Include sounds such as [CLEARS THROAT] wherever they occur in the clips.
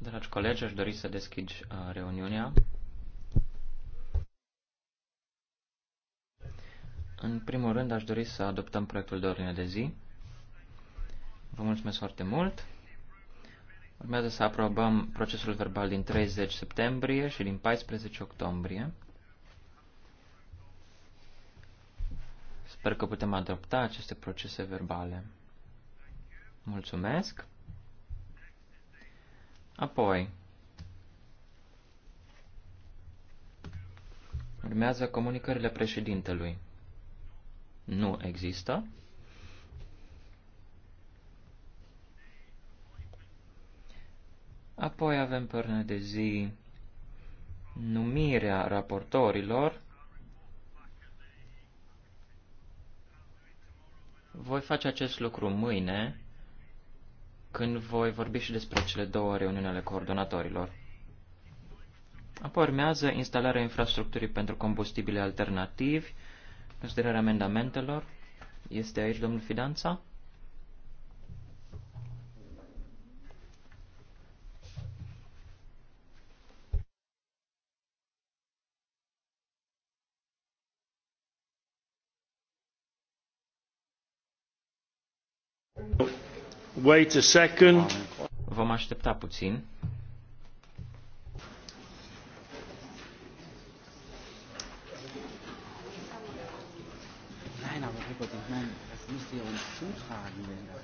Dragi colegi, aș dori să deschid uh, reuniunea. În primul rând, aș dori să adoptăm proiectul de ordine de zi. Vă mulțumesc foarte mult. Urmează să aprobăm procesul verbal din 30 septembrie și din 14 octombrie. Sper că putem adopta aceste procese verbale. Mulțumesc! Apoi, urmează comunicările președintelui. Nu există. Apoi avem până de zi numirea raportorilor. Voi face acest lucru mâine când voi vorbi și despre cele două reuniuni ale coordonatorilor. Apoi urmează instalarea infrastructurii pentru combustibile alternativi, considerarea amendamentelor. Este aici domnul Fidanța? Wait a second. Vom aștepta puțin. Nein, aber Robert, ich meine, das müsst ihr uns zutragen, wenn das.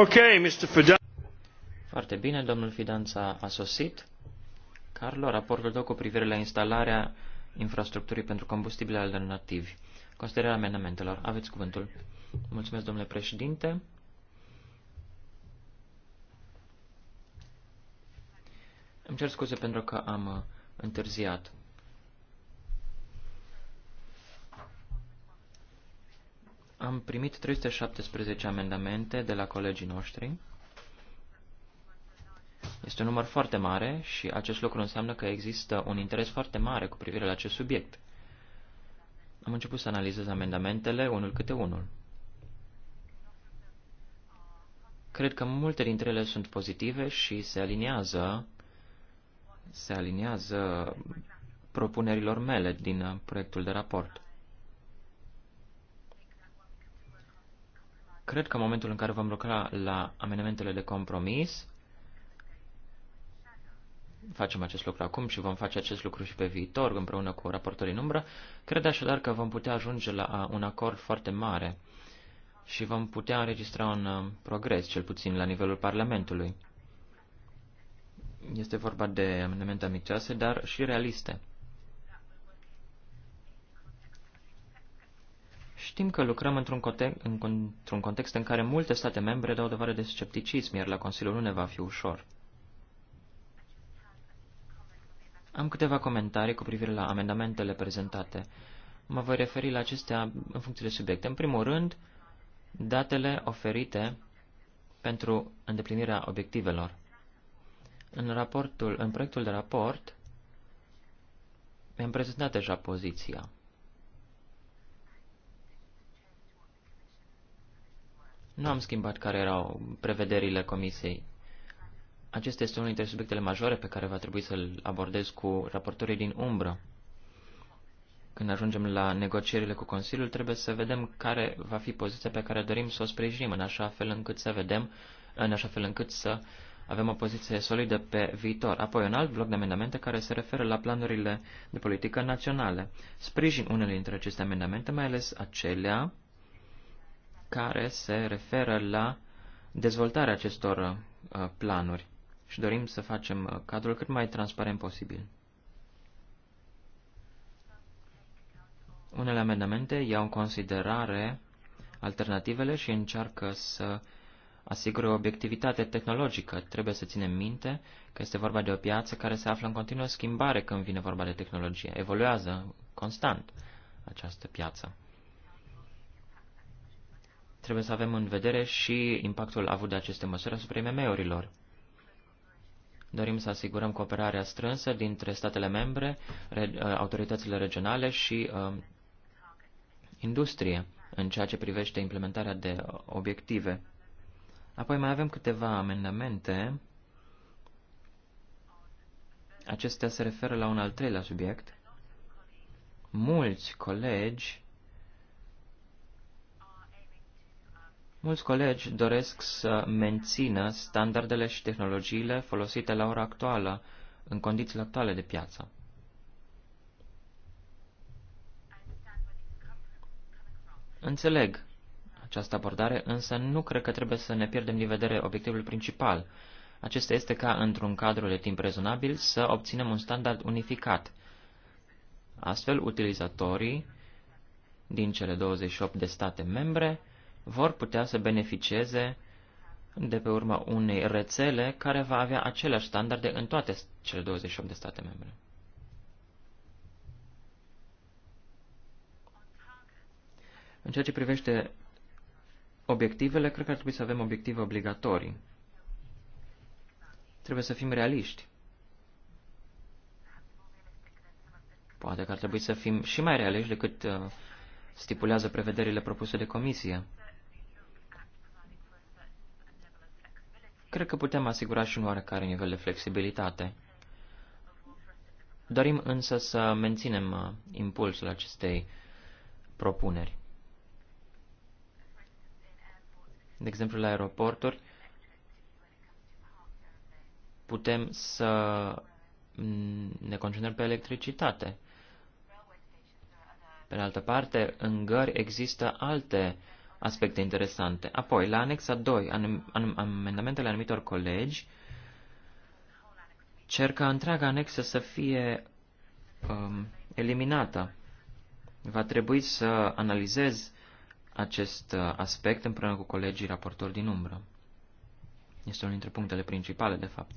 Okay, Mr. Foarte bine, domnul Fidanța a sosit. Carlo, raportul tău cu privire la instalarea infrastructurii pentru combustibile alternativi. Considerarea amendamentelor. Aveți cuvântul. Mulțumesc, domnule președinte. Îmi cer scuze pentru că am întârziat. Am primit 317 amendamente de la colegii noștri. Este un număr foarte mare și acest lucru înseamnă că există un interes foarte mare cu privire la acest subiect. Am început să analizez amendamentele unul câte unul. Cred că multe dintre ele sunt pozitive și se aliniază, se aliniază propunerilor mele din proiectul de raport. Cred că în momentul în care vom lucra la amendamentele de compromis, facem acest lucru acum și vom face acest lucru și pe viitor împreună cu raportorii în umbră, cred așadar că vom putea ajunge la uh, un acord foarte mare și vom putea înregistra un uh, progres, cel puțin la nivelul Parlamentului. Este vorba de amendamente amicioase, dar și realiste. Știm că lucrăm într-un context, într context în care multe state membre dau dovadă de scepticism, iar la Consiliul nu ne va fi ușor. Am câteva comentarii cu privire la amendamentele prezentate. Mă voi referi la acestea în funcție de subiecte. În primul rând, datele oferite pentru îndeplinirea obiectivelor. În, raportul, în proiectul de raport, mi-am prezentat deja poziția. Nu am schimbat care erau prevederile comisiei. Acesta este unul dintre subiectele majore pe care va trebui să-l abordez cu raportorii din umbră. Când ajungem la negocierile cu Consiliul, trebuie să vedem care va fi poziția pe care dorim să o sprijinim, în așa fel încât să vedem, în așa fel încât să avem o poziție solidă pe viitor. Apoi un alt bloc de amendamente care se referă la planurile de politică naționale. Sprijin unele dintre aceste amendamente, mai ales acelea care se referă la dezvoltarea acestor uh, planuri și dorim să facem uh, cadrul cât mai transparent posibil. Unele amendamente iau în considerare alternativele și încearcă să asigure o obiectivitate tehnologică. Trebuie să ținem minte că este vorba de o piață care se află în continuă schimbare când vine vorba de tehnologie. Evoluează constant această piață. Trebuie să avem în vedere și impactul avut de aceste măsuri asupra IMM-urilor. Dorim să asigurăm cooperarea strânsă dintre statele membre, uh, autoritățile regionale și uh, industrie în ceea ce privește implementarea de obiective. Apoi mai avem câteva amendamente. Acestea se referă la un al treilea subiect. Mulți colegi Mulți colegi doresc să mențină standardele și tehnologiile folosite la ora actuală, în condițiile actuale de piață. Înțeleg această abordare, însă nu cred că trebuie să ne pierdem din vedere obiectivul principal. Acesta este ca, într-un cadru de timp rezonabil, să obținem un standard unificat. Astfel, utilizatorii din cele 28 de state membre vor putea să beneficieze de pe urma unei rețele care va avea aceleași standarde în toate cele 28 de state membre. În ceea ce privește obiectivele, cred că ar trebui să avem obiective obligatorii. Trebuie să fim realiști. Poate că ar trebui să fim și mai realiști decât uh, stipulează prevederile propuse de comisie. cred că putem asigura și un oarecare nivel de flexibilitate. Dorim însă să menținem uh, impulsul acestei propuneri. De exemplu, la aeroporturi putem să mm, ne concentrăm pe electricitate. Pe de altă parte, în gări există alte uh, aspecte interesante. Apoi, la anexa 2, anum, anum, amendamentele anumitor colegi cer ca întreaga anexă să fie um, eliminată. Va trebui să analizez acest uh, aspect împreună cu colegii raportori din umbră. Este unul dintre punctele principale, de fapt.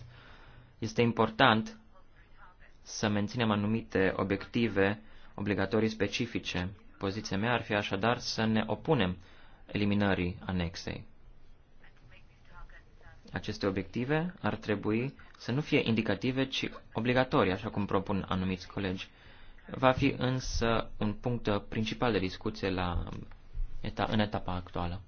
Este important să menținem anumite obiective obligatorii specifice. Poziția mea ar fi așadar să ne opunem eliminării anexei. Aceste obiective ar trebui să nu fie indicative, ci obligatorii, așa cum propun anumiți colegi. Va fi însă un punct principal de discuție la eta, în etapa actuală.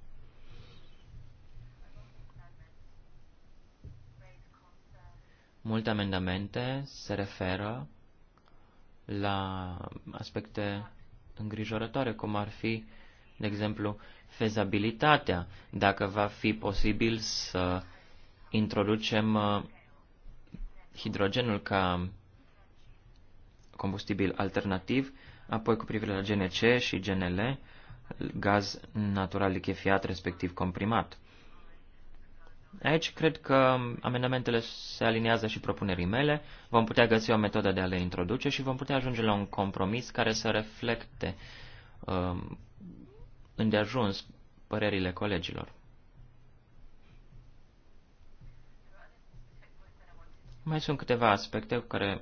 Multe amendamente se referă la aspecte îngrijorătoare, cum ar fi, de exemplu, fezabilitatea, dacă va fi posibil să introducem uh, hidrogenul ca combustibil alternativ, apoi cu privire la GNC și GNL, gaz natural lichefiat, respectiv comprimat. Aici cred că amendamentele se aliniază și propunerii mele, vom putea găsi o metodă de a le introduce și vom putea ajunge la un compromis care să reflecte uh, îndeajuns părerile colegilor. Mai sunt câteva aspecte cu care,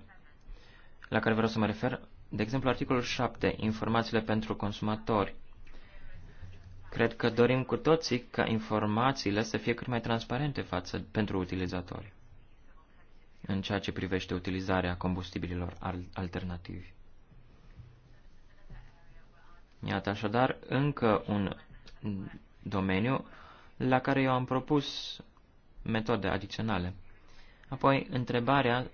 la care vreau să mă refer. De exemplu, articolul 7, informațiile pentru consumatori. Cred că dorim cu toții ca informațiile să fie cât mai transparente față pentru utilizatori în ceea ce privește utilizarea combustibililor alternativi. Iată așadar încă un domeniu la care eu am propus metode adiționale. Apoi, întrebarea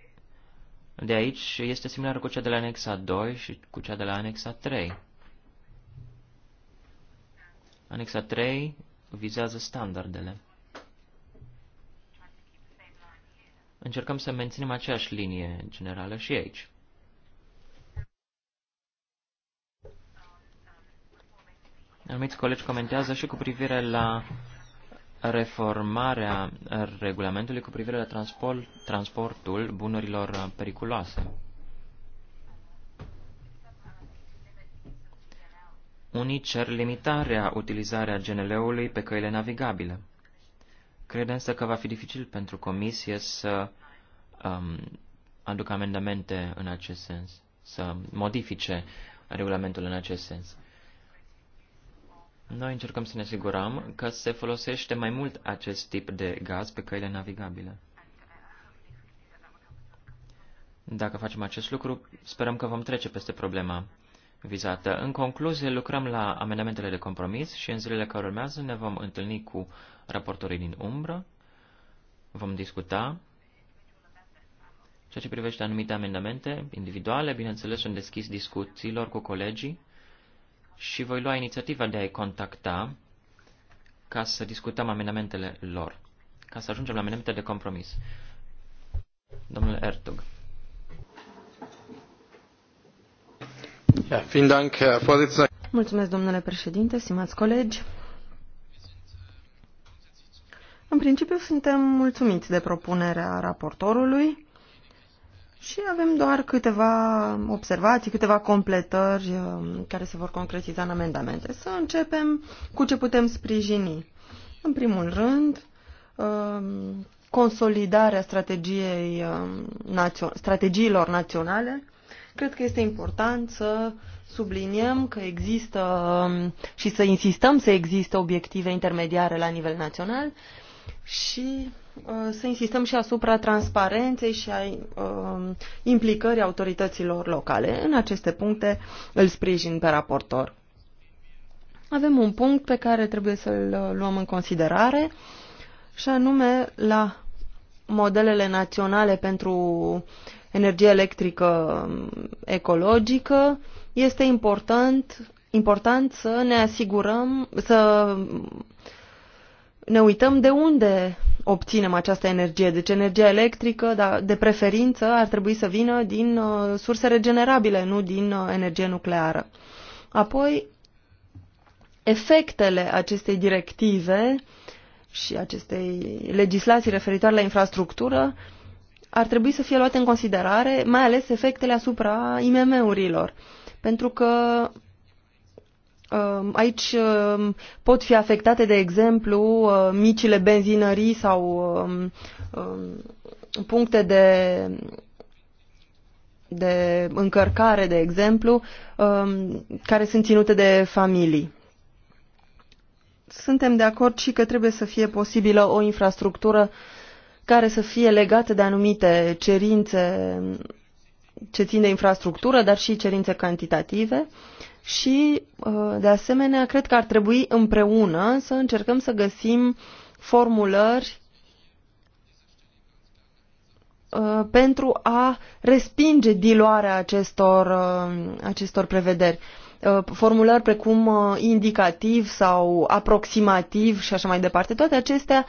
de aici este similară cu cea de la anexa 2 și cu cea de la anexa 3. Anexa 3 vizează standardele. Încercăm să menținem aceeași linie generală și aici. Anumiți colegi comentează și cu privire la reformarea regulamentului cu privire la transport, transportul bunurilor periculoase. Unii cer limitarea utilizarea GNL-ului pe căile navigabile. Cred însă că va fi dificil pentru comisie să um, aducă amendamente în acest sens, să modifice regulamentul în acest sens. Noi încercăm să ne asigurăm că se folosește mai mult acest tip de gaz pe căile navigabile. Dacă facem acest lucru, sperăm că vom trece peste problema vizată. În concluzie, lucrăm la amendamentele de compromis și în zilele care urmează ne vom întâlni cu raportorii din umbră, vom discuta. Ceea ce privește anumite amendamente individuale, bineînțeles, sunt deschis discuțiilor cu colegii și voi lua inițiativa de a-i contacta ca să discutăm amendamentele lor, ca să ajungem la amendamente de compromis. Domnule Ertug. Mulțumesc, domnule președinte, stimați colegi. În principiu suntem mulțumiți de propunerea raportorului și avem doar câteva observații, câteva completări um, care se vor concretiza în amendamente. Să începem cu ce putem sprijini. În primul rând, um, consolidarea strategiei, um, strategiilor naționale. Cred că este important să subliniem că există și să insistăm să existe obiective intermediare la nivel național și Uh, să insistăm și asupra transparenței și a uh, implicării autorităților locale. În aceste puncte îl sprijin pe raportor. Avem un punct pe care trebuie să-l uh, luăm în considerare și anume la modelele naționale pentru energie electrică um, ecologică este important, important să ne asigurăm, să ne uităm de unde obținem această energie. Deci energia electrică, dar de preferință, ar trebui să vină din uh, surse regenerabile, nu din uh, energie nucleară. Apoi, efectele acestei directive și acestei legislații referitoare la infrastructură ar trebui să fie luate în considerare, mai ales efectele asupra IMM-urilor. Pentru că Aici pot fi afectate, de exemplu, micile benzinării sau puncte de, de încărcare, de exemplu, care sunt ținute de familii. Suntem de acord și că trebuie să fie posibilă o infrastructură care să fie legată de anumite cerințe ce țin de infrastructură, dar și cerințe cantitative. Uh, și, uh, de asemenea, cred că ar trebui împreună să încercăm să găsim formulări uh, pentru a respinge diluarea acestor, uh, acestor prevederi. Formulări precum indicativ sau aproximativ și așa mai departe, toate acestea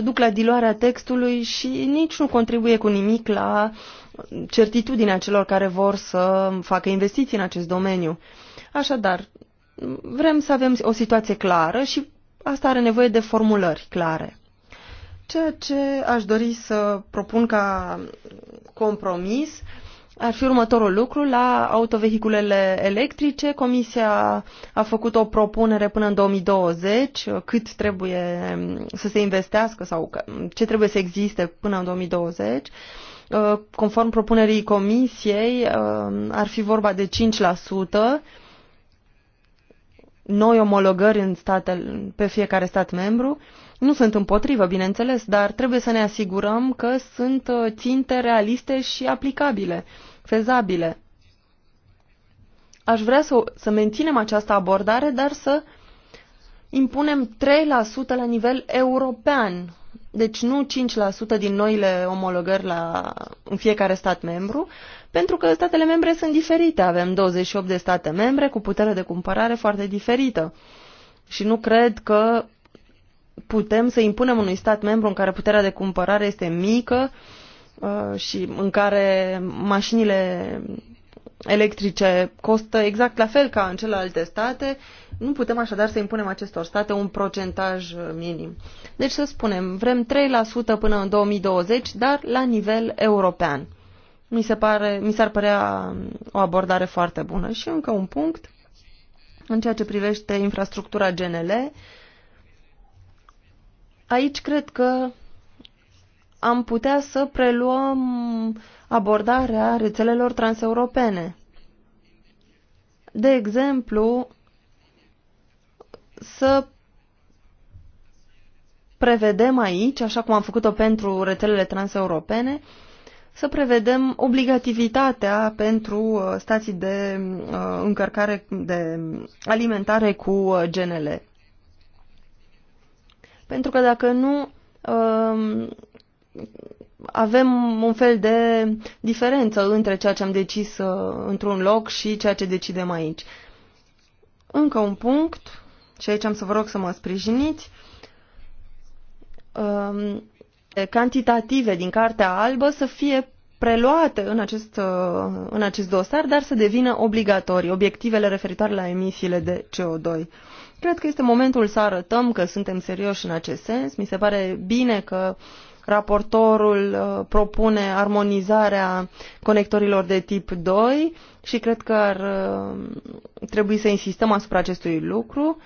duc la diluarea textului și nici nu contribuie cu nimic la uh, certitudinea celor care vor să facă investiții în acest domeniu. Așadar, vrem să avem o situație clară și asta are nevoie de formulări clare. Ceea ce aș dori să propun ca compromis ar fi următorul lucru. La autovehiculele electrice, Comisia a făcut o propunere până în 2020 cât trebuie să se investească sau ce trebuie să existe până în 2020. Uh, conform propunerii comisiei, uh, ar fi vorba de 5%, noi omologări în state, pe fiecare stat membru. Nu sunt împotrivă, bineînțeles, dar trebuie să ne asigurăm că sunt uh, ținte realiste și aplicabile, fezabile. Aș vrea să, să menținem această abordare, dar să impunem 3% la nivel european deci nu 5% din noile omologări la, în fiecare stat membru, pentru că statele membre sunt diferite. Avem 28 de state membre cu putere de cumpărare foarte diferită. Și nu cred că putem să impunem unui stat membru în care puterea de cumpărare este mică uh, și în care mașinile electrice costă exact la fel ca în celelalte state, nu putem așadar să impunem acestor state un procentaj uh, minim. Deci să spunem, vrem 3% până în 2020, dar la nivel european. Mi, se pare, mi s-ar părea um, o abordare foarte bună. Și încă un punct, în ceea ce privește infrastructura GNL, aici cred că am putea să preluăm abordarea rețelelor transeuropene. De exemplu, să prevedem aici, așa cum am făcut-o pentru rețelele transeuropene, să prevedem obligativitatea pentru uh, stații de uh, încărcare de alimentare cu uh, GNL. Pentru că dacă nu, avem un fel de diferență între ceea ce am decis uh, într-un loc și ceea ce decidem aici. Încă un punct, și aici am să vă rog să mă sprijiniți. Um, cantitative din Cartea Albă să fie preluate în acest, uh, în acest dosar, dar să devină obligatorii obiectivele referitoare la emisiile de CO2. Cred că este momentul să arătăm că suntem serioși în acest sens. Mi se pare bine că uh, Raportorul uh, propune armonizarea conectorilor de tip 2 și cred că ar uh, trebui să insistăm asupra acestui lucru.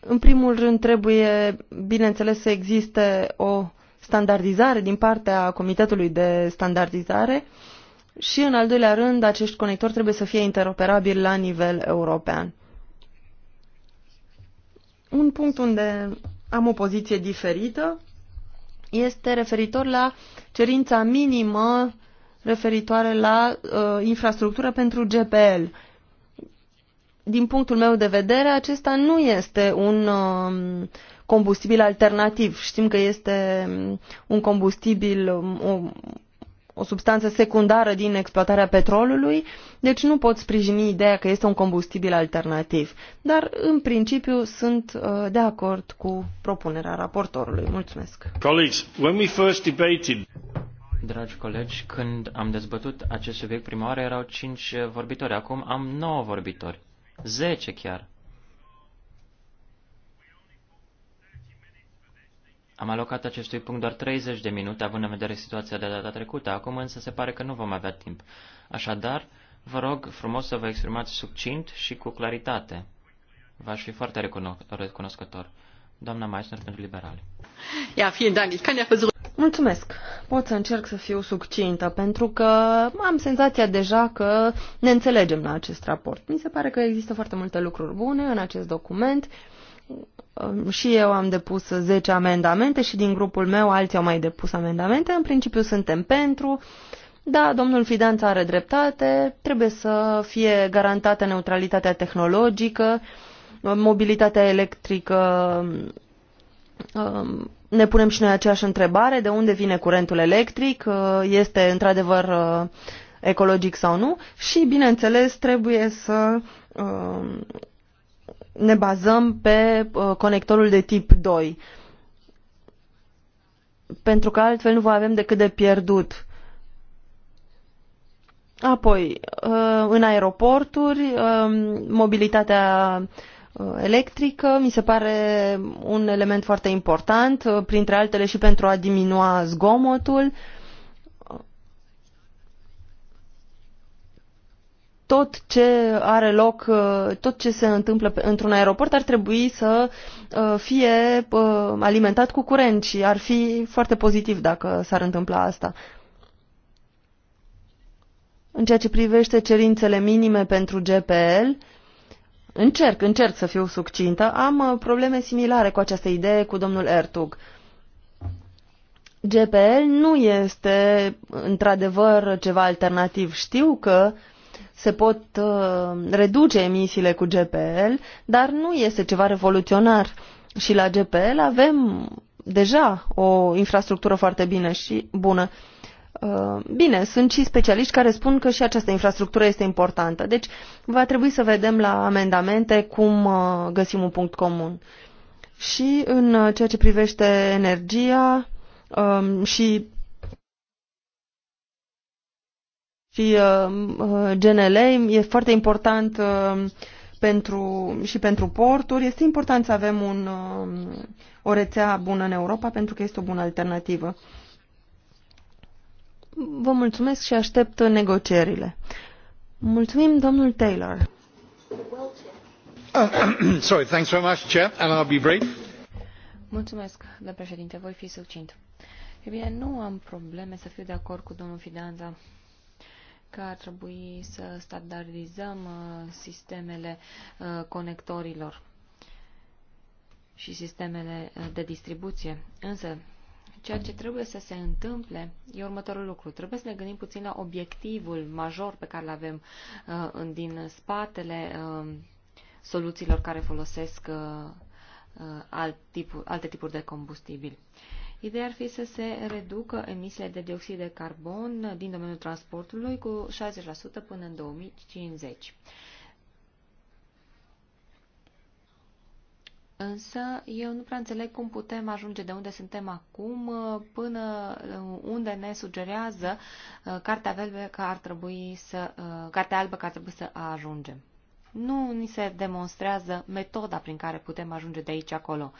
În primul rând trebuie, bineînțeles, să existe o standardizare din partea Comitetului de Standardizare și, în al doilea rând, acești conectori trebuie să fie interoperabili la nivel european. Un punct unde am o poziție diferită este referitor la cerința minimă referitoare la uh, infrastructură pentru GPL. Din punctul meu de vedere, acesta nu este un uh, combustibil alternativ. Știm că este um, un combustibil, um, o substanță secundară din exploatarea petrolului, deci nu pot sprijini ideea că este un combustibil alternativ. Dar, în principiu, sunt uh, de acord cu propunerea raportorului. Mulțumesc. Colegi, when we first debated... Dragi colegi, când am dezbătut acest subiect prima oară erau cinci vorbitori, acum am nouă vorbitori, zece chiar. Am alocat acestui punct doar 30 de minute, având în vedere situația de data trecută. Acum însă se pare că nu vom avea timp. Așadar, vă rog frumos să vă exprimați succint și cu claritate. V-aș fi foarte recuno- recunoscător. Doamna Meissner pentru liberali. Ia, fiind Dank. că ne-a versuchen... Mulțumesc. Pot să încerc să fiu succintă, pentru că am senzația deja că ne înțelegem la acest raport. Mi se pare că există foarte multe lucruri bune în acest document. Uh, Um, și eu am depus 10 amendamente și din grupul meu alții au mai depus amendamente. În principiu suntem pentru. Da, domnul Fidanța are dreptate, trebuie să fie garantată neutralitatea tehnologică, mobilitatea electrică. Um, ne punem și noi aceeași întrebare, de unde vine curentul electric, uh, este într-adevăr uh, ecologic sau nu și, bineînțeles, trebuie să um, ne bazăm pe uh, conectorul de tip 2 pentru că altfel nu va avem decât de pierdut. Apoi, uh, în aeroporturi, um, mobilitatea uh, electrică mi se pare un element foarte important, printre altele și pentru a diminua zgomotul. Uh, tot ce are loc, uh, tot ce se întâmplă într-un aeroport ar trebui să uh, fie uh, alimentat cu curent și ar fi foarte pozitiv dacă s-ar întâmpla asta. În ceea ce privește cerințele minime pentru GPL, încerc, încerc să fiu succintă, am probleme similare cu această idee cu domnul Ertug. GPL nu este într-adevăr ceva alternativ. Știu că uh, se pot uh, reduce emisiile cu GPL, dar nu este ceva revoluționar. Și la GPL avem deja o infrastructură foarte bine și bună. Uh, bine, sunt și specialiști care spun că și această infrastructură este importantă. Deci va trebui să vedem la amendamente cum uh, găsim un punct comun. Și în uh, ceea ce privește energia um, și și uh, uh GNL e foarte important uh, pentru, și pentru porturi. Este important să avem un, uh, o rețea bună în Europa pentru că este o bună alternativă. Vă mulțumesc și aștept negocierile. Mulțumim, domnul Taylor. Uh, [CLEARS THROAT] sorry, thanks very much, Chair, and I'll be brief. Mulțumesc, domnule președinte, voi fi succint. E bine, nu am probleme să fiu de acord cu domnul Fidanza că ar trebui să standardizăm uh, sistemele uh, conectorilor și sistemele uh, de distribuție. Însă, ceea ce trebuie să se întâmple e următorul lucru. Trebuie să ne gândim puțin la obiectivul major pe care îl avem din spatele soluțiilor care folosesc alt alte tipuri de combustibil. Uh, Ideea ar fi să se reducă emisiile de dioxid de carbon din domeniul transportului cu 60% până în 2050. Însă eu nu prea înțeleg cum putem ajunge de unde suntem acum uh, până uh, unde ne sugerează uh, cartea, că ar trebui să, cartea albă că ar trebui să ajungem nu ni se demonstrează metoda prin care putem ajunge de aici acolo.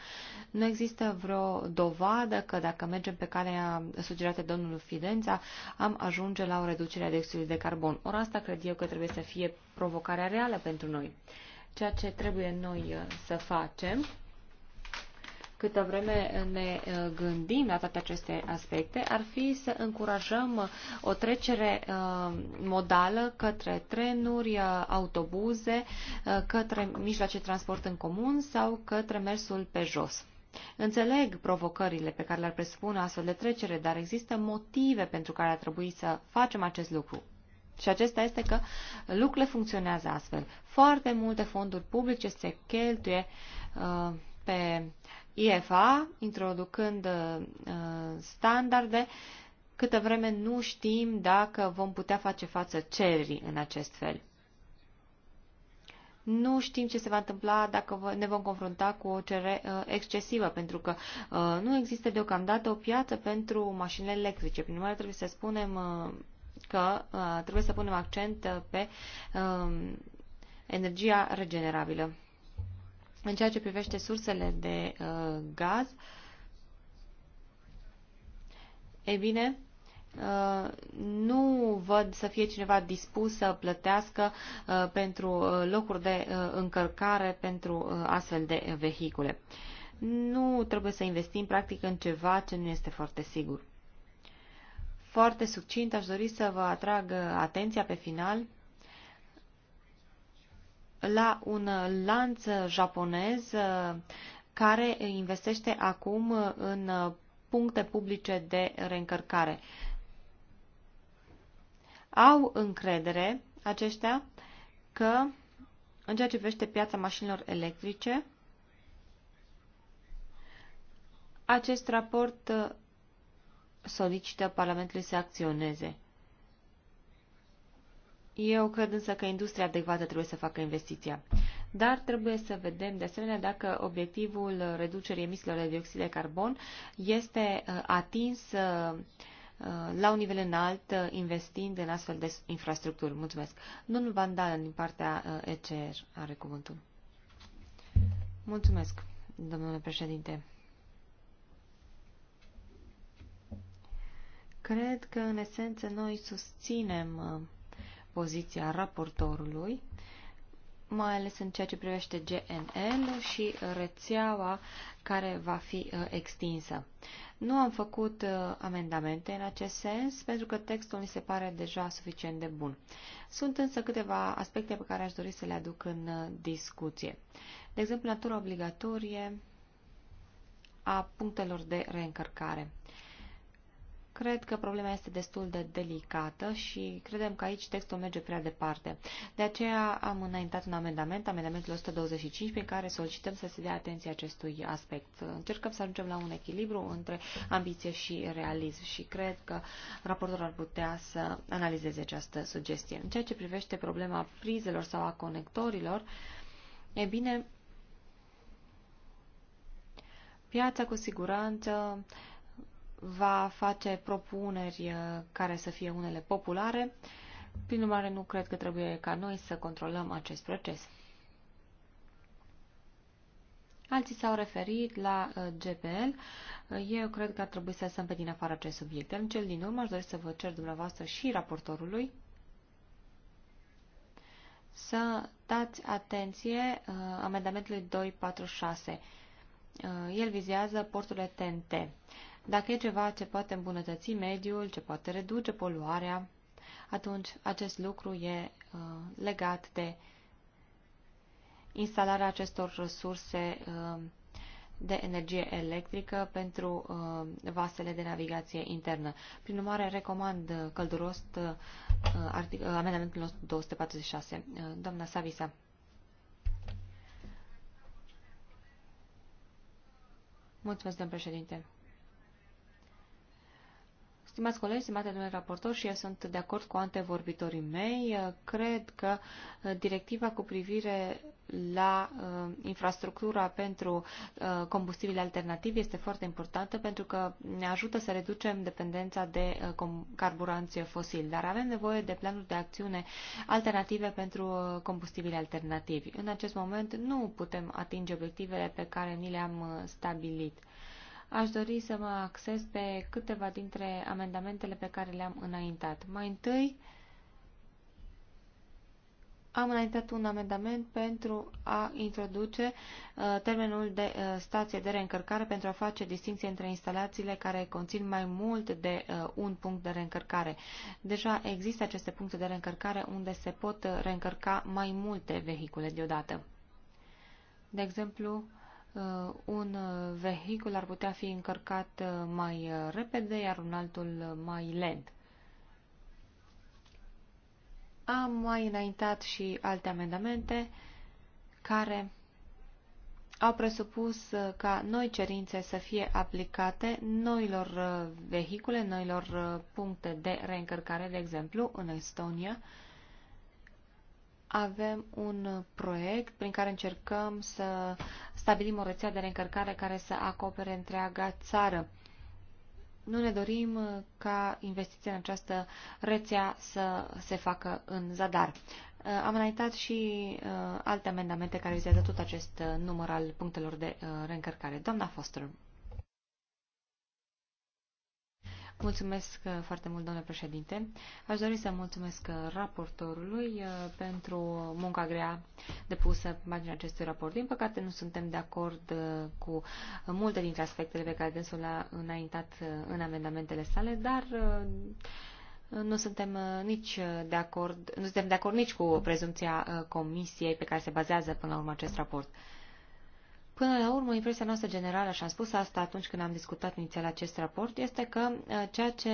Nu există vreo dovadă că dacă mergem pe calea sugerată domnului Fidența, am ajunge la o reducere a dioxidului de carbon. Ori asta cred eu că trebuie să fie provocarea reală pentru noi. Ceea ce trebuie noi uh, să facem câtă vreme ne uh, gândim la toate aceste aspecte, ar fi să încurajăm uh, o trecere uh, modală către trenuri, autobuze, către mijloace de transport în comun sau către mersul pe jos. Înțeleg provocările pe care le-ar presupune astfel de trecere, dar există motive pentru care ar trebui să facem acest lucru. Și acesta este că lucrurile funcționează astfel. Foarte multe fonduri publice se cheltuie uh, pe IFA, introducând uh, standarde, câtă vreme nu știm dacă vom putea face față cererii în acest fel. Nu știm ce se va întâmpla dacă ne vom confrunta cu o cerere uh, excesivă, pentru că uh, nu există deocamdată o piață pentru mașinile electrice. Prin urmare, trebuie să spunem că trebuie să punem accent pe um, energia regenerabilă. În ceea ce privește sursele de uh, gaz, e bine, uh, nu văd să fie cineva dispus să plătească uh, pentru uh, locuri de încărcare pentru astfel de vehicule. Nu trebuie să investim practic în ceva ce nu este foarte sigur. Foarte succint aș dori să vă atrag atenția pe final la un lanț japonez uh, care investește acum în puncte publice de reîncărcare. Au încredere aceștia că în ceea ce privește piața mașinilor electrice, acest raport uh, solicită Parlamentului să acționeze. Eu cred însă că industria adecvată trebuie să facă investiția. Dar trebuie să vedem de asemenea dacă obiectivul reducerii emisiilor de dioxid de carbon este uh, atins uh, uh, la un nivel înalt investind în astfel de infrastructuri. Mulțumesc. Domnul Van Dalen din partea ECR are cuvântul. Mulțumesc, domnule președinte. Cred că, în esență, noi susținem poziția raportorului, mai ales în ceea ce privește GNL și rețeaua care va fi uh, extinsă. Nu am făcut uh, amendamente în acest sens, pentru că textul mi se pare deja suficient de bun. Sunt însă câteva aspecte pe care aș dori să le aduc în uh, discuție. De exemplu, natura obligatorie a punctelor de reîncărcare. Uh, Cred că problema este destul de delicată și credem că aici textul merge prea departe. De aceea am înaintat un amendament, amendamentul 125, prin care solicităm să se dea atenție acestui aspect. Încercăm să ajungem la un echilibru între ambiție și realism și cred că raportul ar putea să analizeze această sugestie. În ceea ce privește problema prizelor sau a conectorilor, e bine, piața cu siguranță va face propuneri uh, care să fie unele populare. Prin urmare, nu cred că trebuie ca noi să controlăm acest proces. Alții s-au referit la uh, GPL. Uh, eu cred că ar trebui să lăsăm pe din afară acest subiect. În cel din urmă aș dori să vă cer dumneavoastră și raportorului să dați atenție amendamentului 246. el vizează porturile TNT. Dacă e ceva ce poate îmbunătăți mediul, ce poate reduce poluarea, atunci acest lucru e uh, legat de instalarea acestor resurse uh, de energie electrică pentru uh, vasele de navigație internă. Prin urmare, recomand călduros uh, artic, uh, amendamentul nostru 246. Uh, doamna Savisa. Mulțumesc, domn președinte. Stimați colegi, stimate domnule raportor, și eu sunt de acord cu antevorbitorii mei. Uh, cred că uh, directiva cu privire la uh, infrastructura pentru uh, combustibile alternative este foarte importantă pentru că ne ajută să reducem dependența de uh, carburanți fosili, dar avem nevoie de planuri de acțiune alternative pentru uh, combustibile alternativi. În acest moment nu putem atinge obiectivele pe care ni le-am uh, stabilit. Uh, aș dori să mă acces pe câteva dintre amendamentele pe care le-am înaintat. Mai întâi, am înaintat un amendament pentru a introduce uh, termenul de uh, stație de reîncărcare pentru a face distinție între instalațiile care conțin mai mult de uh, un punct de reîncărcare. Deja există aceste puncte de reîncărcare unde se pot uh, reîncărca mai multe vehicule deodată. De exemplu, Uh, un uh, vehicul ar putea fi încărcat uh, mai repede, iar un altul mai lent. Am mai înaintat și alte amendamente care au presupus ca noi cerințe să fie aplicate noilor vehicule, noilor puncte de reîncărcare, de exemplu, în Estonia, avem un proiect prin care încercăm să stabilim o rețea de reîncărcare care să acopere întreaga țară. Nu ne dorim uh, ca investiția în această rețea să se facă în zadar. Uh, am înaintat și uh, alte amendamente care vizează tot acest număr al punctelor de reîncărcare. Doamna Foster, Mulțumesc uh, foarte mult, domnule președinte. Aș dori să mulțumesc uh, raportorului uh, pentru munca grea depusă pe marginea acestui raport. Din păcate, nu suntem de acord cu multe dintre aspectele pe care dânsul a înaintat în amendamentele sale, dar nu suntem nici de acord, nu suntem de acord nici cu prezumția comisiei pe care se bazează până la urmă acest raport. Până la urmă, impresia noastră generală, și am spus asta atunci când am discutat inițial acest raport, este că uh, ceea ce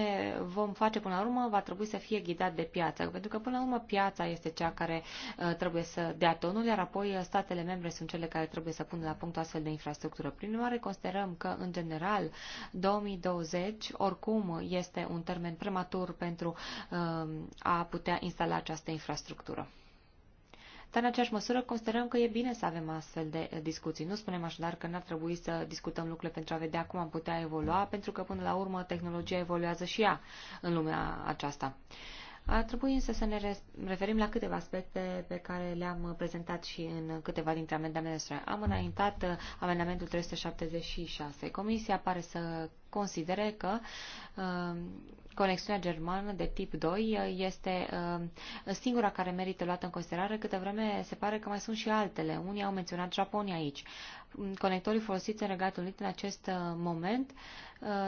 vom face până la urmă va trebui să fie ghidat de piață, pentru că până la urmă piața este cea care uh, trebuie să dea tonul, iar apoi uh, statele membre sunt cele care trebuie să pună la punct astfel de infrastructură. Prin urmare, considerăm că, în general, 2020 oricum este un termen prematur pentru a putea instala această infrastructură. Dar în aceeași măsură considerăm că e bine să avem astfel de eh, discuții. Nu spunem așadar că n-ar trebui să discutăm lucrurile pentru a vedea cum am putea evolua, pentru că până la urmă tehnologia evoluează și ea în lumea aceasta. Ar trebui însă să ne referim la câteva aspecte pe care le-am eh, prezentat și în câteva dintre amendamentele noastre. Am înaintat eh, amendamentul 376. Comisia pare să considere că conexiunea germană de tip 2 uh, este uh, singura care merită luată în considerare, câte vreme se pare că mai sunt și altele. Unii au menționat Japonia aici. Mm, conectorii folosiți în Regatul Unit în acest uh, moment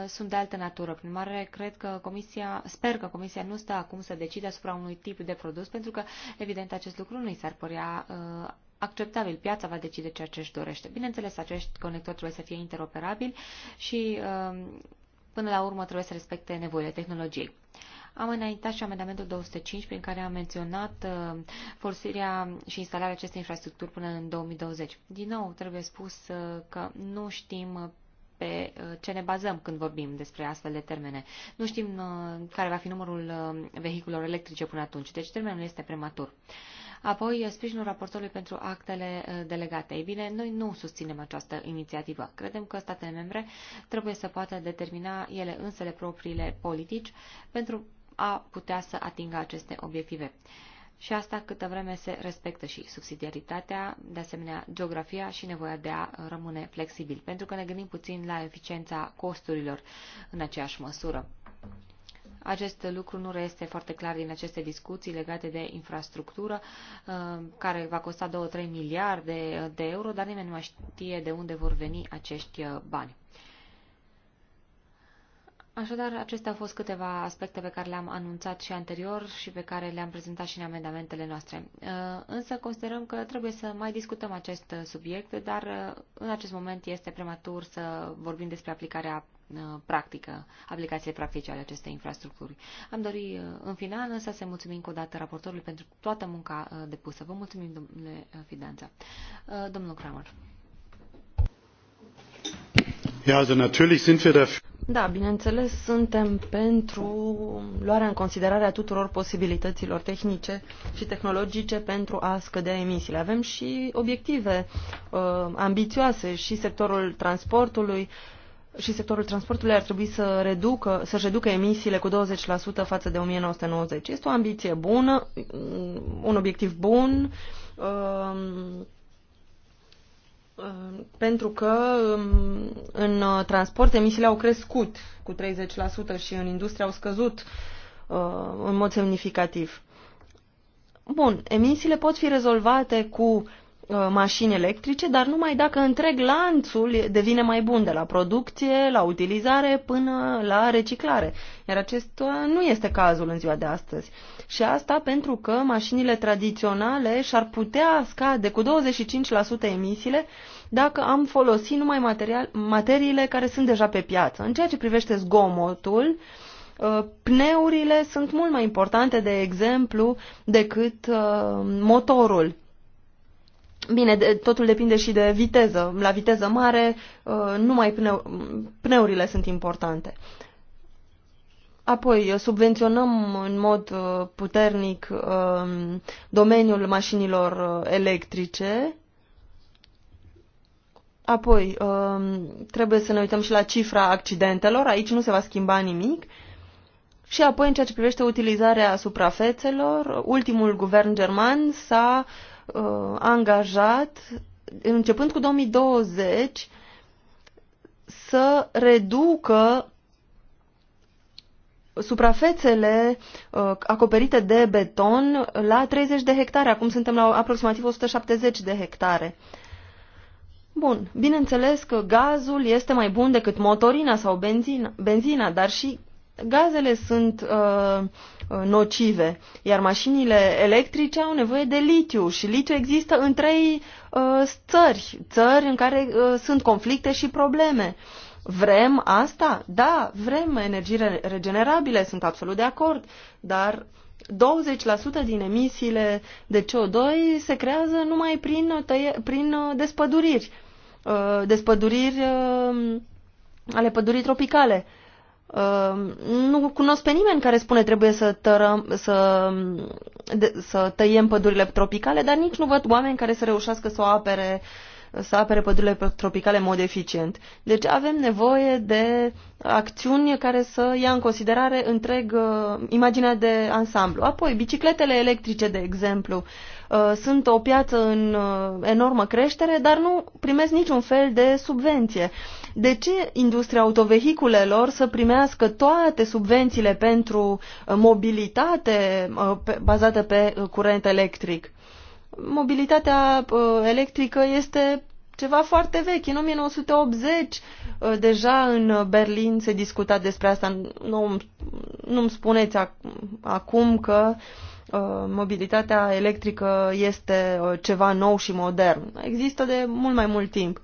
sunt de altă natură. Prin mare, cred că Comisia, sper că Comisia nu stă acum să decide asupra unui tip de produs, pentru că, evident, acest lucru nu i s-ar părea acceptabil. Piața va decide ceea ce își dorește. Bineînțeles, acești conectori trebuie să fie interoperabili și uh, până la urmă trebuie să respecte nevoile tehnologiei. Am înaintat și amendamentul 205 prin care am menționat uh, folosirea și instalarea acestei infrastructuri până în 2020. Din nou, trebuie spus uh, că nu știm uh, pe ce ne bazăm când vorbim despre astfel de termene. Nu știm care va fi numărul vehiculelor electrice până atunci, deci termenul este prematur. Apoi, sprijinul raportorului pentru actele uh, delegate. Ei bine, noi nu susținem această inițiativă. Credem că statele membre trebuie să poată determina ele însele propriile politici pentru a putea să atingă aceste obiective. Și asta câtă vreme se respectă și subsidiaritatea, de asemenea geografia și nevoia de a rămâne flexibil, pentru că ne gândim puțin la eficiența costurilor în aceeași măsură. Acest lucru nu este foarte clar din aceste discuții legate de infrastructură, uh, care va costa 2-3 miliarde de euro, dar nimeni nu mai știe de unde vor veni acești uh, bani. Așadar, acestea au fost câteva aspecte pe care le-am anunțat și anterior și pe care le-am prezentat și în amendamentele noastre. Uh, însă considerăm că trebuie să mai discutăm acest subiect, dar în acest moment este prematur să vorbim despre aplicarea Uh, practică, aplicație practice ale acestei infrastructuri. Am dorit uh, în final să se mulțumim încă o dată raportorului pentru toată munca uh, depusă. Vă mulțumim, domnule Fidanța. Domnul Kramer. Da, bineînțeles, suntem pentru luarea în considerare a tuturor posibilităților tehnice și tehnologice pentru a scădea emisiile. Avem și obiective uh, ambițioase și sectorul transportului, uh, și sectorul transportului ar trebui să reducă, să reducă emisiile cu 20% față de 1990. Este o ambiție bună, un obiectiv bun, um, um, pentru că um, în transport emisiile au crescut cu 30% și în industrie au scăzut uh, în mod semnificativ. Bun, emisiile pot fi rezolvate cu Uh, mașini electrice, dar numai dacă întreg lanțul devine mai bun, de la producție, la utilizare, până la reciclare. Iar acest uh, nu este cazul în ziua de astăzi. Și asta pentru că mașinile tradiționale și-ar putea scade cu 25% emisiile dacă am folosi numai material, materiile care sunt deja pe piață. În ceea ce privește zgomotul, uh, pneurile sunt mult mai importante, de exemplu, decât motorul Bine, totul depinde și de viteză. La viteză mare, uh, numai pneu, pneurile sunt importante. Apoi, subvenționăm în mod uh, puternic um, domeniul mașinilor uh, electrice. Apoi, um, trebuie să ne uităm și la cifra accidentelor. Aici nu se va schimba nimic. Și apoi, în ceea ce privește utilizarea suprafețelor, ultimul guvern german s-a uh, uh, angajat, începând cu 2020, să reducă suprafețele uh, acoperite de beton la 30 de hectare. Acum suntem la aproximativ 170 de hectare. Bun, bineînțeles că gazul este mai bun decât motorina sau benzina, benzina dar și gazele sunt uh, nocive, iar mașinile electrice au nevoie de litiu și litiu există în trei uh, țări, țări în care uh, sunt conflicte și probleme. Vrem asta? Da, vrem energii regenerabile, sunt absolut de acord, dar 20% din emisiile de CO2 se creează numai prin, tăie, prin uh, despăduriri, uh, despăduriri uh, ale pădurii tropicale. Ehm, nu cunosc pe nimeni care spune trebuie să, tărăm, să, de, să tăiem pădurile tropicale, dar nici nu văd oameni care să reușească să o apere să apere pădurile tropicale în mod eficient. Deci avem nevoie de acțiuni care să ia în considerare întreg uh, imaginea de ansamblu. Apoi, bicicletele electrice, de exemplu, uh, sunt o piață în uh, enormă creștere, dar nu primesc niciun fel de subvenție. De ce industria autovehiculelor să primească toate subvențiile pentru uh, mobilitate uh, bazată pe uh, curent electric? Mobilitatea electrică este ceva foarte vechi. În 1980 deja în Berlin se discuta despre asta. Nu, nu-mi spuneți acum că mobilitatea electrică este ceva nou și modern. Există de mult mai mult timp.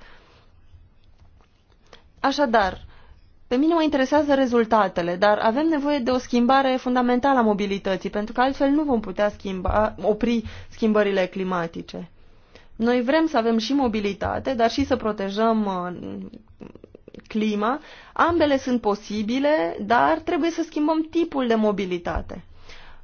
Așadar, pe mine mă interesează rezultatele, dar avem nevoie de o schimbare fundamentală a mobilității, pentru că altfel nu vom putea schimba, opri schimbările climatice. Noi vrem să avem și mobilitate, dar și să protejăm uh, clima. Ambele sunt posibile, dar trebuie să schimbăm tipul de mobilitate.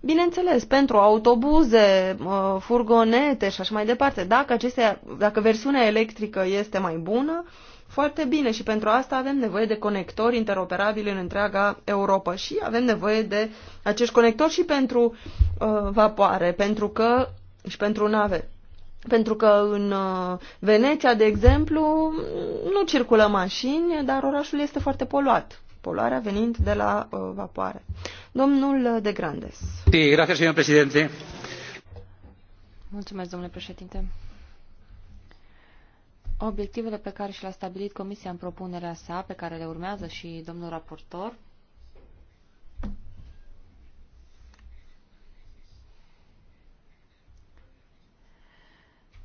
Bineînțeles, pentru autobuze, uh, furgonete și așa mai departe, dacă, acestea, dacă versiunea electrică este mai bună, uh, foarte bine și pentru asta avem nevoie de conectori interoperabili în întreaga Europa și avem nevoie de acești conectori și pentru uh, vapoare pentru că, și pentru nave. Pentru că în uh, Veneția, de exemplu, nu circulă mașini, dar orașul este foarte poluat. Poluarea venind de la uh, vapoare. Domnul De Grandes. Sí, gracias, señor presidente. Mulțumesc, domnule președinte. Obiectivele pe care și le-a stabilit Comisia în propunerea sa, pe care le urmează și domnul raportor,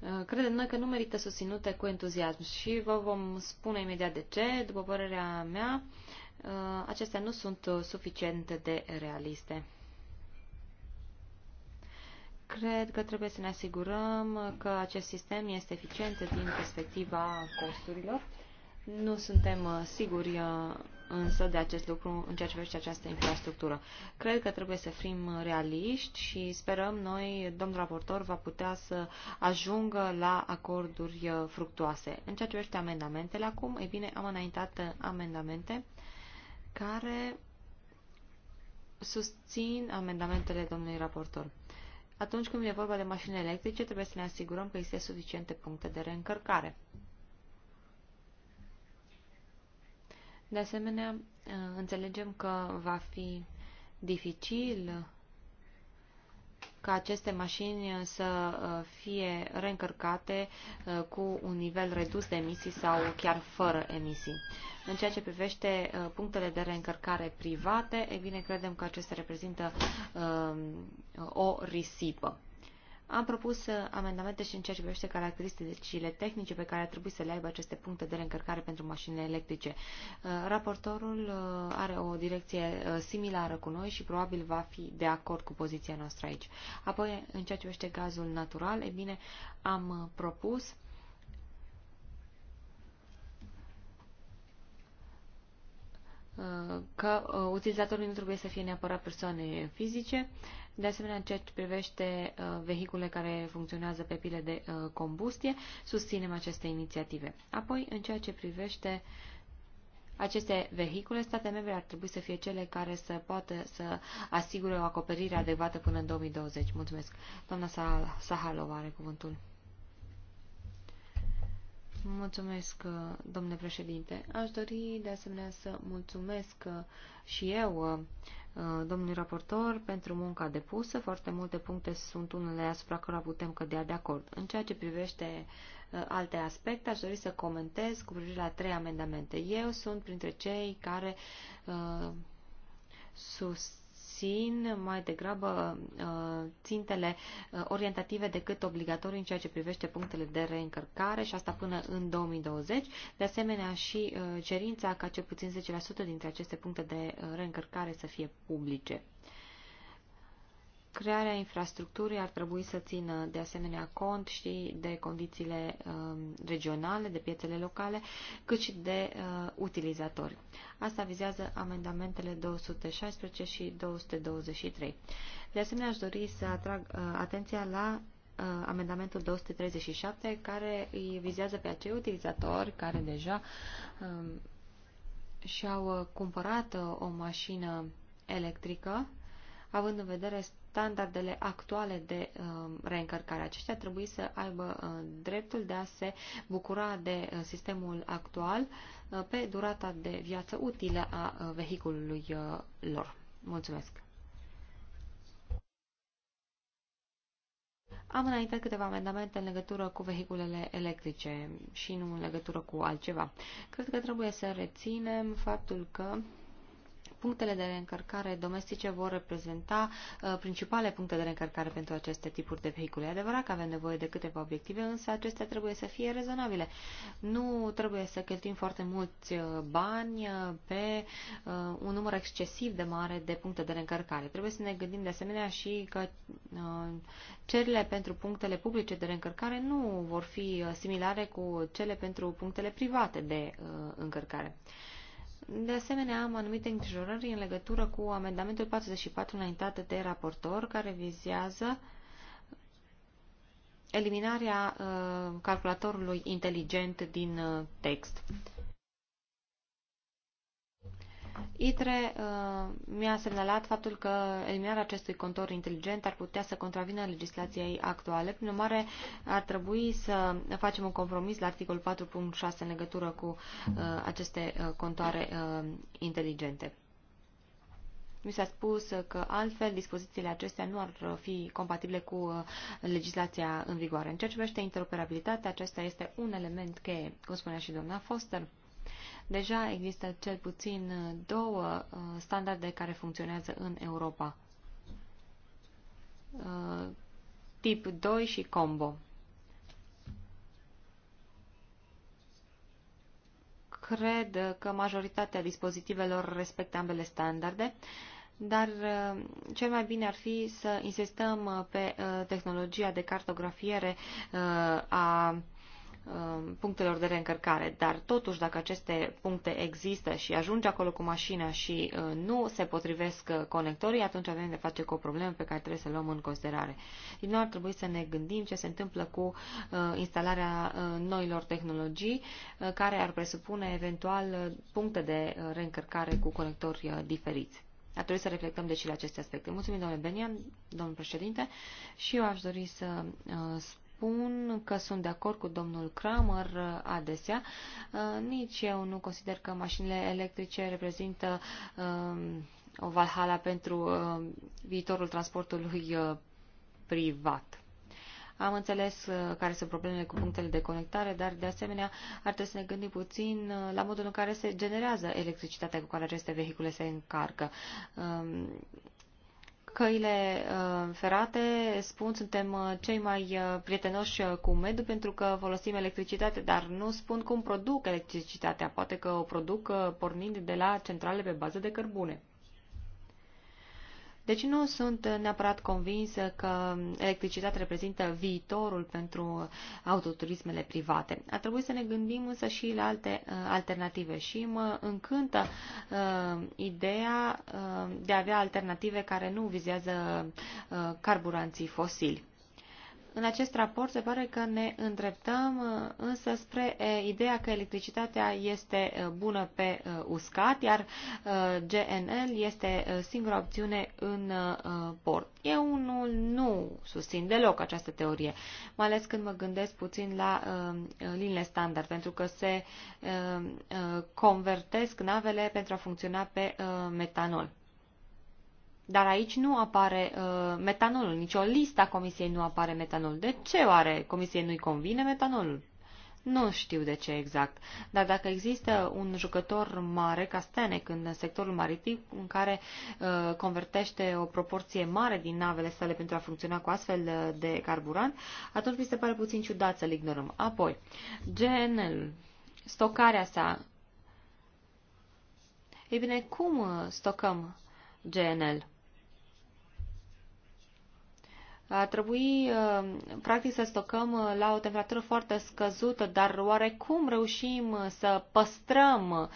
uh, Credem noi că nu merită susținute cu entuziasm și vă vom spune imediat de ce. După părerea mea, uh, acestea nu sunt suficient de realiste. Cred că trebuie să ne asigurăm că acest sistem este eficient din perspectiva costurilor. Nu suntem uh, siguri uh, însă de acest lucru în ceea ce privește această infrastructură. Cred că trebuie să fim realiști și sperăm noi, domnul raportor, va putea să ajungă la acorduri uh, fructuoase. În ceea ce privește amendamentele acum, e bine, am înaintat amendamente care susțin amendamentele domnului raportor. Atunci când e vorba de mașini electrice, trebuie să ne asigurăm că există suficiente puncte de reîncărcare. De asemenea, înțelegem că va fi dificil ca aceste mașini să uh, fie reîncărcate uh, cu un nivel redus de emisii sau chiar fără emisii. În ceea ce privește uh, punctele de reîncărcare private, e bine, credem că acestea reprezintă o risipă. Am propus uh, amendamente și în ceea ce privește caracteristicile tehnice pe care ar trebui să le aibă aceste puncte de reîncărcare pentru mașinile electrice. Uh, raportorul uh, are o direcție similară cu noi și probabil va fi de acord cu poziția noastră aici. Apoi, în ceea ce privește gazul natural, e bine, am propus că utilizatorii nu trebuie să fie neapărat persoane fizice, de asemenea, în ceea ce privește uh, vehicule care funcționează pe pile de uh, combustie, susținem aceste inițiative. Apoi, în ceea ce privește aceste vehicule, state membre ar trebui să fie cele care să poată să asigure o acoperire adecvată până în 2020. Mulțumesc. Doamna Sahalova are cuvântul. Mulțumesc, uh, domnule președinte. Aș dori de asemenea să mulțumesc și eu Uh, domnului raportor pentru munca depusă. Foarte multe puncte sunt unele asupra cărora putem cădea de acord. În ceea ce privește uh, alte aspecte, aș dori să comentez cu privire la trei amendamente. Eu sunt printre cei care uh, susțin puțin mai degrabă uh, țintele uh, orientative decât obligatorii în ceea ce privește punctele de reîncărcare și asta până în 2020. De asemenea și uh, cerința ca cel puțin 10% dintre aceste puncte de reîncărcare să fie publice crearea infrastructurii ar trebui să țină de asemenea cont și de condițiile um, regionale, de piețele locale, cât și de uh, utilizatori. Asta vizează amendamentele 216 și 223. De asemenea, aș dori să atrag uh, atenția la uh, amendamentul 237 care îi vizează pe acei utilizatori care deja um, și-au cumpărat o mașină electrică, având în vedere standardele actuale de um, reîncărcare. Aceștia trebuie să aibă uh, dreptul de a se bucura de uh, sistemul actual uh, pe durata de viață utilă a vehiculului lor. Mulțumesc! Am înaintat câteva amendamente în legătură cu vehiculele electrice și nu în legătură cu altceva. Cred că trebuie să reținem faptul că punctele de reîncărcare domestice vor reprezenta uh, principale puncte de reîncărcare pentru aceste tipuri de vehicule. E adevărat că avem nevoie de câteva obiective, însă acestea trebuie să fie rezonabile. Nu trebuie să cheltuim foarte mulți uh, bani uh, pe un număr excesiv de mare de puncte de reîncărcare. Trebuie să ne gândim de asemenea și că cerile pentru punctele publice de reîncărcare nu vor fi similare cu cele pentru punctele private de încărcare. De asemenea, am anumite îngrijorări în legătură cu amendamentul 44 înaintat de raportor, care vizează eliminarea uh, calculatorului inteligent din uh, text. ITRE uh, mi-a semnalat faptul că eliminarea acestui contor inteligent ar putea să contravină legislației actuale. Prin urmare, ar trebui să facem un compromis la articolul 4.6 în legătură cu uh, aceste uh, contoare uh, inteligente. Mi s-a spus că altfel dispozițiile acestea nu ar uh, fi compatibile cu uh, legislația în vigoare. În ceea ce privește interoperabilitatea, acesta este un element cheie, cum spunea și doamna Foster. Deja există cel puțin uh, două uh, standarde care funcționează în Europa. Uh, tip 2 și combo. Cred că majoritatea dispozitivelor respectă ambele standarde dar cel mai bine ar fi să insistăm pe tehnologia de cartografiere a Um, punctelor de reîncărcare, dar totuși dacă aceste puncte există și ajunge acolo cu mașina și uh, nu se potrivesc uh, conectorii, atunci avem de face cu o problemă pe care trebuie să luăm în considerare. Din nou ar trebui să ne gândim ce se întâmplă cu uh, instalarea noilor tehnologii care ar presupune eventual puncte de reîncărcare cu conectori diferiți. Ar trebui să reflectăm deci la aceste aspecte. Mulțumim, domnule Benian, domnul președinte, și eu aș dori să uh, spun că sunt de acord cu domnul Kramer uh, adesea. Uh, nici eu nu consider că mașinile electrice reprezintă um, o valhala pentru uh, viitorul transportului privat. Am înțeles care sunt problemele cu punctele de conectare, dar de asemenea ar trebui să ne gândim puțin la modul în care se generează electricitatea cu care aceste vehicule se încarcă um, Căile uh, ferate, spun, suntem uh, cei mai uh, prietenoși cu mediul pentru că folosim electricitate, dar nu spun cum produc electricitatea. Poate că o produc pornind de la centrale pe bază de cărbune. Deci nu sunt neapărat convinsă că electricitatea reprezintă viitorul pentru autoturismele private. Ar trebui să ne gândim însă și la alte uh, alternative și mă încântă uh, ideea uh, de a avea alternative care nu vizează uh, carburanții fosili. În acest raport se pare că ne îndreptăm uh, însă spre uh, ideea că electricitatea este uh, bună pe uscat, iar GNL este singura opțiune în port. Eu unul nu susțin deloc această teorie, mai ales când mă gândesc puțin la linile standard, pentru că se convertesc navele pentru a funcționa pe metanol. Dar aici nu apare uh, metanolul, nicio listă comisiei nu apare metanolul. De ce oare comisiei nu-i convine metanolul? Nu știu de ce exact, dar dacă există un jucător mare ca Stenec în sectorul maritim în care uh, convertește o proporție mare din navele sale pentru a funcționa cu astfel de carburant, atunci mi se pare puțin ciudat să-l ignorăm. Apoi, GNL, stocarea sa. Ei bine, cum uh, stocăm GNL? Ar trebui, uh, practic, să stocăm uh, la o temperatură foarte scăzută, dar oarecum reușim uh, să păstrăm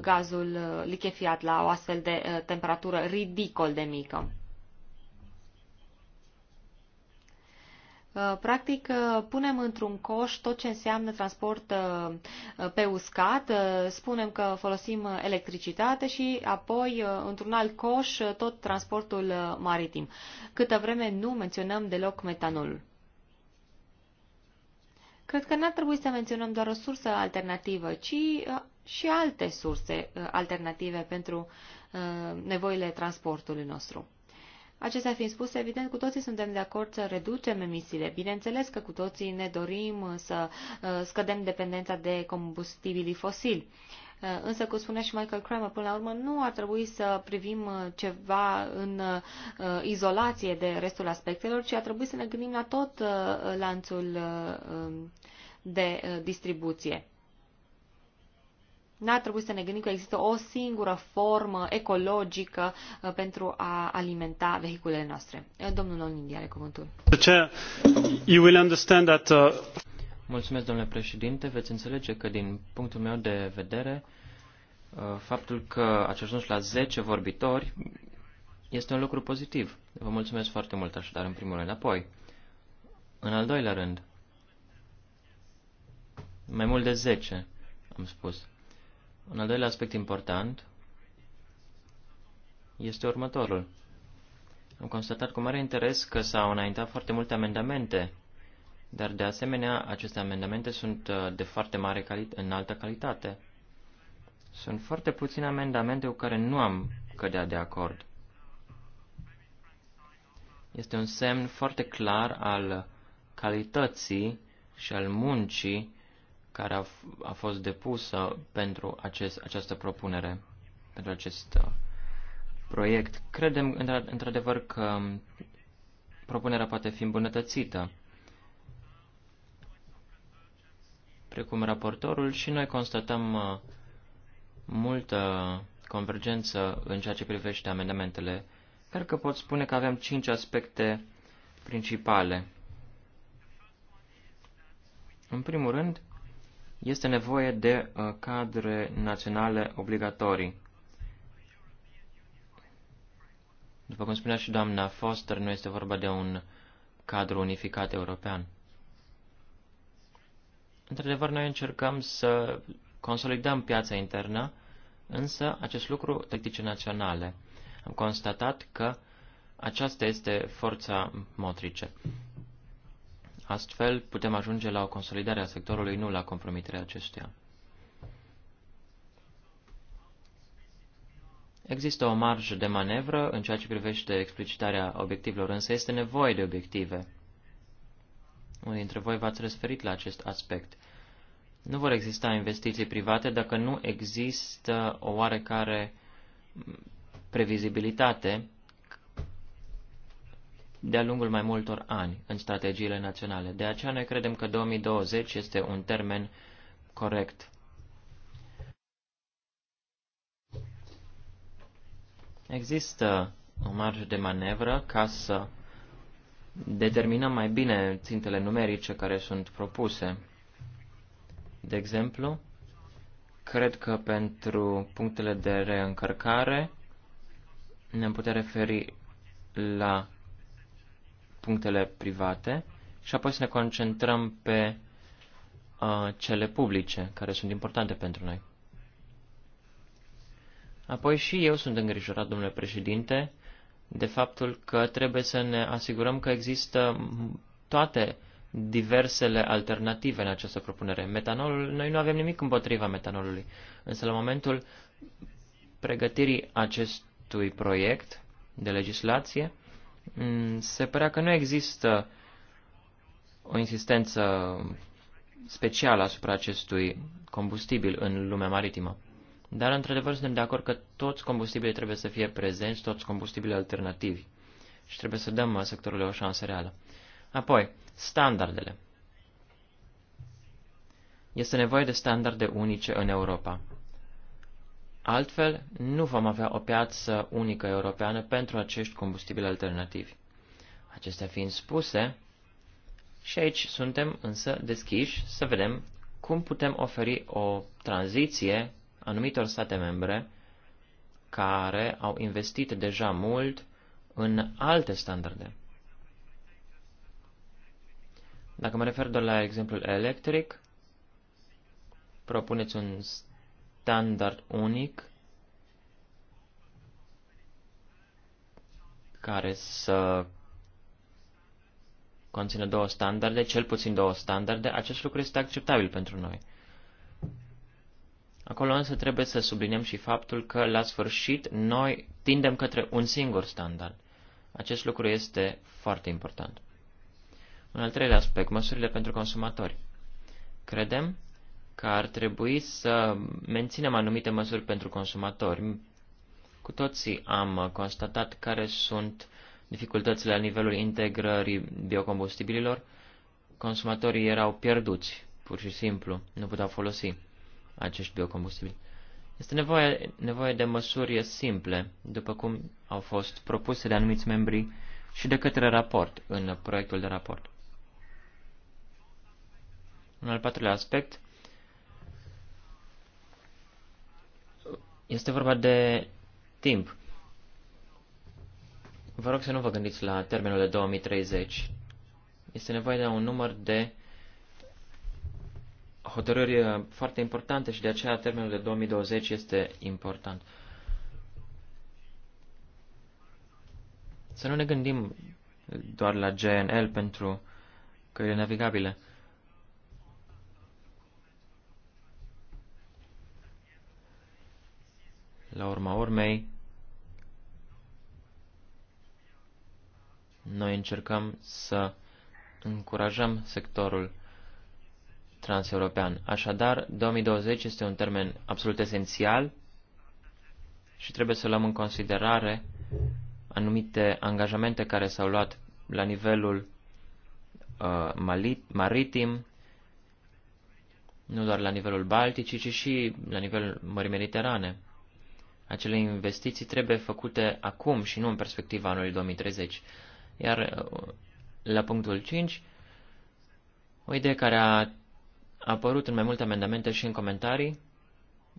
gazul lichefiat la o astfel de temperatură ridicol de mică? Uh, practic, uh, punem într-un coș tot ce înseamnă transport uh, pe uscat, spunem că folosim electricitate și apoi într-un alt coș tot transportul maritim. Câtă vreme nu menționăm deloc metanolul. Cred că n-ar trebui să menționăm doar o sursă alternativă, ci și alte surse alternative pentru nevoile transportului nostru. Acestea fiind spuse, evident, cu toții suntem de acord să reducem emisiile. Bineînțeles că cu toții ne dorim să uh, scădem dependența de combustibilii fosili. Uh, însă, cum spunea și Michael Kramer, până la urmă nu ar trebui să privim uh, ceva în izolație de restul aspectelor, ci ar trebui să ne gândim la tot lanțul um, de distribuție. N-ar trebui să ne gândim că există o singură formă ecologică uh, pentru a alimenta vehiculele noastre. Uh, domnul Olindi are cuvântul. You will understand that, uh... Mulțumesc, domnule președinte. Veți înțelege că, din punctul meu de vedere, uh, faptul că ați ajuns la 10 vorbitori este un lucru pozitiv. Vă mulțumesc foarte mult, așadar, în primul rând. Apoi, în al doilea rând, mai mult de 10, am spus. Un al doilea aspect important este următorul. Am constatat cu mare interes că s-au înaintat foarte multe amendamente, dar de asemenea aceste amendamente sunt uh, de foarte mare cali- înaltă calitate. Sunt foarte puține amendamente cu care nu am cădea de acord. Este un semn foarte clar al calității și al muncii care a, a fost depusă pentru acest, această propunere, pentru acest uh, proiect. Credem într-adevăr că propunerea poate fi îmbunătățită. Precum raportorul și noi constatăm uh, multă convergență în ceea ce privește amendamentele. Cred că pot spune că avem cinci aspecte principale. În primul rând, este nevoie de uh, cadre naționale obligatorii. După cum spunea și doamna Foster, nu este vorba de un cadru unificat european. Într-adevăr, noi încercăm să consolidăm piața internă, însă acest lucru tactice naționale. Am constatat că aceasta este forța motrice. Astfel, putem ajunge la o consolidare a sectorului, nu la compromiterea acestuia. Există o marjă de manevră în ceea ce privește explicitarea obiectivelor, însă este nevoie de obiective. Unii dintre voi v-ați referit la acest aspect. Nu vor exista investiții private dacă nu există o oarecare previzibilitate de-a lungul mai multor ani în strategiile naționale. De aceea noi credem că 2020 este un termen corect. Există o marjă de manevră ca să determinăm mai bine țintele numerice care sunt propuse. De exemplu, cred că pentru punctele de reîncărcare ne-am putea referi la punctele private și apoi să ne concentrăm pe uh, cele publice, care sunt importante pentru noi. Apoi și eu sunt îngrijorat, domnule președinte, de faptul că trebuie să ne asigurăm că există toate diversele alternative în această propunere. Metanolul, noi nu avem nimic împotriva metanolului, însă la momentul pregătirii acestui proiect de legislație, Mm, se părea că nu există o insistență specială asupra acestui combustibil în lumea maritimă. Dar, într-adevăr, suntem de acord că toți combustibilii trebuie să fie prezenți, toți combustibilii alternativi. Și trebuie să dăm uh, sectorului o șansă reală. Apoi, standardele. Este nevoie de standarde unice în Europa. Altfel, nu vom avea o piață unică europeană pentru acești combustibili alternativi. Acestea fiind spuse, și aici suntem însă deschiși să vedem cum putem oferi o tranziție anumitor state membre care au investit deja mult în alte standarde. Dacă mă refer doar la exemplul electric, propuneți un standard unic care să conțină două standarde, cel puțin două standarde, acest lucru este acceptabil pentru noi. Acolo însă trebuie să subliniem și faptul că la sfârșit noi tindem către un singur standard. Acest lucru este foarte important. Un al treilea aspect, măsurile pentru consumatori. Credem că ar trebui să menținem anumite măsuri pentru consumatori. Cu toții am constatat care sunt dificultățile la nivelul integrării biocombustibililor. Consumatorii erau pierduți, pur și simplu, nu puteau folosi acești biocombustibili. Este nevoie, nevoie de măsuri simple, după cum au fost propuse de anumiți membri și de către raport, în proiectul de raport. Un al patrulea aspect Este vorba de timp. Vă rog să nu vă gândiți la termenul de 2030. Este nevoie de un număr de hotărâri uh, foarte importante și de aceea termenul de 2020 este important. Să nu ne gândim doar la GNL pentru căile navigabile. la urma urmei, noi încercăm să încurajăm sectorul transeuropean. Așadar, 2020 este un termen absolut esențial și trebuie să luăm în considerare anumite angajamente care s-au luat la nivelul uh, maritim, nu doar la nivelul Baltic, ci și la nivelul Mării Mediterane acele investiții trebuie făcute acum și nu în perspectiva anului 2030. Iar uh, la punctul 5, o idee care a apărut în mai multe amendamente și în comentarii,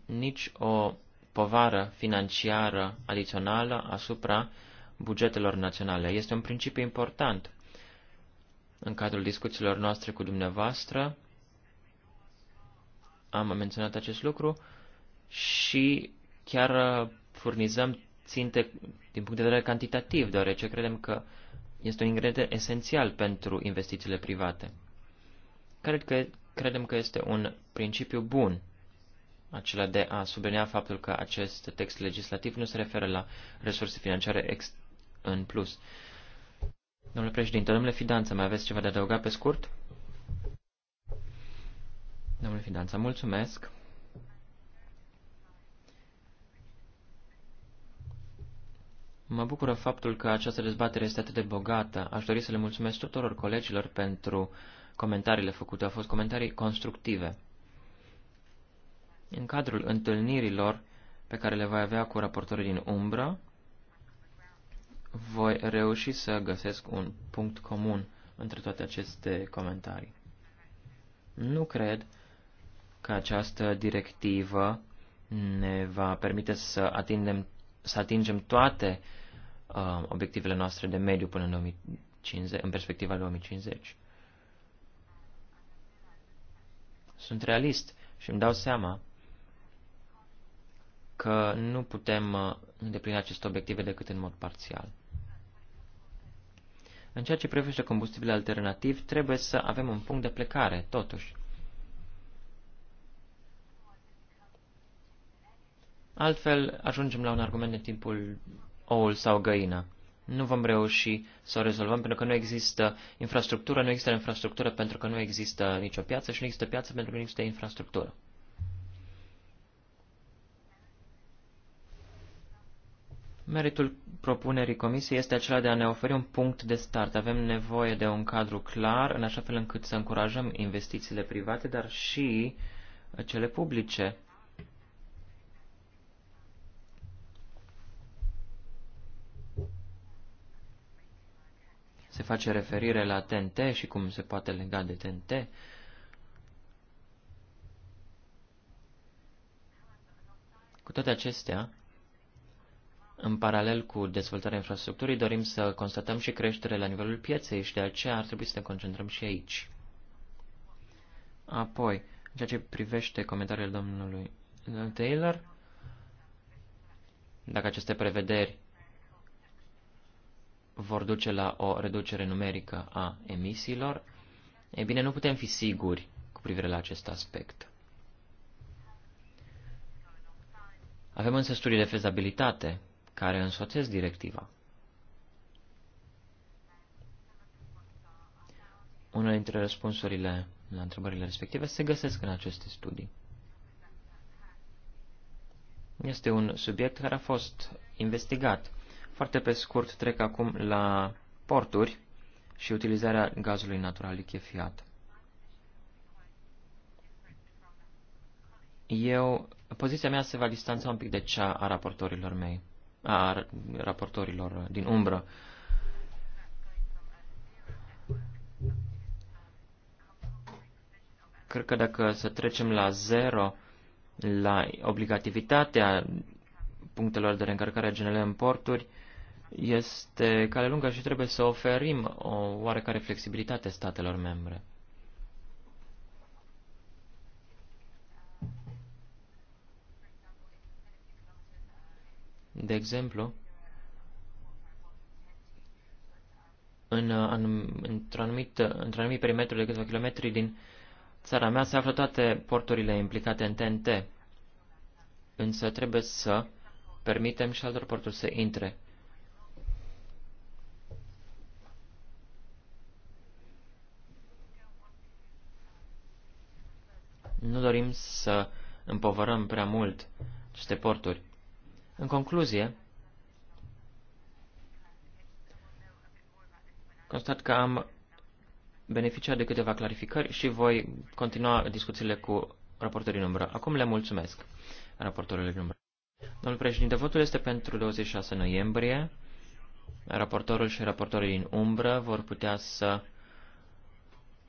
nici o povară financiară adițională asupra bugetelor naționale. Este un principiu important în cadrul discuțiilor noastre cu dumneavoastră. Am menționat acest lucru și chiar uh, furnizăm ținte din punct de vedere cantitativ, deoarece credem că este un ingredient esențial pentru investițiile private. Cred că, credem că este un principiu bun, acela de a sublinia faptul că acest text legislativ nu se referă la resurse financiare ex- în plus. Domnule președinte, domnule Fidanță, mai aveți ceva de adăugat pe scurt? Domnule Fidanța, mulțumesc. Mă bucură faptul că această dezbatere este atât de bogată. Aș dori să le mulțumesc tuturor colegilor pentru comentariile făcute. Au fost comentarii constructive. În cadrul întâlnirilor pe care le voi avea cu raportorii din umbră, voi reuși să găsesc un punct comun între toate aceste comentarii. Nu cred că această directivă ne va permite să atingem să atingem toate uh, obiectivele noastre de mediu până în, 2050, în perspectiva 2050. Sunt realist și îmi dau seama că nu putem uh, îndeplini aceste obiective decât în mod parțial. În ceea ce privește combustibile alternativ, trebuie să avem un punct de plecare, totuși. Altfel, ajungem la un argument de tipul oul sau găină. Nu vom reuși să o rezolvăm pentru că nu există infrastructură, nu există infrastructură pentru că nu există nicio piață și nu există piață pentru că nu există infrastructură. Meritul propunerii comisiei este acela de a ne oferi un punct de start. Avem nevoie de un cadru clar, în așa fel încât să încurajăm investițiile private, dar și cele publice. se face referire la TNT și cum se poate lega de TNT. Cu toate acestea, în paralel cu dezvoltarea infrastructurii, dorim să constatăm și creștere la nivelul pieței și de aceea ar trebui să ne concentrăm și aici. Apoi, în ceea ce privește comentariul domnului Taylor, dacă aceste prevederi vor duce la o reducere numerică a emisiilor, e bine, nu putem fi siguri cu privire la acest aspect. Avem însă studii de fezabilitate care însoțesc directiva. Unele dintre răspunsurile la întrebările respective se găsesc în aceste studii. Este un subiect care a fost investigat foarte pe scurt trec acum la porturi și utilizarea gazului natural lichefiat. Eu, poziția mea se va distanța un pic de cea a raportorilor mei, a raportorilor din umbră. Cred că dacă să trecem la zero, la obligativitatea punctelor de reîncărcare a GNL în porturi, uh, este cale lungă și trebuie să oferim o oarecare flexibilitate statelor membre. De exemplu, în, în, într-un anumit, într anumit perimetru de câțiva kilometri din țara mea se află toate porturile implicate în TNT, însă trebuie să permitem și altor porturi să intre. Nu dorim să împovărăm prea mult aceste porturi. În concluzie, constat că am beneficiat de câteva clarificări și voi continua discuțiile cu raportorii numără. Acum le mulțumesc raportorului numără. Domnul președinte, votul este pentru 26 noiembrie. Raportorul și raportorii din umbră vor putea să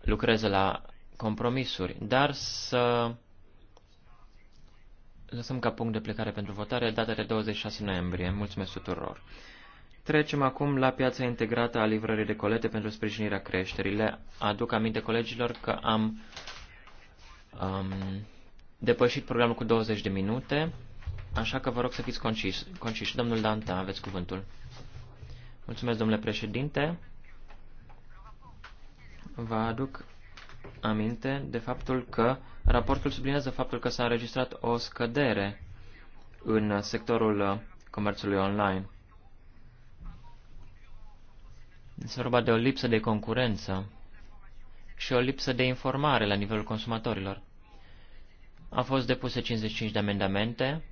lucreze la compromisuri, dar să lăsăm ca punct de plecare pentru votare data de 26 noiembrie. Mulțumesc tuturor! Trecem acum la piața integrată a livrării de colete pentru sprijinirea creșterii. Le aduc aminte colegilor că am um, depășit programul cu 20 de minute, așa că vă rog să fiți conciși. conciși. Domnul Danta, aveți cuvântul. Mulțumesc, domnule președinte. Vă aduc aminte de faptul că raportul sublinează faptul că s-a înregistrat o scădere în sectorul comerțului online. Este vorba de o lipsă de concurență și o lipsă de informare la nivelul consumatorilor. Au fost depuse 55 de amendamente.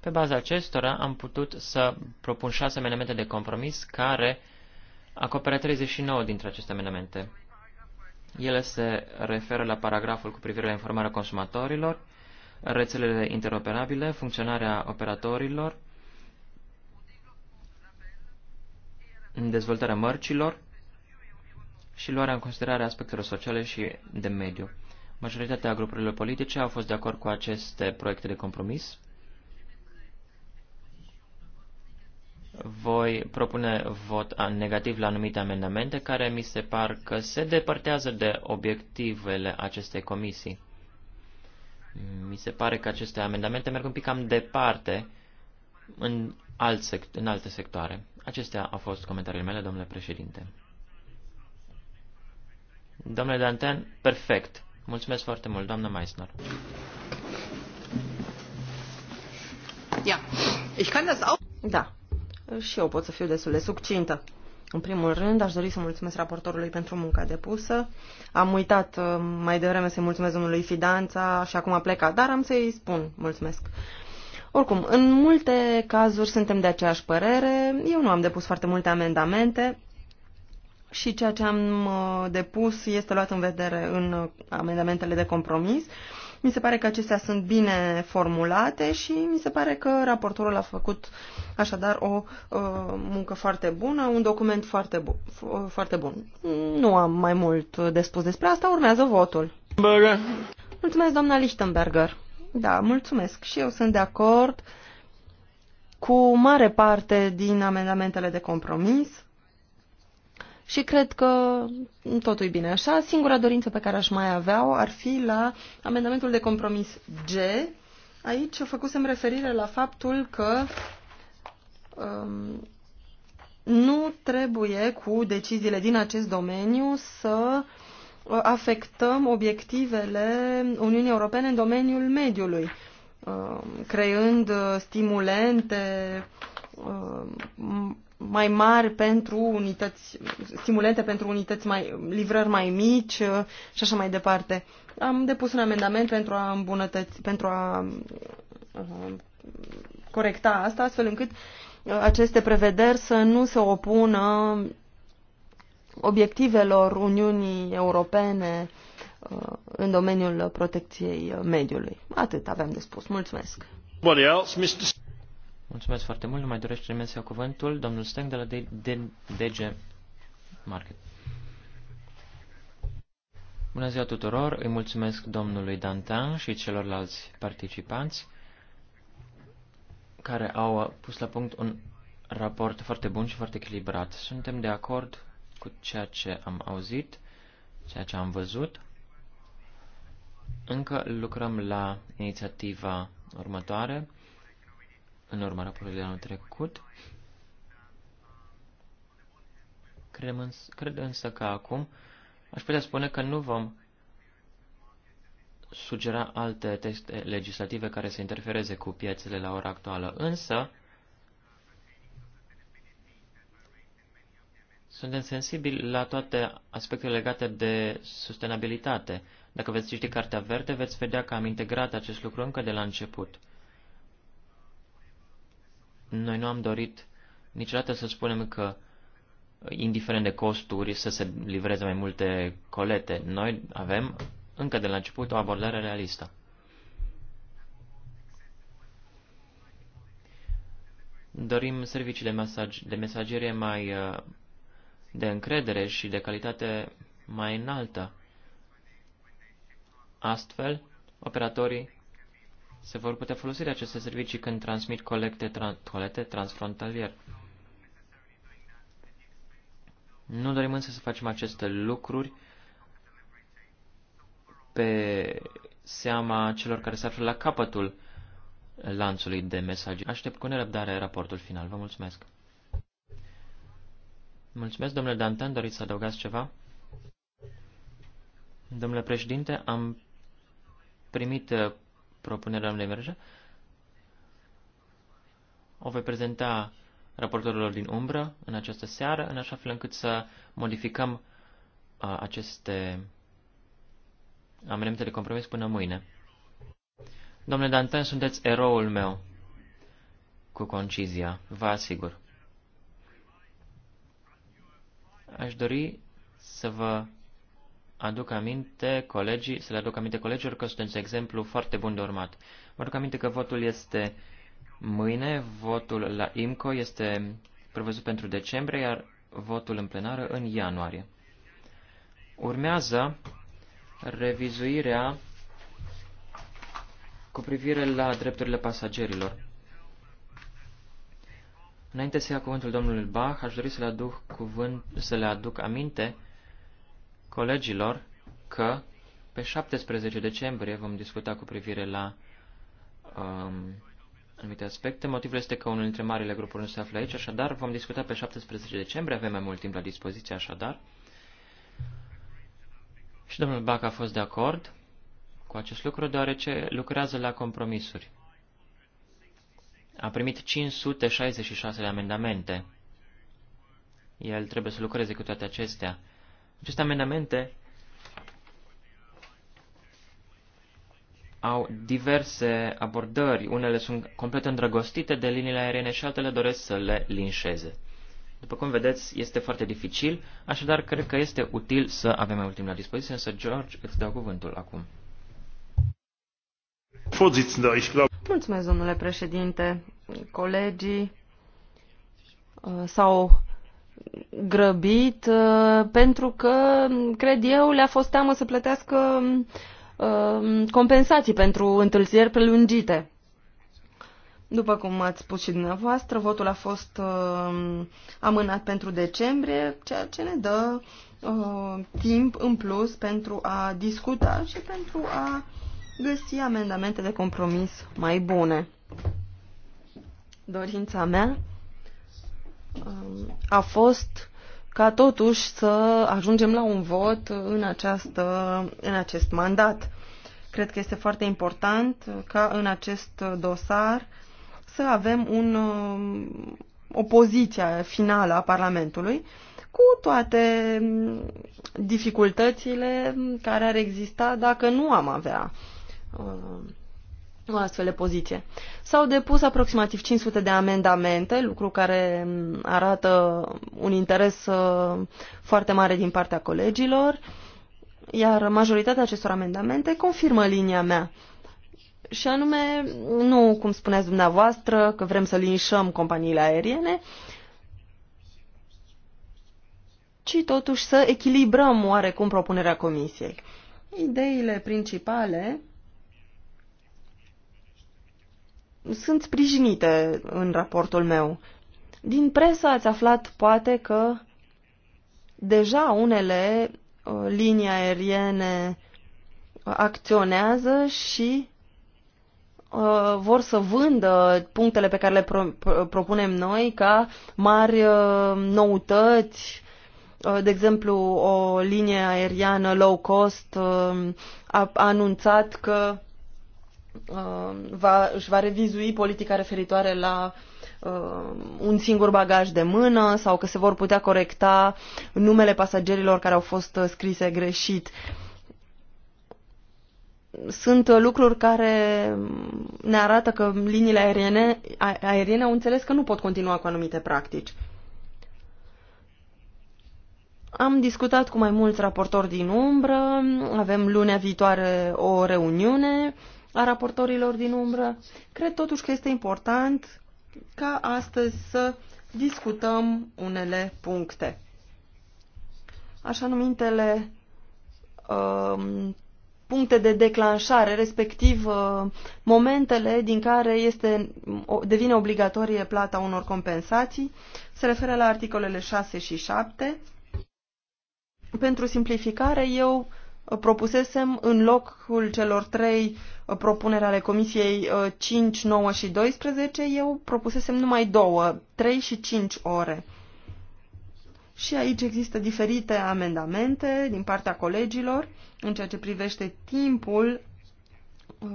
Pe baza acestora am putut să propun 6 amendamente de compromis care acoperă 39 dintre aceste amendamente. Ele se referă la paragraful cu privire la informarea consumatorilor, rețelele interoperabile, funcționarea operatorilor, dezvoltarea mărcilor și luarea în considerare aspectelor sociale și de mediu. Majoritatea grupurilor politice au fost de acord cu aceste proiecte de compromis voi propune vot negativ la anumite amendamente care mi se par că se depărtează de obiectivele acestei comisii. Mi se pare că aceste amendamente merg un pic cam departe în, alt sect- în alte sectoare. Acestea au fost comentariile mele, domnule președinte. Domnule Dantean, perfect. Mulțumesc foarte mult, doamnă Meissner. Ja, ich kann das auch. Da, și eu pot să fiu destul de succintă. În primul rând, aș dori să mulțumesc raportorului pentru munca depusă. Am uitat uh, mai devreme să-i mulțumesc domnului Fidanța și acum a plecat, dar am să-i spun mulțumesc. Oricum, în multe cazuri suntem de aceeași părere. Eu nu am depus foarte multe amendamente și ceea ce am uh, depus este luat în vedere în uh, amendamentele de compromis. Mi se pare că acestea sunt bine formulate și mi se pare că raportorul a făcut așadar o uh, muncă foarte bună, un document foarte, bu uh, foarte bun. Nu am mai mult de spus despre asta, urmează votul. Burger. Mulțumesc, doamna Lichtenberger. Da, mulțumesc. Și eu sunt de acord cu mare parte din amendamentele de compromis și cred că totul e bine așa. Singura dorință pe care aș mai avea-o ar fi la amendamentul de compromis G. Aici făcusem referire la faptul că um, nu trebuie cu deciziile din acest domeniu să uh, afectăm obiectivele Uniunii Europene în domeniul mediului, um, creând uh, stimulente uh, mai mari pentru unități, stimulente pentru unități mai, livrări mai mici uh, și așa mai departe. Am depus un amendament pentru a îmbunătăți, pentru a uh, corecta asta, astfel încât uh, aceste prevederi să nu se opună obiectivelor Uniunii Europene uh, în domeniul protecției mediului. Atât avem de spus. Mulțumesc. Mulțumesc foarte mult. Nu mai dorește nimeni să cuvântul. Domnul Steng de la DG Market. Bună ziua tuturor. Îi mulțumesc domnului Dantan și celorlalți participanți care au pus la punct un raport foarte bun și foarte echilibrat. Suntem de acord cu ceea ce am auzit, ceea ce am văzut. Încă lucrăm la inițiativa următoare în urma raportului de anul trecut. Credem cred însă că acum aș putea spune că nu vom sugera alte teste legislative care să interfereze cu piețele la ora actuală, însă suntem sensibili la toate aspectele legate de sustenabilitate. Dacă veți citi Cartea Verde, veți vedea că am integrat acest lucru încă de la început. Noi nu am dorit niciodată să spunem că, indiferent de costuri, să se livreze mai multe colete. Noi avem, încă de la început, o abordare realistă. Dorim servicii de, masaj, de mesagerie mai de încredere și de calitate mai înaltă. Astfel, operatorii se vor putea folosi de aceste servicii când transmit colecte, tran- colete transfrontalier. Nu dorim însă să facem aceste lucruri pe seama celor care se află la capătul lanțului de mesaje. Aștept cu nerăbdare raportul final. Vă mulțumesc. Mulțumesc, domnule Dantan. Doriți să adăugați ceva? Domnule președinte, am primit uh, propunerea domnului Merge. O voi prezenta raportorilor din umbră în această seară, în așa fel încât să modificăm a, aceste amenemente de compromis până mâine. Domnule Dantan, sunteți eroul meu cu concizia, vă asigur. Aș dori să vă aduc aminte colegii, să le aduc aminte colegilor că sunt exemplu foarte bun de urmat. Vă aduc aminte că votul este mâine, votul la IMCO este prevăzut pentru decembrie, iar votul în plenară în ianuarie. Urmează revizuirea cu privire la drepturile pasagerilor. Înainte să ia cuvântul domnului Bach, aș dori să le aduc, cuvânt, să le aduc aminte colegilor că pe 17 decembrie vom discuta cu privire la um, anumite aspecte. Motivul este că unul dintre marile grupuri nu se află aici, așadar vom discuta pe 17 decembrie, avem mai mult timp la dispoziție, așadar. Și domnul Bac a fost de acord cu acest lucru, deoarece lucrează la compromisuri. A primit 566 de amendamente. El trebuie să lucreze cu toate acestea. Aceste amendamente au diverse abordări. Unele sunt complet îndrăgostite de liniile aeriene și altele doresc să le linșeze. După cum vedeți, este foarte dificil, așadar cred că este util să avem mai ultim la dispoziție, însă George îți dau cuvântul acum. Mulțumesc, domnule președinte. Colegii uh, sau grăbit uh, pentru că, cred eu, le-a fost teamă să plătească uh, compensații pentru întârzieri prelungite. După cum ați spus și dumneavoastră, votul a fost uh, amânat pentru decembrie, ceea ce ne dă uh, timp în plus pentru a discuta și pentru a găsi amendamente de compromis mai bune. Dorința mea a fost ca totuși să ajungem la un vot în, această, în acest mandat. Cred că este foarte important ca în acest dosar să avem un, um, o poziție finală a Parlamentului cu toate um, dificultățile care ar exista dacă nu am avea um, o astfel de poziție. S-au depus aproximativ 500 de amendamente, lucru care mm, arată un interes uh, foarte mare din partea colegilor, iar majoritatea acestor amendamente confirmă linia mea. Și anume, nu cum spuneați dumneavoastră, că vrem să linșăm companiile aeriene, ci totuși să echilibrăm oarecum propunerea comisiei. Ideile principale sunt sprijinite în raportul meu. Din presă ați aflat poate că deja unele uh, linii aeriene uh, acționează și uh, vor să vândă punctele pe care le pro, pro, propunem noi ca mari uh, noutăți, uh, de exemplu o linie aeriană low cost a anunțat că Uh, va, își va revizui politica referitoare la uh, un singur bagaj de mână sau că se vor putea corecta numele pasagerilor care au fost scrise greșit. Sunt lucruri care ne arată că liniile aeriene, aeriene au înțeles că nu pot continua cu anumite practici. Am discutat cu mai mulți raportori din umbră, avem lunea viitoare o reuniune, a raportorilor din umbră. Cred totuși că este important ca astăzi să discutăm unele puncte. Așa numitele uh, puncte de declanșare, respectiv uh, momentele din care este, devine obligatorie plata unor compensații, se referă la articolele 6 și 7. Pentru simplificare, eu propusesem în locul celor trei Uh, propunerea ale Comisiei 5, uh, 9 și 12, eu propusesem numai două, 3 și 5 ore. Și aici există diferite amendamente din partea colegilor în ceea ce privește timpul uh,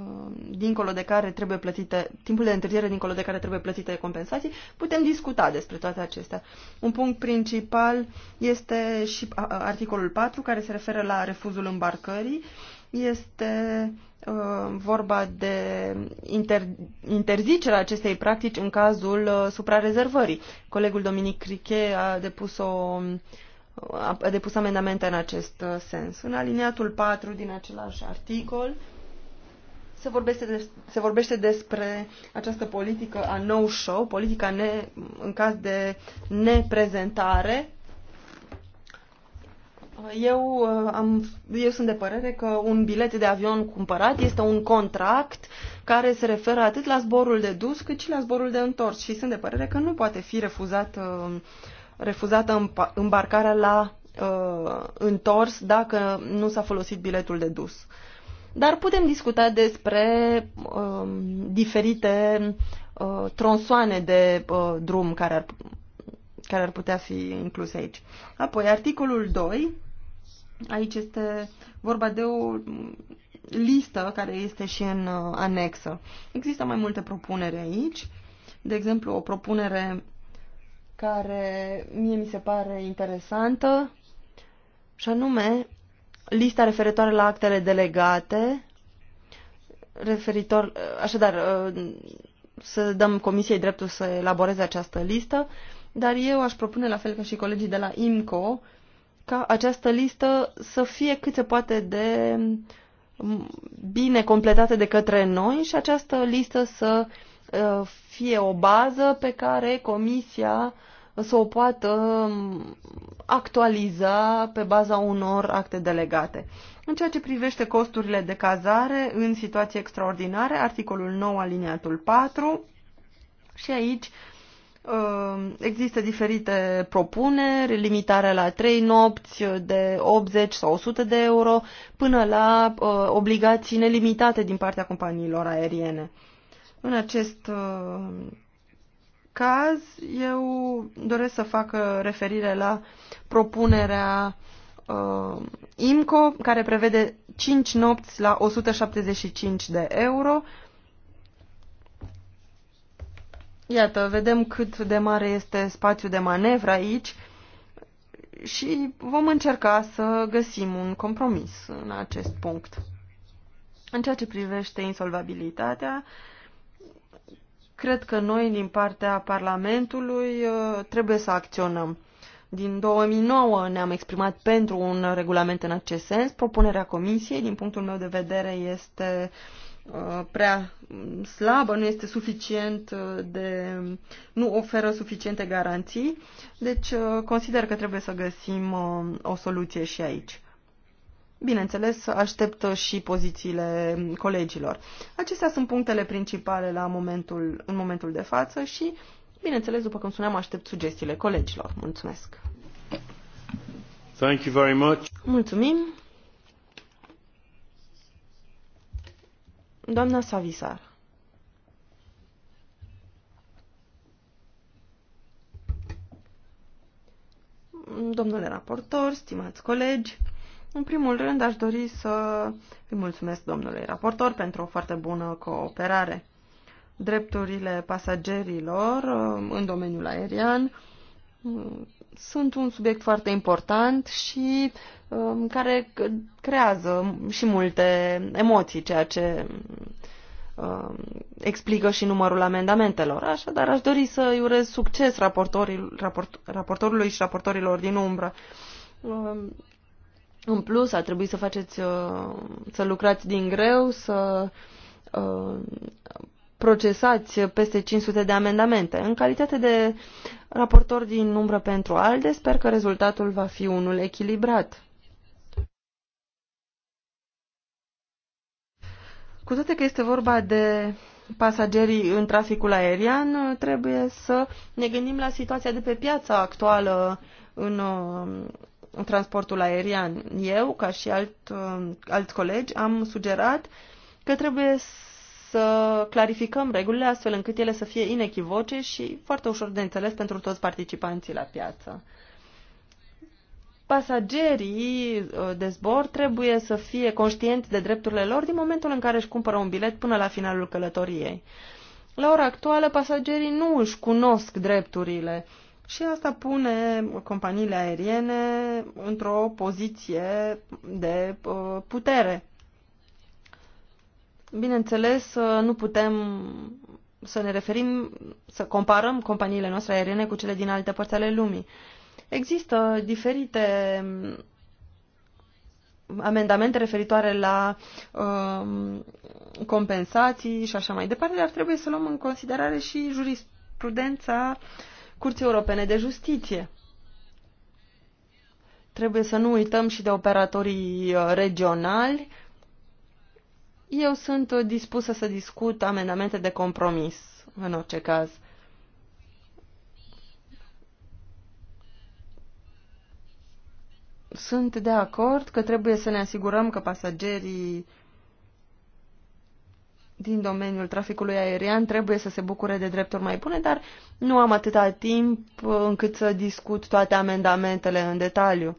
dincolo de care trebuie plătite, timpul de întârziere dincolo de care trebuie plătite compensații, putem discuta despre toate acestea. Un punct principal este și articolul 4, care se referă la refuzul îmbarcării. Este Uh, vorba de inter, interzicerea acestei practici în cazul uh, suprarezervării. Colegul Dominic Criche a depus, o, uh, a depus amendamente în acest uh, sens. În aliniatul 4 din același articol se vorbește, de, se vorbește despre această politică a no-show, politica ne, în caz de neprezentare eu, uh, am, eu sunt de părere că un bilet de avion cumpărat este un contract care se referă atât la zborul de dus cât și la zborul de întors și sunt de părere că nu poate fi refuzat, uh, refuzată îmbarcarea la uh, întors dacă nu s-a folosit biletul de dus. Dar putem discuta despre uh, diferite uh, tronsoane de uh, drum care ar, care ar putea fi incluse aici. Apoi, articolul 2 Aici este vorba de o listă care este și în uh, anexă. Există mai multe propuneri aici. De exemplu, o propunere care mie mi se pare interesantă și anume lista referitoare la actele delegate referitor, uh, așadar, uh, să dăm comisiei dreptul să elaboreze această listă, dar eu aș propune, la fel ca și colegii de la IMCO, ca această listă să fie cât se poate de bine completată de către noi și această listă să uh, fie o bază pe care Comisia să o poată actualiza pe baza unor acte delegate. În ceea ce privește costurile de cazare în situații extraordinare, articolul 9 aliniatul 4 și aici uh, Ehm, există diferite propuneri, limitarea la 3 nopți de 80 sau 100 de euro până la eh, obligații nelimitate din partea companiilor aeriene. În acest eh, caz, eu doresc să fac eh, referire la propunerea IMCO, care prevede 5 nopți la 175 de euro, Iată, vedem cât de mare este spațiul de manevră aici și vom încerca să găsim un compromis în acest punct. În ceea ce privește insolvabilitatea, cred că noi, din partea Parlamentului, ă, trebuie să acționăm. Din 2009 ne-am exprimat pentru un regulament în acest sens. Propunerea Comisiei, din punctul meu de vedere, este uh, Uh, prea slabă, nu este suficient uh, de, nu oferă suficiente garanții, deci uh, consider că trebuie să găsim o soluție și aici. Bineînțeles, aștept și pozițiile colegilor. Acestea sunt punctele principale la momentul, în momentul de față și, bineînțeles, după cum spuneam, aștept sugestiile colegilor. Mulțumesc! Thank you very much. Mulțumim! Doamna Savisar. Domnule raportor, stimați colegi, în primul rând aș dori să îi mulțumesc domnului raportor pentru o foarte bună cooperare. Drepturile pasagerilor uh, în domeniul aerian uh, sunt un subiect foarte important și Um, care creează și multe emoții, ceea ce um, explică și numărul amendamentelor. Așadar, aș dori să îi urez succes raport, raportorului și raportorilor din umbră. Um, în plus, a trebuit să faceți, uh, să lucrați din greu, să uh, procesați peste 500 de amendamente. În calitate de raportor din umbră pentru ALDE, sper că rezultatul va fi unul echilibrat. Cu toate că este vorba de pasagerii în traficul aerian, trebuie să ne gândim la situația de pe piața actuală în, în uh, transportul aerian. Eu, ca și alt, uh, alți colegi, am sugerat că trebuie să clarificăm regulile astfel încât ele să fie inechivoce și foarte ușor de înțeles pentru toți participanții la piață pasagerii uh, de zbor trebuie să fie conștienți de drepturile lor din momentul în care își cumpără un bilet până la finalul călătoriei. La ora actuală, pasagerii nu își cunosc drepturile și asta pune companiile aeriene într-o poziție de uh, putere. Bineînțeles, uh, nu putem să ne referim, să comparăm companiile noastre aeriene cu cele din alte părți ale lumii. Există diferite mm, amendamente referitoare la um, compensații și așa mai departe, dar trebuie să luăm în considerare și jurisprudența Curții Europene de Justiție. Trebuie să nu uităm și de operatorii uh, regionali. Eu sunt dispusă să discut amendamente de compromis în orice caz. Sunt de acord că trebuie să ne asigurăm că pasagerii din domeniul traficului aerian trebuie să se bucure de drepturi mai bune, dar nu am atâta timp încât să discut toate amendamentele în detaliu.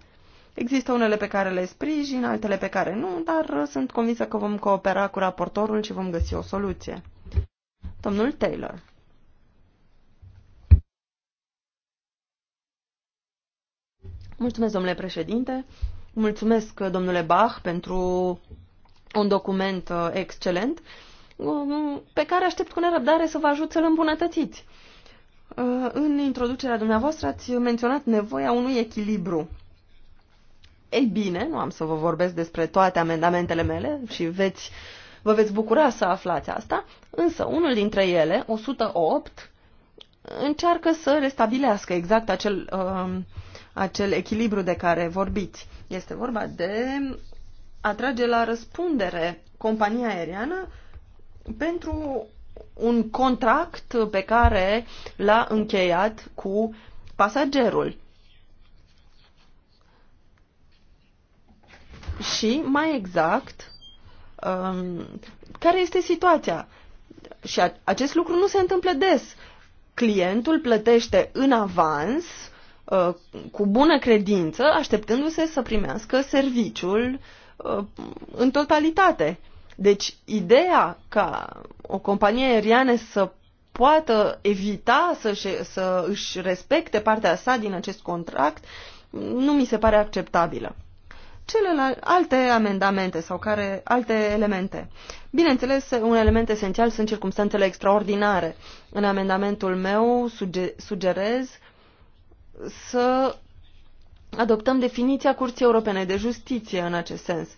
Există unele pe care le sprijin, altele pe care nu, dar sunt convinsă că vom coopera cu raportorul și vom găsi o soluție. Domnul Taylor. Mulțumesc, domnule președinte. Mulțumesc, domnule Bach, pentru un document uh, excelent um, pe care aștept cu nerăbdare să vă ajut să-l îmbunătățiți. Uh, în introducerea dumneavoastră ați menționat nevoia unui echilibru. Ei bine, nu am să vă vorbesc despre toate amendamentele mele și veți, vă veți bucura să aflați asta, însă unul dintre ele, 108, încearcă să restabilească exact acel uh, acel echilibru de care vorbiți. Este vorba de atrage la răspundere compania aeriană pentru un contract pe care l-a încheiat cu pasagerul. Și, mai exact, um, care este situația? Și acest lucru nu se întâmplă des. Clientul plătește în avans Uh, cu bună credință, așteptându-se să primească serviciul uh, în totalitate. Deci, ideea ca o companie aeriană să poată evita să-și, să își respecte partea sa din acest contract nu mi se pare acceptabilă. Celelalte alte amendamente sau care alte elemente. Bineînțeles, un element esențial sunt circumstanțele extraordinare. În amendamentul meu suge, sugerez uh, să adoptăm definiția Curții Europene de Justiție în acest sens.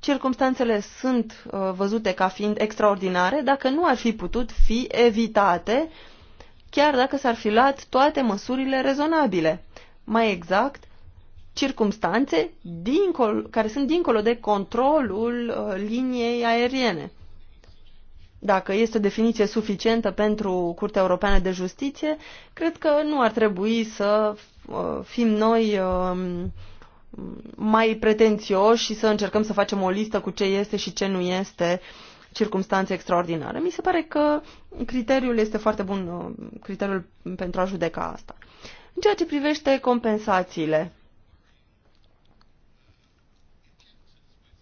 Circumstanțele sunt uh, văzute ca fiind extraordinare dacă nu ar fi putut fi evitate, chiar dacă s-ar fi luat toate măsurile rezonabile. Mai exact, circumstanțe dincolo, care sunt dincolo de controlul uh, liniei aeriene. Dacă este o definiție suficientă pentru Curtea Europeană de Justiție, cred că nu ar trebui să uh, fim noi um, mai pretențioși și să încercăm să facem o listă cu ce este și ce nu este circumstanțe extraordinare. Mi se pare că criteriul este foarte bun, uh, criteriul pentru a judeca asta. În ceea ce privește compensațiile,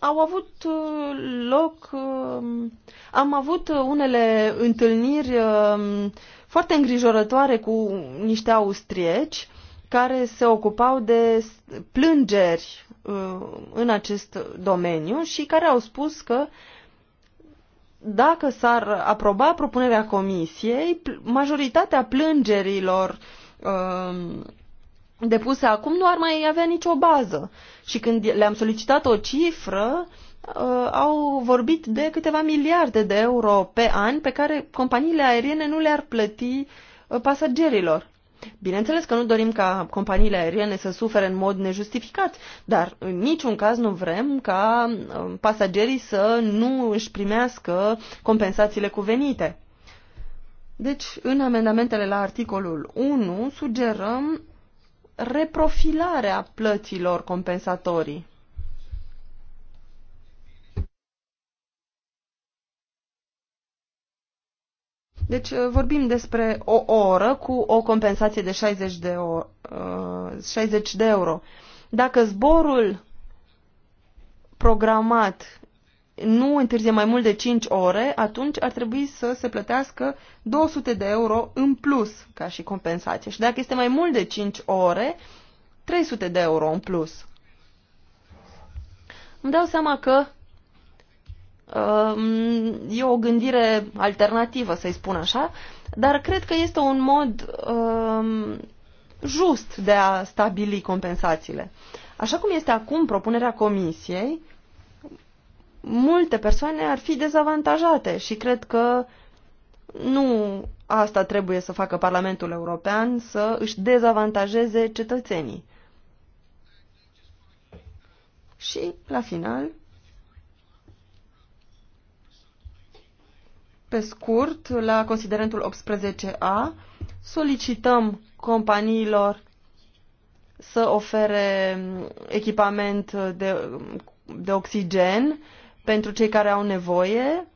au avut uh, loc, um, am avut unele întâlniri um, foarte îngrijorătoare cu niște austrieci care se ocupau de plângeri uh, în acest domeniu și care au spus că dacă s-ar aproba propunerea comisiei, majoritatea plângerilor um, depuse acum nu ar mai avea nicio bază. Și când le-am solicitat o cifră, uh, au vorbit de câteva miliarde de euro pe an pe care companiile aeriene nu le-ar plăti uh, pasagerilor. Bineînțeles că nu dorim ca companiile aeriene să sufere în mod nejustificat, dar în niciun caz nu vrem ca uh, pasagerii să nu își primească compensațiile cuvenite. Deci, în amendamentele la articolul 1, sugerăm reprofilarea plăților compensatorii. Deci uh, vorbim despre o oră cu o compensație de 60 de, o, 60 uh, de euro. Dacă zborul programat nu întârzie mai mult de 5 ore, atunci ar trebui să se plătească 200 de euro în plus ca și compensație. Și dacă este mai mult de 5 ore, 300 de euro în plus. Îmi dau seama că uh, e o gândire alternativă, să-i spun așa, dar cred că este un mod uh, just de a stabili compensațiile. Așa cum este acum propunerea comisiei, multe persoane ar fi dezavantajate și cred că nu asta trebuie să facă Parlamentul European, să își dezavantajeze cetățenii. Și, la final, pe scurt, la considerentul 18a, solicităm companiilor să ofere echipament de, de oxigen pentru cei care au nevoie.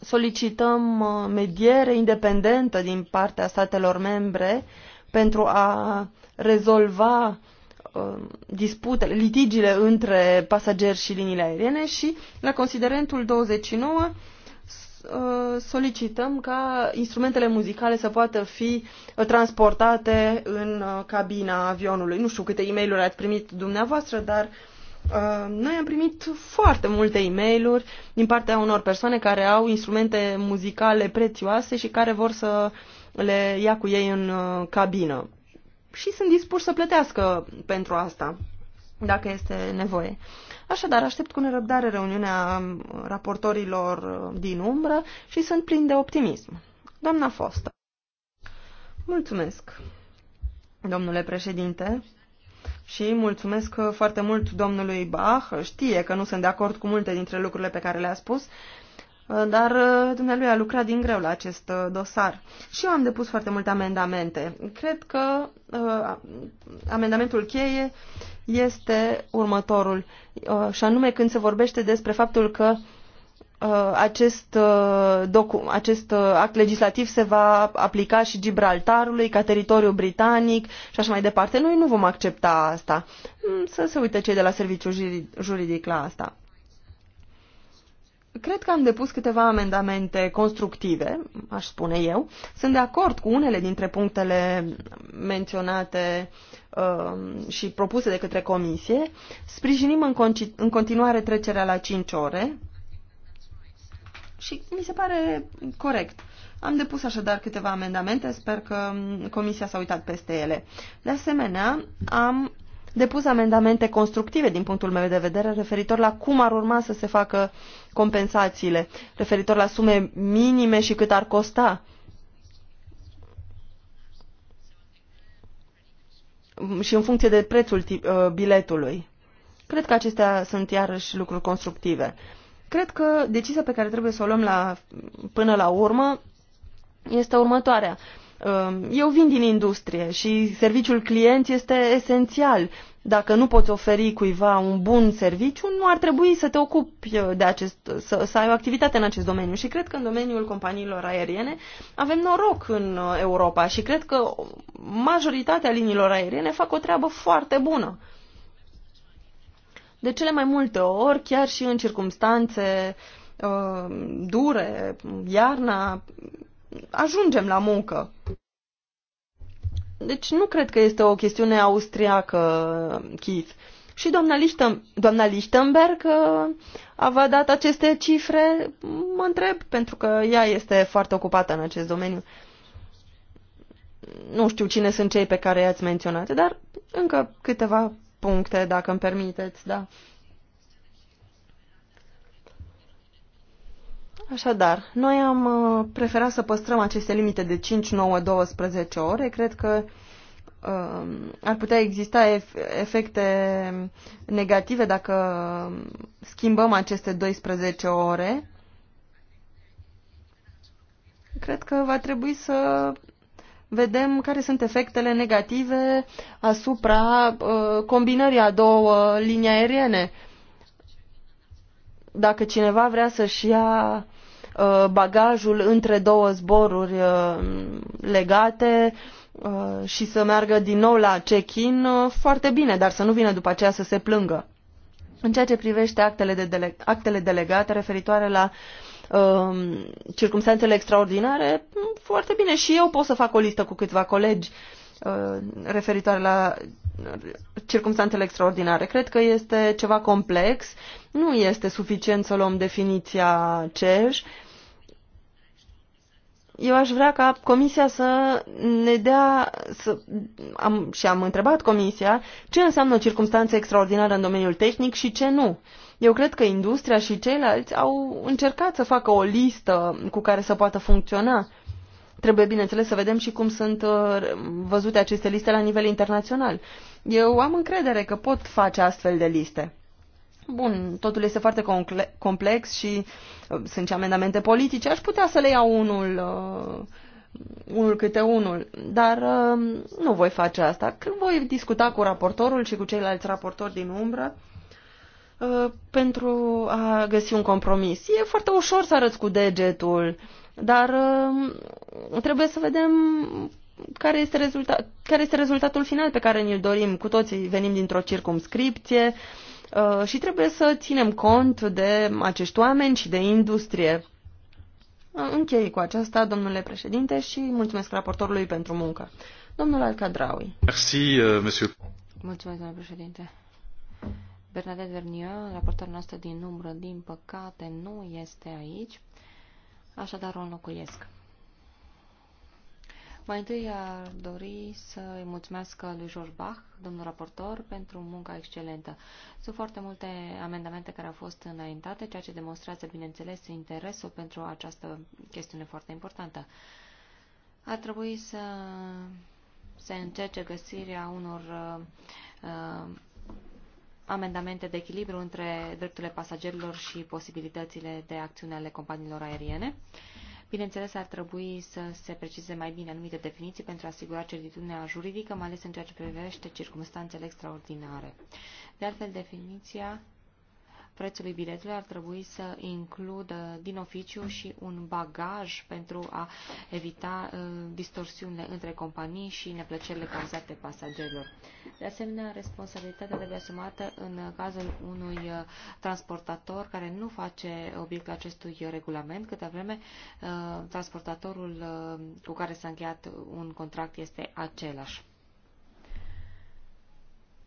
Solicităm uh, mediere independentă din partea statelor membre pentru a rezolva uh, disputele, litigiile între pasageri și liniile aeriene și la considerentul 29 uh, solicităm ca instrumentele muzicale să poată fi transportate în cabina avionului. Nu știu câte e-mail-uri ați primit dumneavoastră, dar uh, Uh, noi am primit foarte multe e mail din partea unor persoane care au instrumente muzicale prețioase și care vor să le ia cu ei în uh, cabină. Și sunt dispuși să plătească pentru asta, dacă este nevoie. Așadar, aștept cu nerăbdare reuniunea um, raportorilor uh, din umbră și sunt plin de optimism. Doamna Fostă. Mulțumesc, domnule președinte și mulțumesc foarte mult domnului Bach. Știe că nu sunt de acord cu multe dintre lucrurile pe care le-a spus, dar dumnealui a lucrat din greu la acest dosar. Și eu am depus foarte multe amendamente. Cred că uh, amendamentul cheie este următorul, uh, și anume când se vorbește despre faptul că uh, Uh, acest, uh, acest uh, act legislativ se va aplica și Gibraltarului ca teritoriu britanic și așa mai departe. Noi nu vom accepta asta. Mm, să se uite cei de la serviciul juridic la asta. Cred că am depus câteva amendamente constructive, aș spune eu. Sunt de acord cu unele dintre punctele menționate uh, și propuse de către comisie. Sprijinim în, în continuare trecerea la 5 ore, și mi se pare corect. Am depus așadar câteva amendamente, sper că Comisia s-a uitat peste ele. De asemenea, am depus amendamente constructive din punctul meu de vedere referitor la cum ar urma să se facă compensațiile, referitor la sume minime și cât ar costa. și în funcție de prețul uh, biletului. Cred că acestea sunt iarăși lucruri constructive. Cred că decizia pe care trebuie să o luăm la, până la urmă este următoarea. Um, eu vin din industrie și serviciul client este esențial. Dacă nu poți oferi cuiva un bun serviciu, nu ar trebui să te ocupi de acest, să, să ai o activitate în acest domeniu. Și cred că în domeniul companiilor aeriene avem noroc în Europa și cred că majoritatea liniilor aeriene fac o treabă foarte bună. De cele mai multe ori, chiar și în circumstanțe uh, dure, iarna, ajungem la muncă. Deci nu cred că este o chestiune austriacă, Keith. Și doamna, Lichten, doamna Lichtenberg uh, a vă dat aceste cifre, mă întreb, pentru că ea este foarte ocupată în acest domeniu. Nu știu cine sunt cei pe care i-ați menționat, dar încă câteva puncte, dacă îmi permiteți, da. Așadar, noi am uh, preferat să păstrăm aceste limite de 5, 9, 12 ore. Cred că um, ar putea exista efecte negative dacă schimbăm aceste 12 ore. Cred că va trebui să vedem care sunt efectele negative asupra uh, combinării a două linii aeriene. Dacă cineva vrea să-și ia uh, bagajul între două zboruri uh, legate uh, și să meargă din nou la check-in, uh, foarte bine, dar să nu vină după aceea să se plângă. În ceea ce privește actele, de dele- actele delegate referitoare la uh, Um, circumstanțele extraordinare, mm, foarte bine, și eu pot să fac o listă cu câțiva colegi uh, referitoare la uh, circumstanțele extraordinare. Cred că este ceva complex, nu este suficient să luăm definiția CEJ. Eu aș vrea ca comisia să ne dea, să, am, și am întrebat comisia, ce înseamnă circunstanțe extraordinare în domeniul tehnic și ce nu. Uh, eu cred că industria și ceilalți au încercat să facă o listă cu care să poată funcționa. Trebuie, bineînțeles, să vedem și cum sunt uh, văzute aceste liste la nivel internațional. Eu am încredere că pot face astfel de liste. Bun, totul este foarte complex și uh, sunt și amendamente politice. Aș putea să le iau unul, uh, unul câte unul, dar nu voi face asta. Când voi discuta cu raportorul și cu ceilalți raportori din umbră, Uh, pentru a găsi un compromis. E foarte ușor să arăți cu degetul, dar uh, trebuie să vedem care este, rezultat, care este rezultatul final pe care ni-l dorim. Cu toții venim dintr-o circumscripție uh, și trebuie să ținem cont de acești oameni și de industrie. Închei cu aceasta, domnule președinte, și mulțumesc raportorului pentru muncă. Domnul Alcadraui. Merci, monsieur. Mulțumesc, domnule președinte. Bernadette Vernier, raportorul noastră din umbră, din păcate, nu este aici, așadar o înlocuiesc. Mai întâi ar dori să îi mulțumesc lui George Bach, domnul raportor, pentru munca excelentă. Sunt foarte multe amendamente care au fost înaintate, ceea ce demonstrează, bineînțeles, interesul pentru această chestiune foarte importantă. Ar trebui să se încerce găsirea unor uh, amendamente de echilibru între drepturile pasagerilor și posibilitățile de acțiune ale companiilor aeriene. Bineînțeles, ar trebui să se precizeze mai bine anumite definiții pentru a asigura certitudinea juridică, mai ales în ceea ce privește circumstanțele extraordinare. De altfel, definiția prețului biletului ar trebui să includă din oficiu și un bagaj pentru a evita uh, distorsiunile între companii și neplăcerile cauzate pasagerilor. De asemenea, responsabilitatea trebuie asumată în cazul unui uh, transportator care nu face obiectul acestui regulament, câte vreme uh, transportatorul cu care s-a încheiat un contract este același.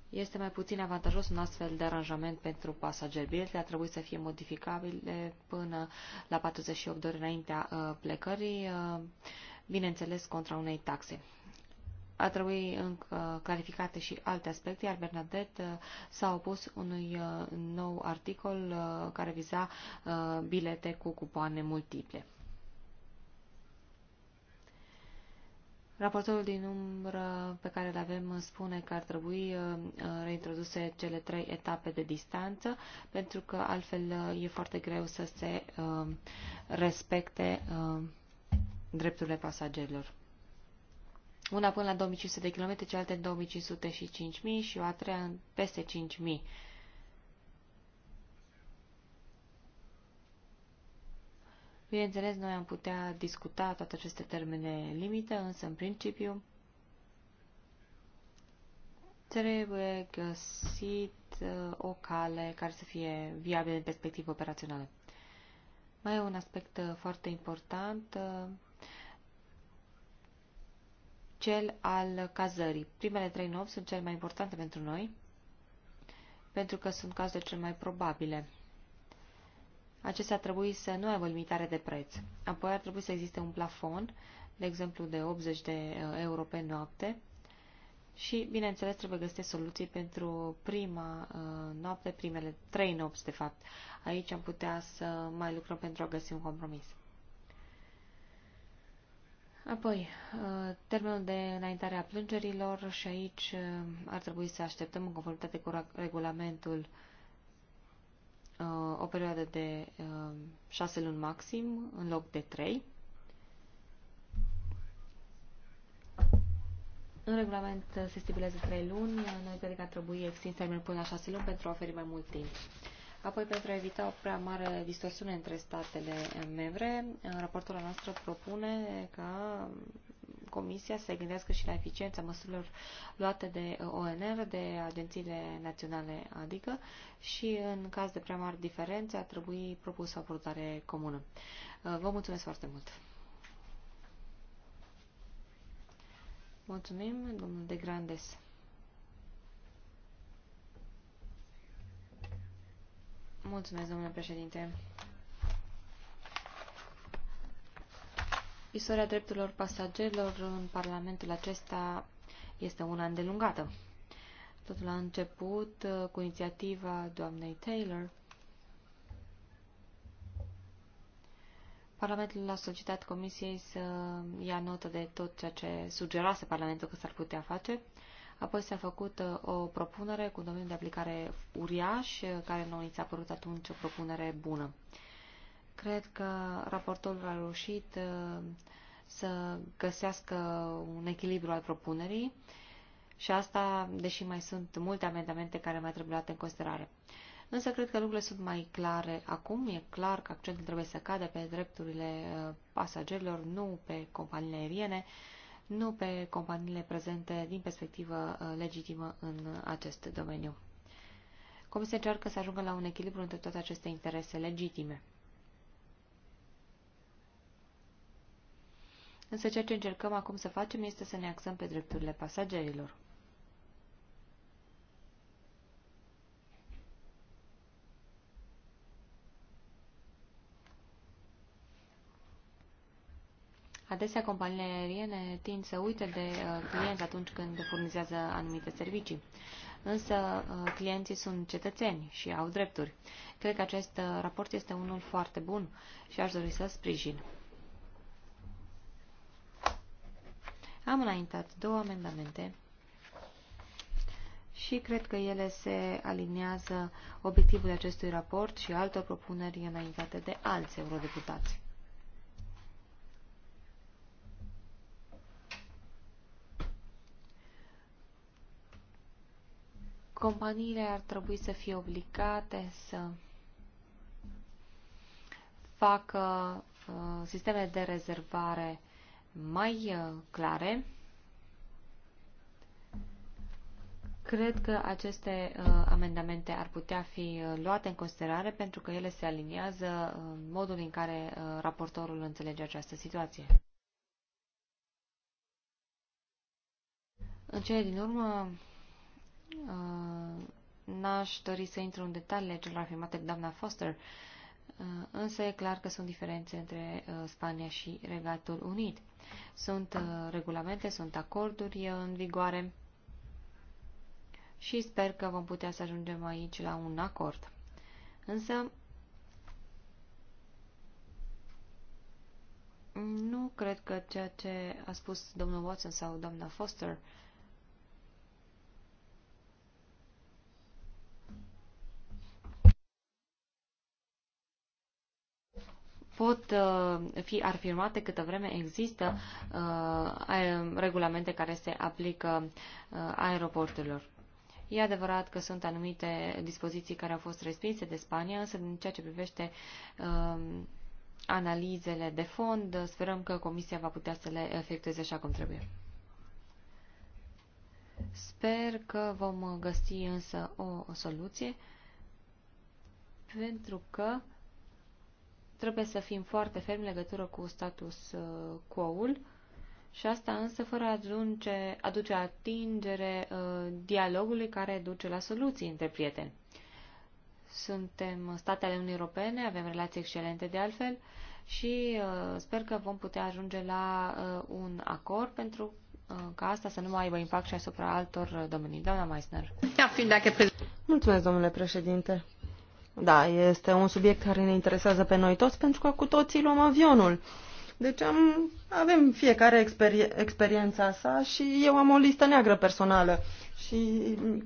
Este mai puțin avantajos un astfel de aranjament pentru pasager. Biletele a trebuit să fie modificabile până la 48 de ore înaintea uh, plecării, uh, bineînțeles contra unei taxe. A trebuit încă uh, clarificate și alte aspecte, iar Bernadette s-a opus unui nou articol care viza bilete cu cupoane multiple. Raportorul din umbră pe care îl avem spune că ar trebui uh, uh, reintroduse cele trei etape de distanță, pentru că altfel uh, e foarte greu să se respecte drepturile pasagerilor. Una până la 2500 de km, cealaltă în 2500 și 5000 și o a treia peste 5000 Bineînțeles, noi am putea discuta toate aceste termene limită, însă, în principiu, trebuie găsit uh, o cale care să fie viabilă în perspectivă operațională. Mai e un aspect uh, foarte important, uh, cel al cazării. Primele trei nopți sunt cele mai importante pentru noi, pentru că sunt cazurile cele mai probabile acestea ar trebui să nu aibă limitare de preț. Apoi ar trebui să existe un plafon, de exemplu de 80 de uh, euro pe noapte, și, bineînțeles, trebuie găsite soluții pentru prima uh, noapte, primele trei nopți, de fapt. Aici am putea să mai lucrăm pentru a găsi un compromis. Apoi, uh, termenul de înaintare a plângerilor și aici uh, ar trebui să așteptăm în conformitate cu regulamentul uh, Uh, o perioadă de uh, șase luni maxim în loc de trei. În regulament uh, se stipulează trei luni, noi credem că ar trebui extins termenul până la 6 luni pentru a oferi mai mult timp. Apoi, pentru a evita o prea mare distorsiune între statele membre, raportul noastră propune ca Comisia să se gândească și la eficiența măsurilor luate de ONR, de agențiile naționale, adică, și în caz de prea mari diferențe ar trebui propusă o abordare comună. Uh, vă mulțumesc foarte mult! Mulțumim, domnul de Grandes. Mulțumesc, domnule președinte. Istoria drepturilor pasagerilor în Parlamentul acesta este una îndelungată. Totul a început uh, cu inițiativa doamnei Taylor. Parlamentul a solicitat Comisiei să ia notă de tot ceea ce sugerase Parlamentul că s-ar putea face. Apoi s-a făcut uh, o propunere cu domeniul de aplicare uriaș, uh, care nu ni s-a părut atunci o propunere bună. Cred că raportorul a reușit uh, să găsească un echilibru al propunerii și asta, deși mai sunt multe amendamente care mai trebuie luate în considerare. Însă cred că lucrurile sunt mai clare acum. E clar că accentul trebuie să cadă pe drepturile uh, pasagerilor, nu pe companiile aeriene, nu pe companiile prezente din perspectivă uh, legitimă în acest domeniu. Comisia încearcă să ajungă la un echilibru între toate aceste interese legitime. însă ceea ce încercăm acum să facem este să ne axăm pe drepturile pasagerilor. Adesea, companiile aeriene tind să uite de uh, clienți atunci când furnizează anumite servicii. Însă, uh, clienții sunt cetățeni și au drepturi. Cred că acest uh, raport este unul foarte bun și aș dori să sprijin. Am înaintat două amendamente și cred că ele se aliniază obiectivul acestui raport și altor propuneri înaintate de alți eurodeputați. Companiile ar trebui să fie obligate să facă uh, sisteme de rezervare mai uh, clare, cred că aceste uh, amendamente ar putea fi uh, luate în considerare pentru că ele se aliniază în modul în care raportorul înțelege această situație. În cele din urmă, n-aș dori să intru în detaliile celor afirmate de doamna Foster, Uh, însă e clar că sunt diferențe între uh, Spania și Regatul Unit. Sunt uh, regulamente, sunt acorduri în vigoare și sper că vom putea să ajungem aici la un acord. Însă, nu cred că ceea ce a spus domnul Watson sau doamna Foster uh, pot uh, fi afirmate câtă vreme există uh, um, regulamente care se aplică uh, aeroporturilor. E adevărat că sunt anumite dispoziții care au fost respinse de Spania, însă din ceea ce privește um, analizele de fond, sperăm că Comisia va putea să le efectueze așa cum trebuie. Sper că vom găsi însă o, o soluție, pentru că Trebuie să fim foarte fermi legătură cu status uh, quo-ul și asta însă fără a aduce, aduce atingere uh, dialogului care duce la soluții între prieteni. Suntem statele Uniunii Europene, avem relații excelente de altfel și uh, sper că vom putea ajunge la un acord pentru ca asta să nu mai aibă impact și asupra altor domenii. Doamna Meissner. Mulțumesc, domnule președinte. Da, este un subiect care ne interesează pe noi toți pentru că cu toții luăm avionul. Deci am, avem fiecare experie, experiența sa și eu am o listă neagră personală. Și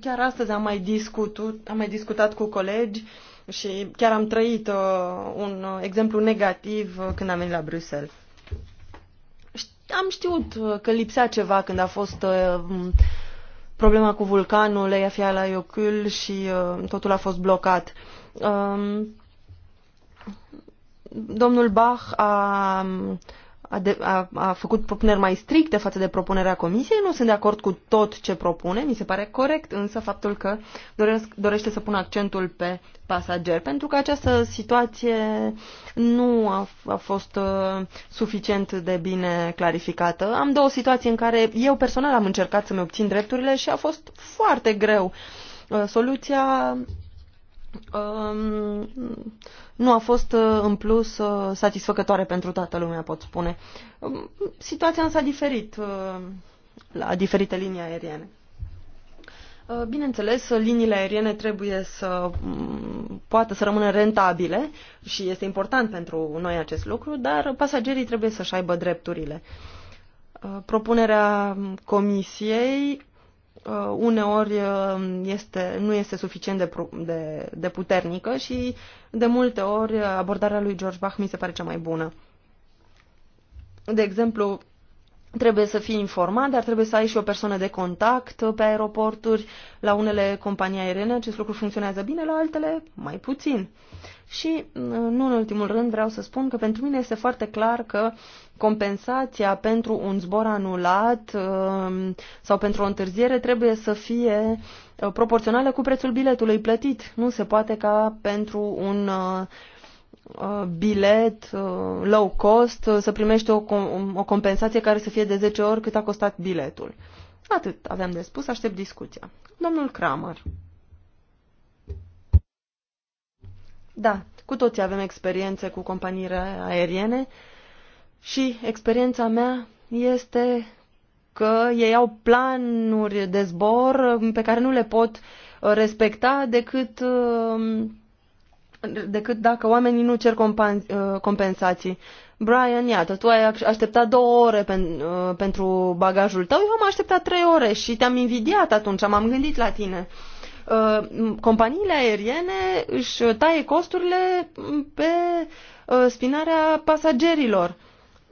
chiar astăzi am mai, discutut, am mai discutat cu colegi și chiar am trăit uh, un exemplu negativ când am venit la Bruxelles. Am știut că lipsea ceva când a fost uh, problema cu vulcanul la Iocul și uh, totul a fost blocat. Uh, Um, domnul Bach a, a, de, a, a făcut propuneri mai stricte față de propunerea comisiei. Nu sunt de acord cu tot ce propune, mi se pare corect, însă faptul că doresc, dorește să pună accentul pe pasager, pentru că această situație nu a, a fost uh, suficient de bine clarificată. Am două situații în care eu personal am încercat să-mi obțin drepturile și a fost foarte greu. Uh, soluția um, nu a fost uh, în plus uh, satisfăcătoare pentru toată lumea, pot spune. Um, situația însă a diferit uh, la diferite linii aeriene. Bineînțeles, liniile aeriene trebuie să mm, poată să rămână rentabile și este important pentru noi acest lucru, dar pasagerii trebuie să-și aibă drepturile. Propunerea comisiei Uh, uneori uh, este, nu este suficient de, de, de puternică și de multe ori uh, abordarea lui George Bach mi se pare cea mai bună. De exemplu, trebuie să fii informat, dar trebuie să ai și o persoană de contact pe aeroporturi. La unele companii aeriene acest lucru funcționează bine, la altele mai puțin. Și, nu în ultimul rând, vreau să spun că pentru mine este foarte clar că compensația pentru un zbor anulat uh, sau pentru o întârziere trebuie să fie uh, proporțională cu prețul biletului plătit. Nu se poate ca pentru un uh, bilet low cost să primești o, o compensație care să fie de 10 ori cât a costat biletul. Atât aveam de spus, aștept discuția. Domnul Kramer. Da, cu toții avem experiențe cu companiile aeriene. Uh, și experiența mea este că ei au planuri de zbor pe care nu le pot uh, respecta decât, um, decât dacă oamenii nu cer uh, compensații. Brian, iată, tu ai așteptat două ore pen, uh, pentru bagajul tău, eu am așteptat trei ore și te-am invidiat atunci, m-am gândit la tine. Companiile aeriene își taie costurile pe spinarea pasagerilor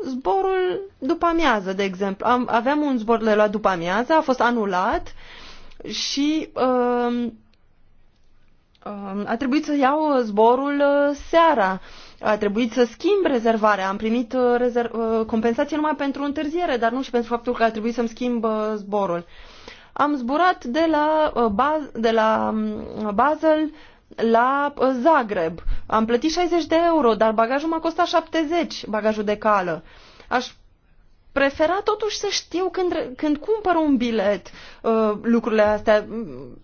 zborul după amiază, de exemplu. Am, aveam un zbor de luat după amiază, a fost anulat și uh, uh, a trebuit să iau zborul uh, seara. A trebuit să schimb rezervarea. Am primit uh, rezerv, uh, compensație numai pentru întârziere, dar nu și pentru faptul că a trebuit să-mi schimb uh, zborul. Am zburat de la, uh, baz, de la uh, Basel la uh, Zagreb. Am plătit 60 de euro, dar bagajul m-a costat 70, bagajul de cală. Aș prefera totuși să știu când, când cumpăr un bilet uh, lucrurile astea, mm,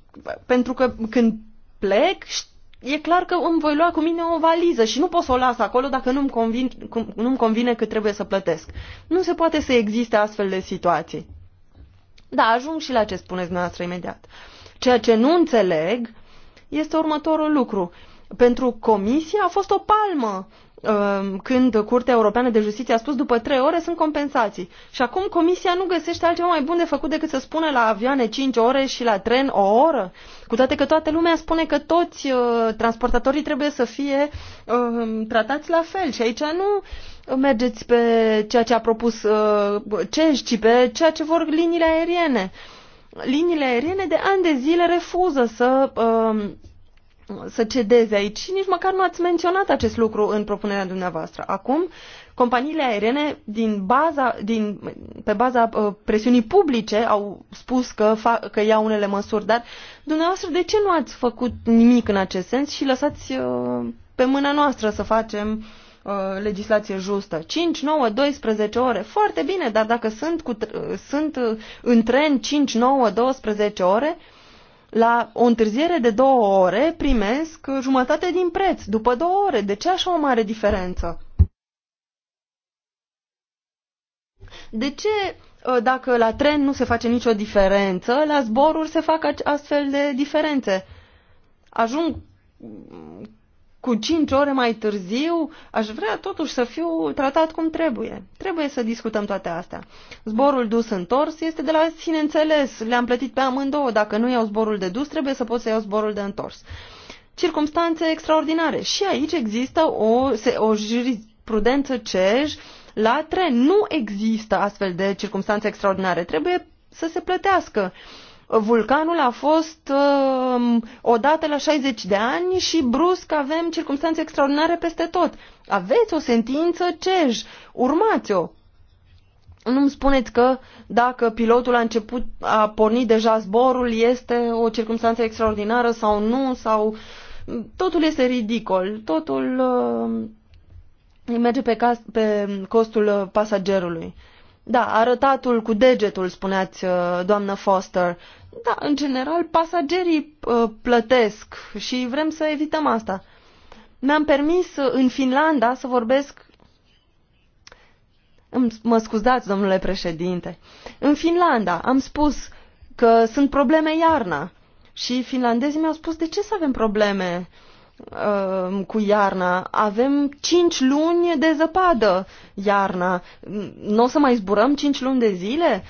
pentru că când plec e clar că îmi voi lua cu mine o valiză și nu pot să o las acolo dacă nu-mi, convin, nu-mi convine că trebuie să plătesc. Nu se poate să existe astfel de situații. Da, ajung și la ce spuneți dumneavoastră imediat. Ceea ce nu înțeleg uh, este următorul lucru. Pentru comisie a fost o palmă um, când Curtea Europeană de Justiție a spus după trei ore sunt compensații. Și acum Comisia nu găsește altceva mai bun de făcut decât să spune la avioane 5 ore și la tren o oră, cu toate că toată lumea spune că toți uh, transportatorii trebuie să fie uh, tratați la fel. Și aici nu mergeți pe ceea ce a propus uh, CEJ, ci pe ceea ce vor liniile aeriene. Uh, liniile aeriene de ani de zile refuză să, um, să cedeze aici și nici măcar nu ați menționat acest lucru în propunerea dumneavoastră. Acum, companiile aeriene, din baza, din, pe baza uh, presiunii publice, au spus că, fac, că iau unele măsuri, dar dumneavoastră de ce nu ați făcut nimic în acest sens și lăsați uh, pe mâna noastră să facem uh, Uh, legislație justă. 5, 9, 12 ore, foarte bine, dar dacă sunt, cu, uh, sunt uh, în tren 5, 9, 12 ore, la o întârziere de două ore primesc jumătate din preț, după două ore. De ce așa o mare diferență? De ce dacă la tren nu se face nicio diferență, la zboruri se fac astfel de diferențe? Ajung cu cinci ore mai târziu, aș vrea totuși să fiu tratat cum trebuie. Trebuie să discutăm toate astea. Zborul dus întors este de la sine înțeles. Le-am plătit pe amândouă. Dacă nu iau zborul de dus, trebuie să pot să iau zborul de întors. Circumstanțe extraordinare. Și aici există o, se, o jurisprudență CEJ la tren. Nu există astfel de circumstanțe extraordinare. Trebuie să se plătească. Uh, vulcanul a fost uh, odată la 60 de ani și brusc avem circunstanțe extraordinare peste tot. Aveți o sentință cej, urmați-o. Nu-mi spuneți că dacă pilotul a început a porni deja zborul, este o circunstanță extraordinară sau nu, sau mm, totul este ridicol, totul uh, merge pe, cas- pe costul uh, pasagerului. Da, arătatul cu degetul, spuneați, uh, doamnă Foster. Da, în general, pasagerii uh, plătesc și vrem să evităm asta. Mi-am permis uh, în Finlanda să vorbesc. Mă scuzați, domnule președinte. În Finlanda am spus că sunt probleme iarna și finlandezii mi-au spus de ce să avem probleme Uh, cu iarna. Avem 5 luni de zăpadă iarna. Nu o să mai zburăm 5 luni de zile?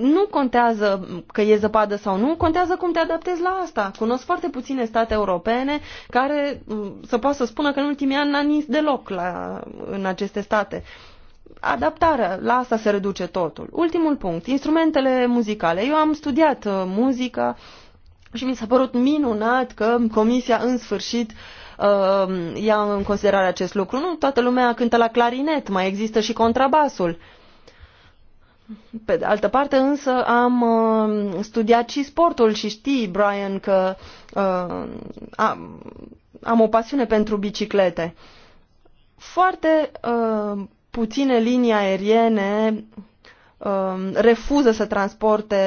Nu contează că e zăpadă sau nu, contează cum te adaptezi la asta. Cunosc foarte puține state europene care mm, să poată să spună că în ultimii ani n-a nins deloc la, în aceste state. Adaptarea, la asta se reduce totul. Ultimul punct, instrumentele muzicale. Eu am studiat uh, muzica, și mi s-a părut minunat că Comisia în sfârșit uh, ia în considerare acest lucru. Nu toată lumea cântă la clarinet, mai există și contrabasul. Pe de altă parte însă am uh, studiat și sportul și știi, Brian, că uh, am, am o pasiune pentru biciclete. Foarte uh, puține linii aeriene uh, refuză să transporte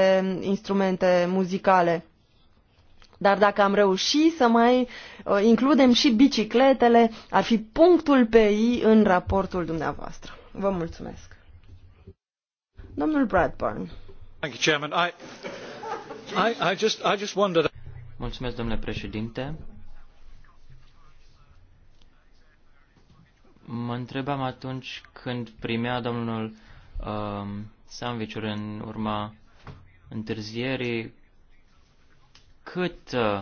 instrumente muzicale. Dar dacă am reușit să mai Uh, includem și bicicletele, ar fi punctul pe I în raportul dumneavoastră. Vă mulțumesc. Domnul Bradburn. Thank you, Chairman. I, I, I just, I just wondered... Mulțumesc, domnule președinte. Mă întrebam atunci când primea domnul um, sandwich în urma întârzierii cât uh,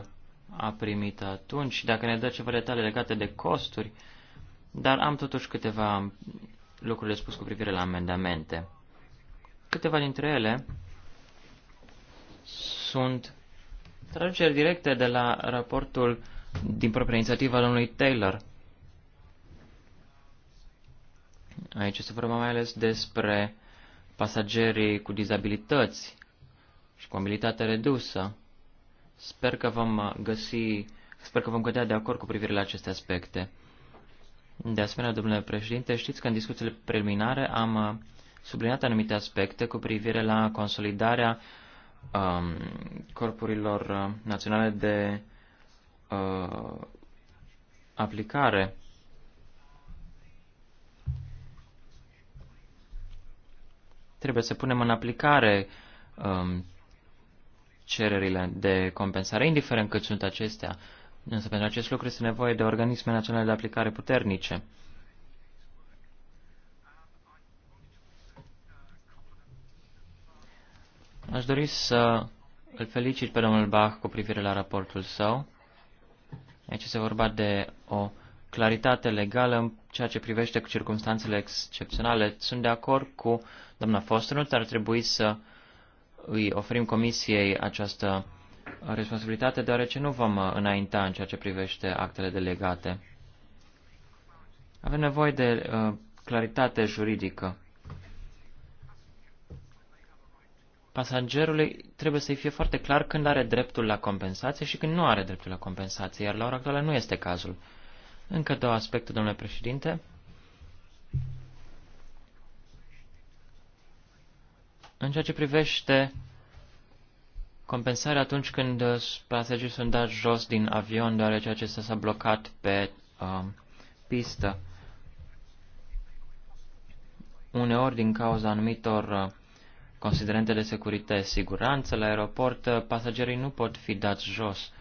a primit atunci și dacă ne dă ceva detalii legate de costuri, dar am totuși câteva lucruri de spus cu privire la amendamente. Câteva dintre ele sunt traduceri directe de la raportul din propria inițiativă al domnului Taylor. Aici se vorba mai ales despre pasagerii cu dizabilități și cu abilitate redusă. Sper că vom uh, găsi, sper că vom cădea de acord cu privire la aceste aspecte. De asemenea, domnule președinte, știți că în discuțiile preliminare am uh, subliniat anumite aspecte cu privire la consolidarea um, corpurilor uh, naționale de uh, aplicare. Trebuie să punem în aplicare um, cererile de compensare, indiferent cât sunt acestea. Însă pentru acest lucru este nevoie de organisme naționale de aplicare puternice. Aș dori să îl felicit pe domnul Bach cu privire la raportul său. Aici se vorba de o claritate legală în ceea ce privește cu circunstanțele excepționale. Sunt de acord cu doamna Foster, dar ar trebui să uh, îi oferim comisiei această responsabilitate, deoarece nu vom uh, înainta în ceea ce privește actele delegate. Avem nevoie de uh, claritate juridică. Pasagerului trebuie să-i fie foarte clar când are dreptul la compensație și când nu are dreptul la compensație, iar la ora actuală nu este cazul. Încă două aspecte, domnule președinte. În ceea ce privește compensarea atunci când uh, pasagerii sunt dați jos din avion deoarece acesta s-a blocat pe uh, pistă, uneori din cauza anumitor uh, considerente de securitate, siguranță la aeroport, uh, pasagerii nu pot fi dați jos.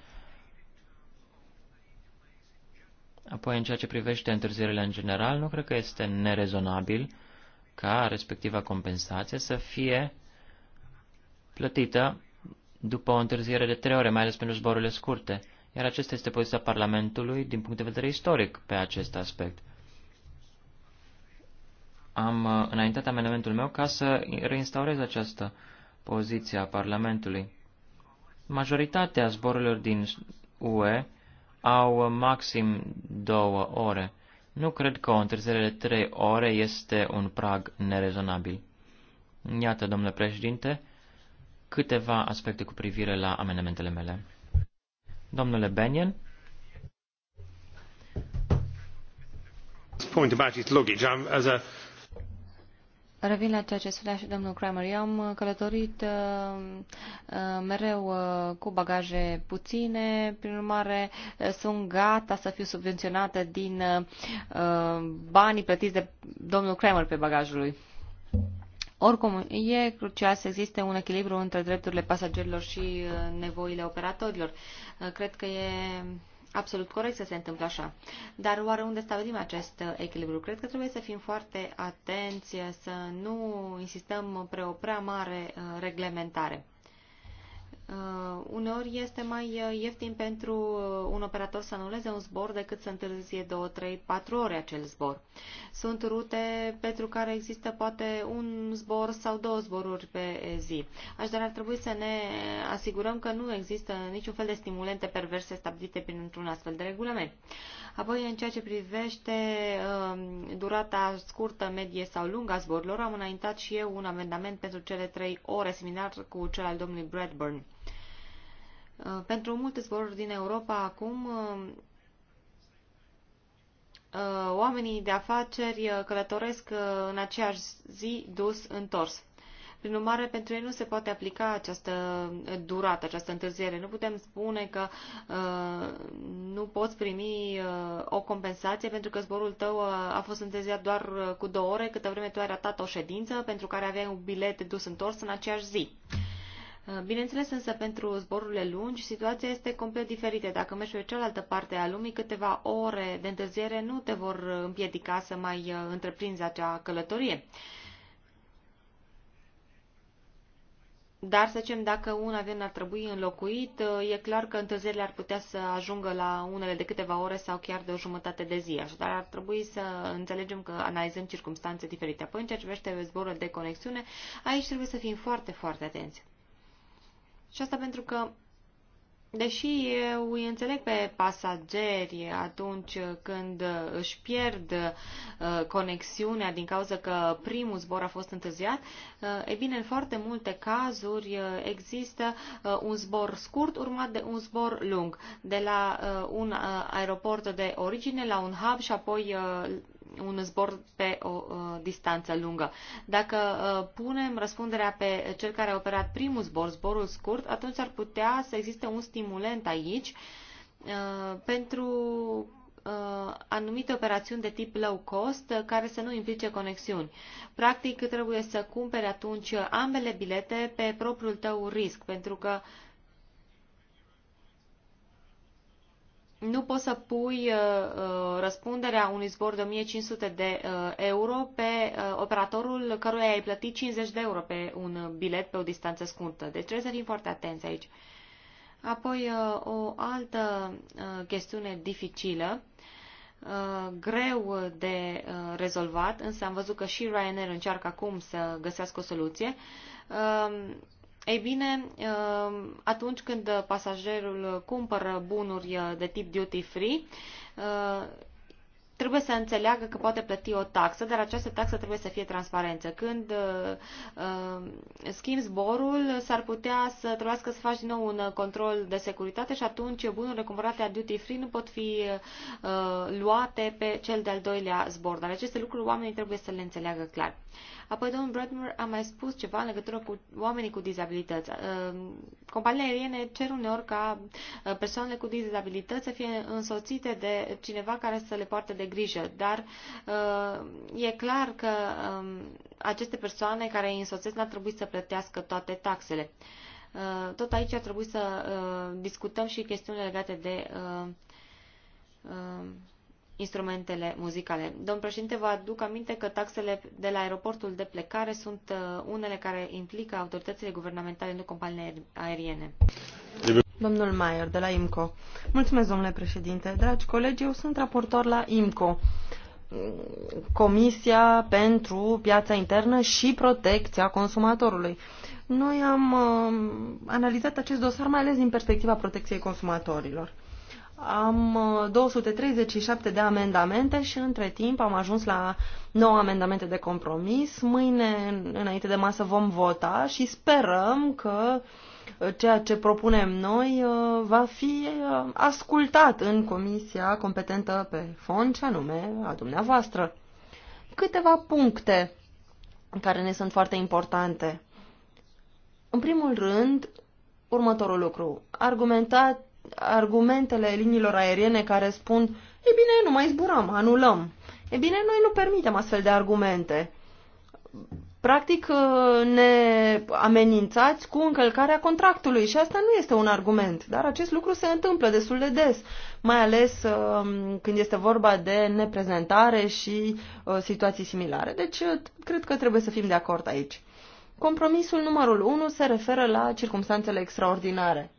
Apoi, în ceea ce privește întârzierile în general, nu cred că este nerezonabil ca respectiva compensație să fie plătită după o întârziere de trei ore, mai ales pentru zborurile scurte. Iar acesta este poziția Parlamentului din punct de vedere istoric pe acest aspect. Am uh, înaintat amendamentul meu ca să reinstaurez această poziție a Parlamentului. Majoritatea zborurilor din UE au uh, maxim două ore. Nu cred că o întârziere de trei ore este un prag nerezonabil. Iată, domnule președinte, câteva aspecte cu privire la amendamentele mele. Domnule Benyon. Point about his luggage. I'm, as a Revin la ceea ce spunea și domnul Kramer. Eu am călătorit uh, uh, mereu uh, cu bagaje puține, prin urmare uh, sunt gata să fiu subvenționată din uh, banii plătiți de domnul Kramer pe bagajul lui. Oricum, e crucial să existe un echilibru între drepturile pasagerilor și uh, nevoile operatorilor. Uh, cred că e absolut corect să se întâmple așa. Dar oare unde stabilim acest echilibru? Cred că trebuie să fim foarte atenți, să nu insistăm pe o prea mare uh, reglementare. Uh, uneori este mai uh, ieftin pentru uh, un operator să anuleze un zbor decât să întârzie 2, 3, 4 ore acel zbor. Sunt rute pentru care există poate un zbor sau două zboruri pe zi. Așadar ar trebui să ne asigurăm că nu există niciun fel de stimulente perverse stabilite printr-un astfel de regulament. Apoi, în ceea ce privește uh, durata scurtă, medie sau lungă a zborurilor, am înaintat și eu un amendament pentru cele trei ore, similar cu cel al domnului Bradburn. Uh, pentru multe zboruri din Europa acum, uh, uh, oamenii de afaceri călătoresc în aceeași zi dus întors. Prin urmare, pentru ei nu se poate aplica această durată, această întârziere. Nu putem spune că uh, nu poți primi uh, o compensație pentru că zborul tău a fost întârziat doar cu două ore, câtă vreme tu ai ratat o ședință pentru care aveai un bilet dus întors în aceeași zi. Uh, Uh, bineînțeles, însă, pentru zborurile lungi, situația este complet diferită. Dacă mergi pe cealaltă parte a lumii, câteva ore de întârziere nu te vor împiedica să mai uh, întreprinzi acea călătorie. Dar, să zicem, dacă un avion ar trebui înlocuit, uh, e clar că întârzierile ar putea să ajungă la unele de câteva ore sau chiar de o jumătate de zi. Așadar, ar trebui să înțelegem că analizăm circunstanțe diferite. Apoi, în ceea ce privește zborul de conexiune, aici trebuie să fim foarte, foarte atenți. Și asta pentru că, deși eu îi înțeleg pe pasageri atunci când își pierd uh, conexiunea din cauza că primul zbor a fost întârziat, uh, e bine, în foarte multe cazuri uh, există un zbor scurt urmat de un zbor lung, de la un aeroport de origine la un hub și apoi un zbor pe o uh, distanță lungă. Dacă uh, punem răspunderea pe cel care a operat primul zbor, zborul scurt, atunci ar putea să existe un stimulent aici uh, pentru anumite operațiuni de tip low cost care să nu implice conexiuni. Practic trebuie să cumpere atunci ambele bilete pe propriul tău risc, pentru că uh, nu poți să pui uh, uh răspunderea unui zbor de 1500 de uh, euro pe uh, operatorul căruia ai plătit 50 de euro pe un bilet pe o distanță scurtă. Deci trebuie să fim foarte atenți aici. Apoi, uh, o altă uh, chestiune dificilă, uh, greu de uh, rezolvat, însă am văzut că și Ryanair încearcă acum să găsească o soluție. Uh, ei bine, uh, atunci când pasagerul cumpără bunuri uh, de tip duty free, uh, trebuie să înțeleagă că poate plăti o taxă, dar această taxă trebuie să fie transparentă. Când schimbi zborul, s-ar putea să trebuiască să faci din nou un control de securitate și atunci bunurile cumpărate a duty free nu pot fi luate pe cel de-al doilea zbor. Dar aceste lucruri oamenii trebuie să le înțeleagă clar. Apoi domnul Bradmore a mai spus ceva în legătură cu oamenii cu dizabilități. Uh, Compania aeriene cer uneori ca uh, persoanele cu dizabilități să fie însoțite de cineva care să le poarte de grijă, dar uh, e clar că um, aceste persoane care îi însoțesc n-ar trebui să plătească toate taxele. Tot aici ar trebui să discutăm și chestiunile legate de instrumentele muzicale. Domn președinte, vă aduc aminte că taxele de la aeroportul de plecare sunt uh, unele care implică autoritățile guvernamentale, nu companiile aeriene. Domnul Maier, de la IMCO. Mulțumesc, domnule președinte. Dragi colegi, eu sunt raportor la IMCO. Comisia pentru piața internă și protecția consumatorului. Noi am uh, analizat acest dosar mai ales din perspectiva protecției consumatorilor. Am 237 uh, de amendamente și între timp am ajuns la 9 amendamente de compromis. Mâine, înainte de masă, vom vota și sperăm că uh, ceea ce propunem noi uh, va fi ascultat în comisia competentă pe fond, și anume a dumneavoastră. Câteva puncte care ne sunt foarte importante. În primul rând, următorul lucru. Argumentat argumentele liniilor aeriene care spun e bine, nu mai zburăm, anulăm. E bine, noi nu permitem astfel de argumente. Practic uh, ne amenințați cu încălcarea contractului și asta nu este un argument, dar acest lucru se întâmplă destul de des, mai ales uh, când este vorba de neprezentare și uh, situații similare. Deci cred că trebuie să fim de acord aici. Compromisul numărul 1 se referă la circumstanțele extraordinare.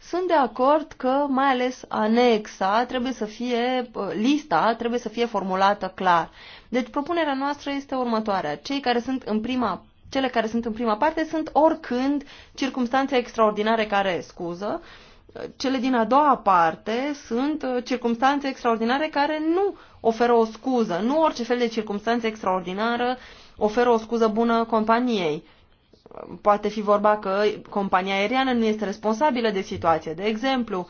Sunt de acord că mai ales anexa trebuie să fie, uh, lista trebuie să fie formulată clar. Deci propunerea noastră este următoarea. Cei care sunt în prima, cele care sunt în prima parte sunt oricând circumstanțe extraordinare care scuză, uh, cele din a doua parte sunt uh, circumstanțe extraordinare care nu oferă o scuză. Nu orice fel de circumstanță extraordinară oferă o scuză bună companiei poate fi vorba că compania aeriană nu este responsabilă de situație. De exemplu,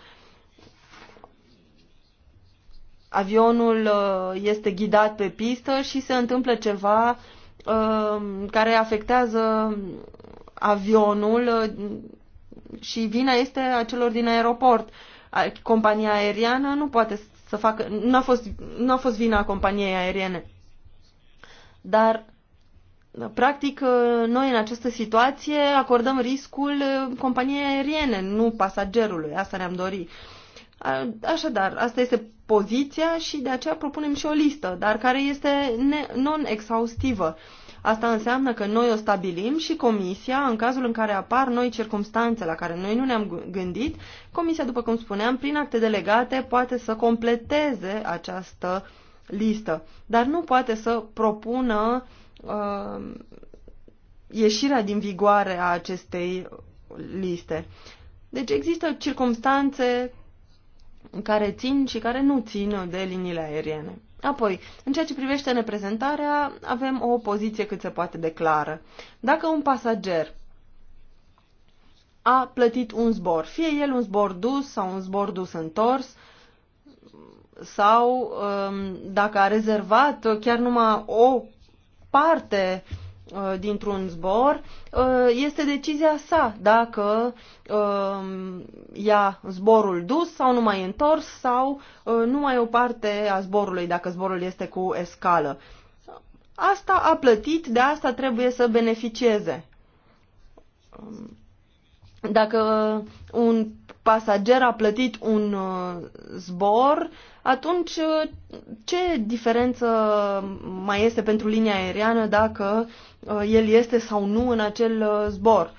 avionul uh, este ghidat pe pistă și se întâmplă ceva uh, care afectează avionul uh, și vina este a celor din aeroport. Compania aeriană nu poate să facă, nu a fost, nu a fost vina companiei aeriene. Dar Practic, uh, noi în această situație acordăm riscul uh, companiei aeriene, nu pasagerului. Asta ne-am dorit. Așadar, asta este poziția și de aceea propunem și o listă, dar care este non-exhaustivă. Asta înseamnă că noi o stabilim și comisia, în cazul în care apar noi circumstanțe la care noi nu ne-am gândit, comisia, după cum spuneam, prin acte delegate poate să completeze această listă, dar nu poate să propună uh, uh, ieșirea din vigoare a acestei liste. Deci există circumstanțe care țin și care nu țin de liniile aeriene. Apoi, în ceea ce privește neprezentarea, avem o poziție cât se poate de clară. Dacă un pasager a plătit un zbor, fie el un zbor dus sau un zbor dus întors, sau um, dacă a rezervat chiar numai o parte uh, dintr-un zbor, uh, este decizia sa dacă um, ia zborul dus sau nu mai întors sau uh, nu mai o parte a zborului dacă zborul este cu escală. Asta a plătit, de asta trebuie să beneficieze. Um, dacă un pasager a plătit un uh, zbor, atunci uh, ce diferență mai este pentru linia aeriană dacă uh, el este sau nu în acel zbor?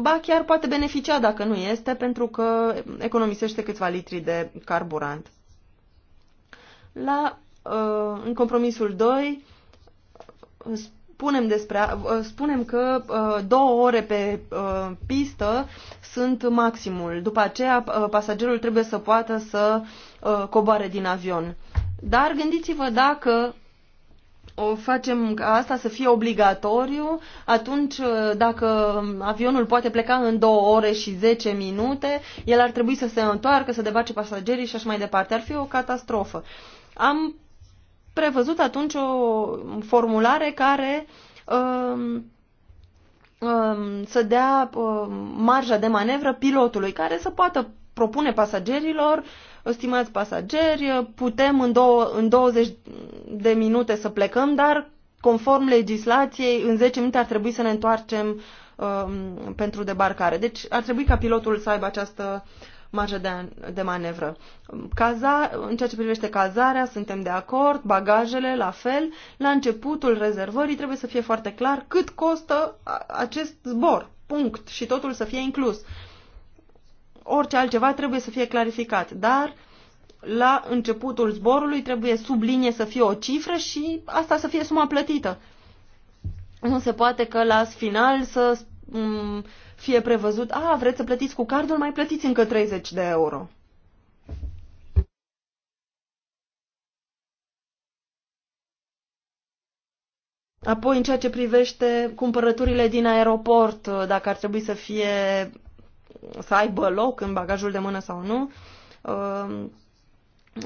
Ba chiar poate beneficia dacă nu este, pentru că economisește câțiva litri de carburant. La, în compromisul 2 punem despre, uh, spunem că uh, două ore pe uh, pistă sunt maximul. După aceea, pasagerul trebuie să poată să coboare din avion. Dar gândiți-vă dacă o facem ca asta să fie obligatoriu, atunci dacă avionul poate pleca în 2 ore și 10 minute, el ar trebui să se întoarcă, să debace pasagerii și așa mai departe. Ar fi o catastrofă. Am prevăzut atunci o formulare care um, um, să dea um, marja de manevră pilotului, care să poată propune pasagerilor, stimați pasageri, putem în, două, în 20 de minute să plecăm, dar conform legislației, în 10 minute ar trebui să ne întoarcem um, pentru debarcare. Deci ar trebui ca pilotul să aibă această uh, marjă de, de manevră. Caza, în ceea ce privește cazarea, suntem de acord, bagajele, la fel. La începutul rezervării trebuie să fie foarte clar cât costă acest zbor, punct, și totul să fie inclus. Orice altceva trebuie să fie clarificat, dar la începutul zborului trebuie linie să fie o cifră și asta să fie suma plătită. Nu se poate că la final să mm, fie prevăzut, a, vreți să plătiți cu cardul, mai plătiți încă 30 de euro. Apoi, în ceea ce privește cumpărăturile din aeroport, dacă ar trebui să fie să aibă loc în bagajul de mână sau nu, um,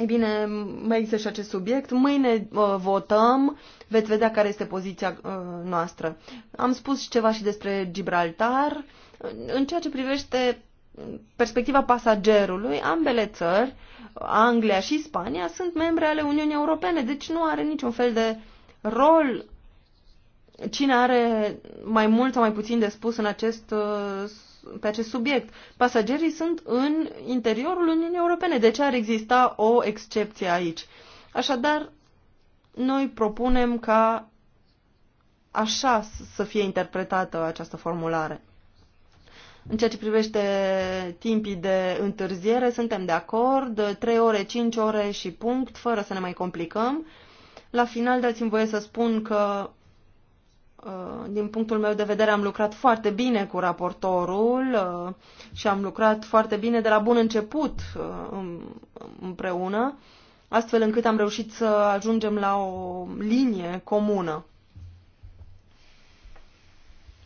E bine, mai există și acest subiect. Mâine uh, votăm, veți vedea care este poziția uh, noastră. Am spus și ceva și despre Gibraltar. În ceea ce privește perspectiva pasagerului, ambele țări, Anglia și Spania, sunt membre ale Uniunii Europene, deci nu are niciun fel de rol cine are mai mult sau mai puțin de spus în acest, pe acest subiect. Pasagerii sunt în interiorul Uniunii Europene, de deci ce ar exista o excepție aici? Așadar, noi propunem ca așa să fie interpretată această formulare. În ceea ce privește timpii de întârziere, suntem de acord, 3 ore, 5 ore și punct, fără să ne mai complicăm. La final, dați-mi voie să spun că, uh, din punctul meu de vedere, am lucrat foarte bine cu raportorul uh, și am lucrat foarte bine de la bun început uh, împreună, astfel încât am reușit să ajungem la o linie comună.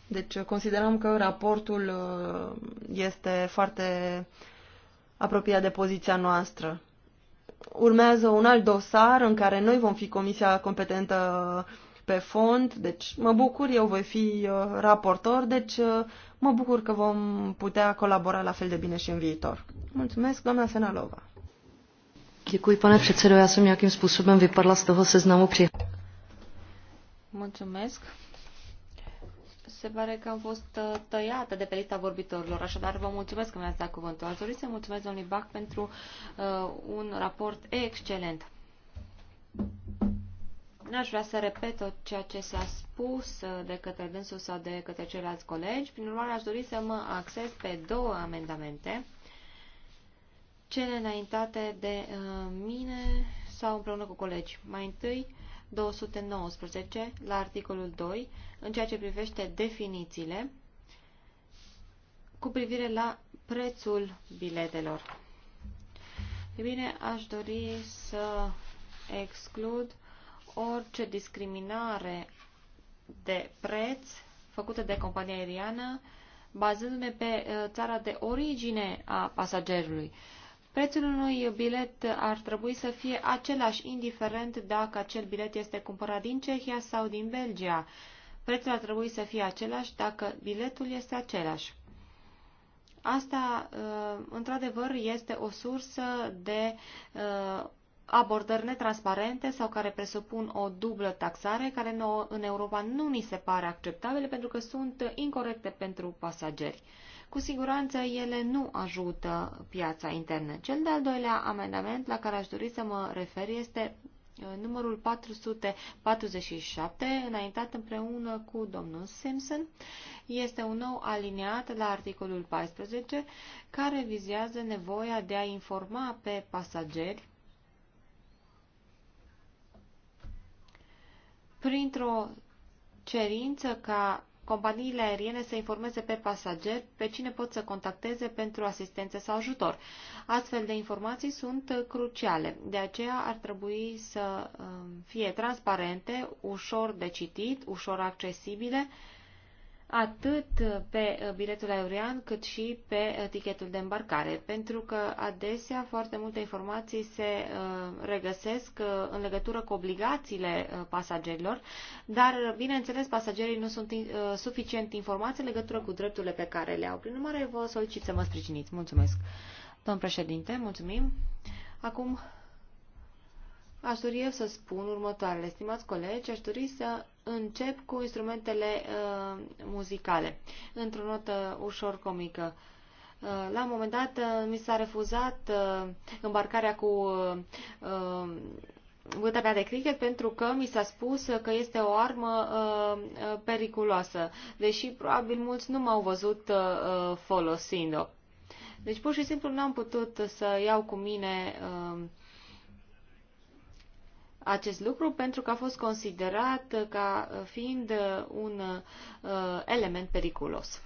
Deci uh, considerăm că raportul uh, este foarte apropiat de poziția noastră. Urmează un alt dosar în care noi vom fi comisia competentă pe fond, deci mă bucur, eu voi fi uh, raportor, deci mă bucur că vom putea colabora la fel de bine și în viitor. Mulțumesc, doamna Senalova. Děkuji, pane předsedo. Já jsem nějakým způsobem vypadla z toho seznamu při... Mulțumesc se pare că am fost uh, tăiată de pe lista vorbitorilor, așadar vă mulțumesc că mi-ați dat cuvântul. Aș dori să mulțumesc domnului Bach pentru uh, un raport excelent. N-aș vrea să repet tot ceea ce s-a spus uh, de către dânsul sau de către ceilalți colegi. Prin urmare, aș dori să mă acces pe două amendamente, cele înaintate de uh, mine sau împreună cu colegi. Mai întâi, 219 la articolul 2 în ceea ce privește definițiile cu privire la prețul biletelor. E bine, aș dori să exclud orice discriminare de preț făcută de compania aeriană bazându-ne pe uh, țara de origine a pasagerului. Prețul unui bilet ar trebui să fie același, indiferent dacă acel bilet este cumpărat din Cehia sau din Belgia prețul ar trebui să fie același dacă biletul este același. Asta, uh, într-adevăr, este o sursă de uh, abordări netransparente sau care presupun o dublă taxare, care în Europa nu ni se pare acceptabile pentru că sunt incorrecte pentru pasageri. Cu siguranță ele nu ajută piața internă. Cel de-al doilea amendament la care aș dori să mă refer este Uh, numărul 447, înaintat împreună cu domnul Simpson, este un nou aliniat la articolul 14, care vizează nevoia de a informa pe pasageri printr-o cerință ca companiile aeriene să informeze pe pasageri pe cine pot să contacteze pentru asistență sau ajutor. Astfel de informații sunt cruciale, de aceea ar trebui să um, fie transparente, ușor de citit, ușor accesibile, atât pe uh, biletul aerian cât și pe uh, tichetul de îmbarcare, pentru că adesea foarte multe informații se uh, regăsesc în legătură cu obligațiile pasagerilor, dar, bineînțeles, pasagerii nu sunt suficient informați în legătură cu drepturile pe care le au. Prin urmare, vă solicit să mă sprijiniți. Mulțumesc. Domn președinte, mulțumim. Acum Aș dori eu să spun următoarele. Stimați colegi, aș dori să încep cu instrumentele uh, muzicale, într-o notă ușor comică. Uh, la un moment dat uh, mi s-a refuzat uh, îmbarcarea cu uh, uh bătaia de cricket pentru că mi s-a spus că este o armă uh, uh periculoasă, deși probabil mulți nu m-au văzut uh, uh folosind-o. Deci pur și simplu n-am putut să iau cu mine uh, acest lucru pentru că a fost considerat ca fiind un uh, element periculos.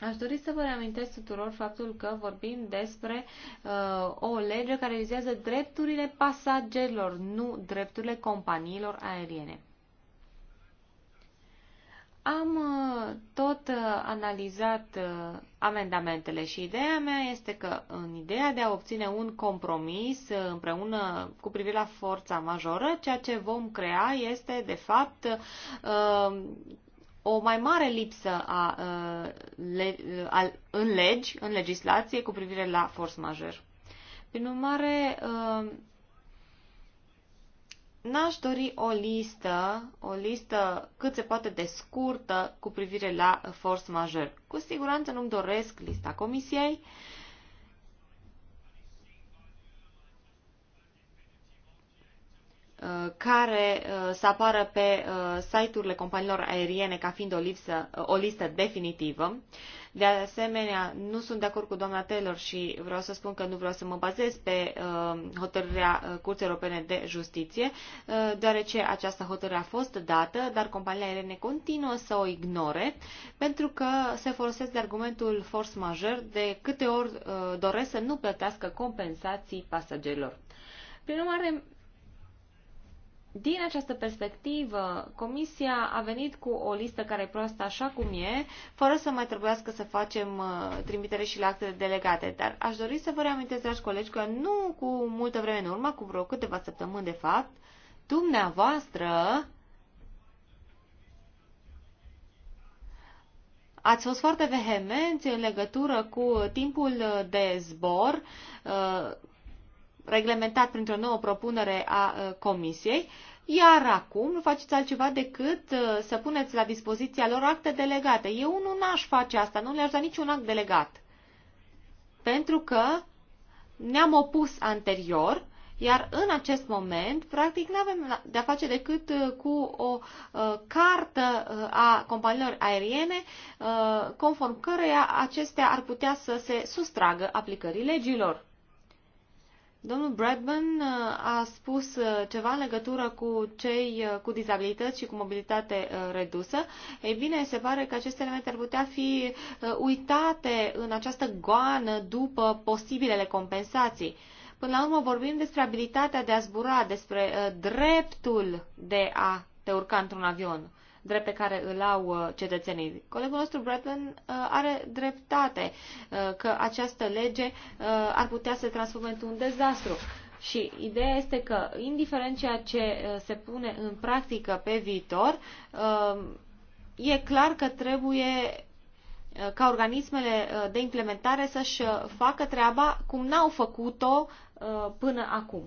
Aș dori să vă reamintesc tuturor faptul că vorbim despre uh, o lege care vizează drepturile pasagerilor, nu drepturile companiilor aeriene. Am uh, tot uh, analizat uh, amendamentele și ideea mea este că în ideea de a obține un compromis împreună cu privire la forța majoră, ceea ce vom crea este de fapt o mai mare lipsă a, a, a, în legi, în legislație cu privire la forță majoră. Prin urmare, n-aș dori o listă, o listă cât se poate de scurtă cu privire la force majeure. Cu siguranță nu-mi doresc lista comisiei, Uh, care uh, să apară pe uh, site-urile companiilor aeriene ca fiind o, lipsă, o listă definitivă. De asemenea, nu sunt de acord cu doamna Taylor și vreau să spun că nu vreau să mă bazez pe hotărârea Curții Europene de Justiție, deoarece această hotărâre a fost dată, dar companiile aeriene continuă să o ignore pentru că se folosesc de argumentul force majeur de câte ori doresc să nu plătească compensații pasagerilor. Prin urmare, din această perspectivă, Comisia a venit cu o listă care e proastă așa cum e, fără să mai trebuiască să facem uh, trimitere și la actele delegate. Dar aș dori să vă reamintesc, dragi colegi, că nu cu multă vreme în urmă, cu vreo câteva săptămâni de fapt, dumneavoastră Ați fost foarte vehemenți în legătură cu timpul de zbor uh, reglementat printr-o nouă propunere a uh, Comisiei, iar acum nu faceți altceva decât uh, să puneți la dispoziția lor acte delegate. Eu nu n-aș face asta, nu le-aș da niciun act delegat. Pentru că ne-am opus anterior, iar în acest moment, practic, nu avem de-a face decât uh, cu o uh, cartă a companiilor aeriene, uh, conform căreia acestea ar putea să se sustragă aplicării legilor. Domnul Bradman uh, a spus uh, ceva în legătură cu cei uh, cu dizabilități și cu mobilitate redusă. Ei bine, se pare că aceste elemente ar putea fi uitate în această goană după posibilele compensații. Până la urmă vorbim despre abilitatea de a zbura, despre dreptul de a te urca într-un avion drept pe care îl au uh, cetățenii. Colegul nostru Bretton uh, are dreptate uh, că această lege ar putea să se transforme într-un dezastru. Și ideea este că, indiferent ceea ce se pune în practică pe viitor, e clar că trebuie ca organismele de implementare să-și facă treaba cum n-au făcut-o până acum.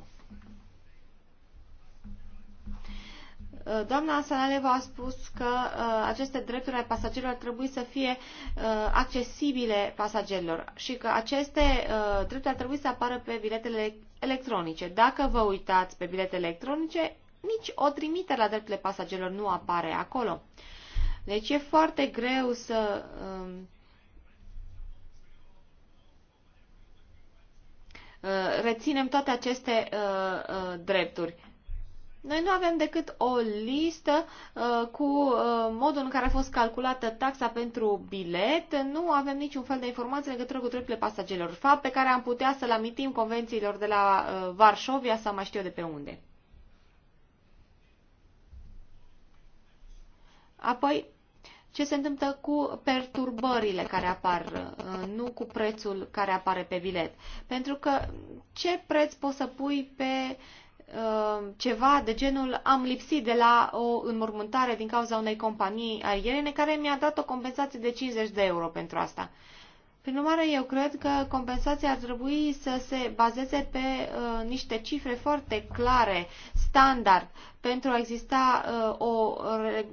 Uh, doamna Sanaleva a spus că uh, aceste drepturi ale pasagerilor trebuie să fie uh, accesibile pasagerilor și că aceste uh, drepturi ar trebui să apară pe biletele electronice. Dacă vă uitați pe biletele electronice, nici o trimitere la drepturile pasagerilor nu apare acolo. Deci e foarte greu să... Um, uh, reținem toate aceste uh, uh, drepturi. Noi nu avem decât o listă uh, cu uh, modul în care a fost calculată taxa pentru bilet. Nu avem niciun fel de informații legătură cu drepturile pasagerilor, fapt pe care am putea să-l amintim convențiilor de la uh, Varșovia sau mai știu eu de pe unde. Apoi, ce se întâmplă cu perturbările care apar, uh, nu cu prețul care apare pe bilet. Pentru că ce preț poți să pui pe uh, Uh, ceva de genul am lipsit de la o înmormântare din cauza unei companii aeriene care mi-a dat o compensație de 50 de euro pentru asta. Prin urmare, eu cred că compensația ar trebui să se bazeze pe uh, niște cifre foarte clare, standard, pentru a exista uh, o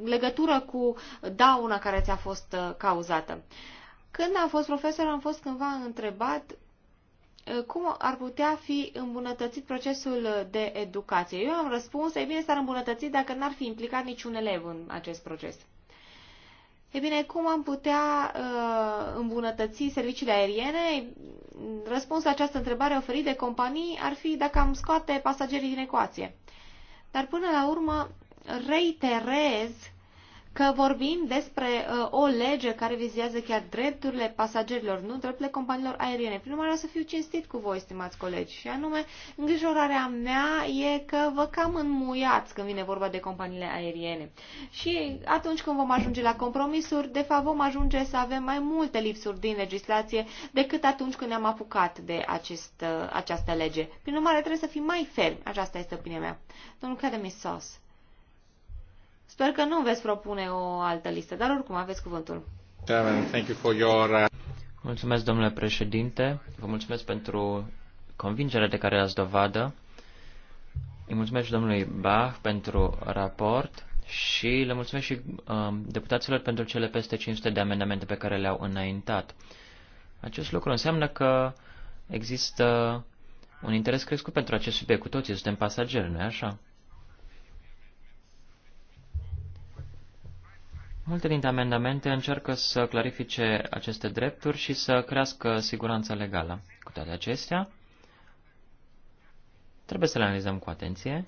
legătură cu dauna care ți-a fost uh, cauzată. Când am fost profesor, am fost cândva întrebat Eh, cum ar putea fi îmbunătățit procesul de educație. Eu am răspuns, e bine, s-ar îmbunătăți dacă n-ar fi implicat niciun elev în acest proces. E bine, cum am putea uh, îmbunătăți serviciile aeriene? Răspunsul la această întrebare oferit de companii ar fi dacă am scoate pasagerii din ecuație. Dar până la urmă, reiterez că vorbim despre uh, o lege care vizează chiar drepturile pasagerilor, nu drepturile companiilor aeriene. Prin urmare, o să fiu cinstit cu voi, stimați colegi, și anume, îngrijorarea mea e că vă cam înmuiați când vine vorba de companiile aeriene. Și atunci când vom ajunge la compromisuri, de fapt vom ajunge să avem mai multe lipsuri din legislație decât atunci când ne-am apucat de acest, uh, această lege. Prin urmare, trebuie să fim mai fermi. Aceasta este opinia mea. Domnul Cademisos. Sos. Sper că nu veți propune o altă listă, dar oricum aveți cuvântul. Uh, mulțumesc, domnule președinte. Vă mulțumesc pentru convingerea de care ați dovadă. Îi mulțumesc și domnului Bach pentru raport și le mulțumesc și um, deputaților pentru cele peste 500 de amendamente pe care le-au înaintat. Acest lucru înseamnă că există un interes crescut pentru acest subiect. Cu toții suntem pasageri, nu-i așa? Multe dintre amendamente încearcă să clarifice aceste drepturi și să crească siguranța legală. Cu toate acestea, trebuie să le analizăm cu atenție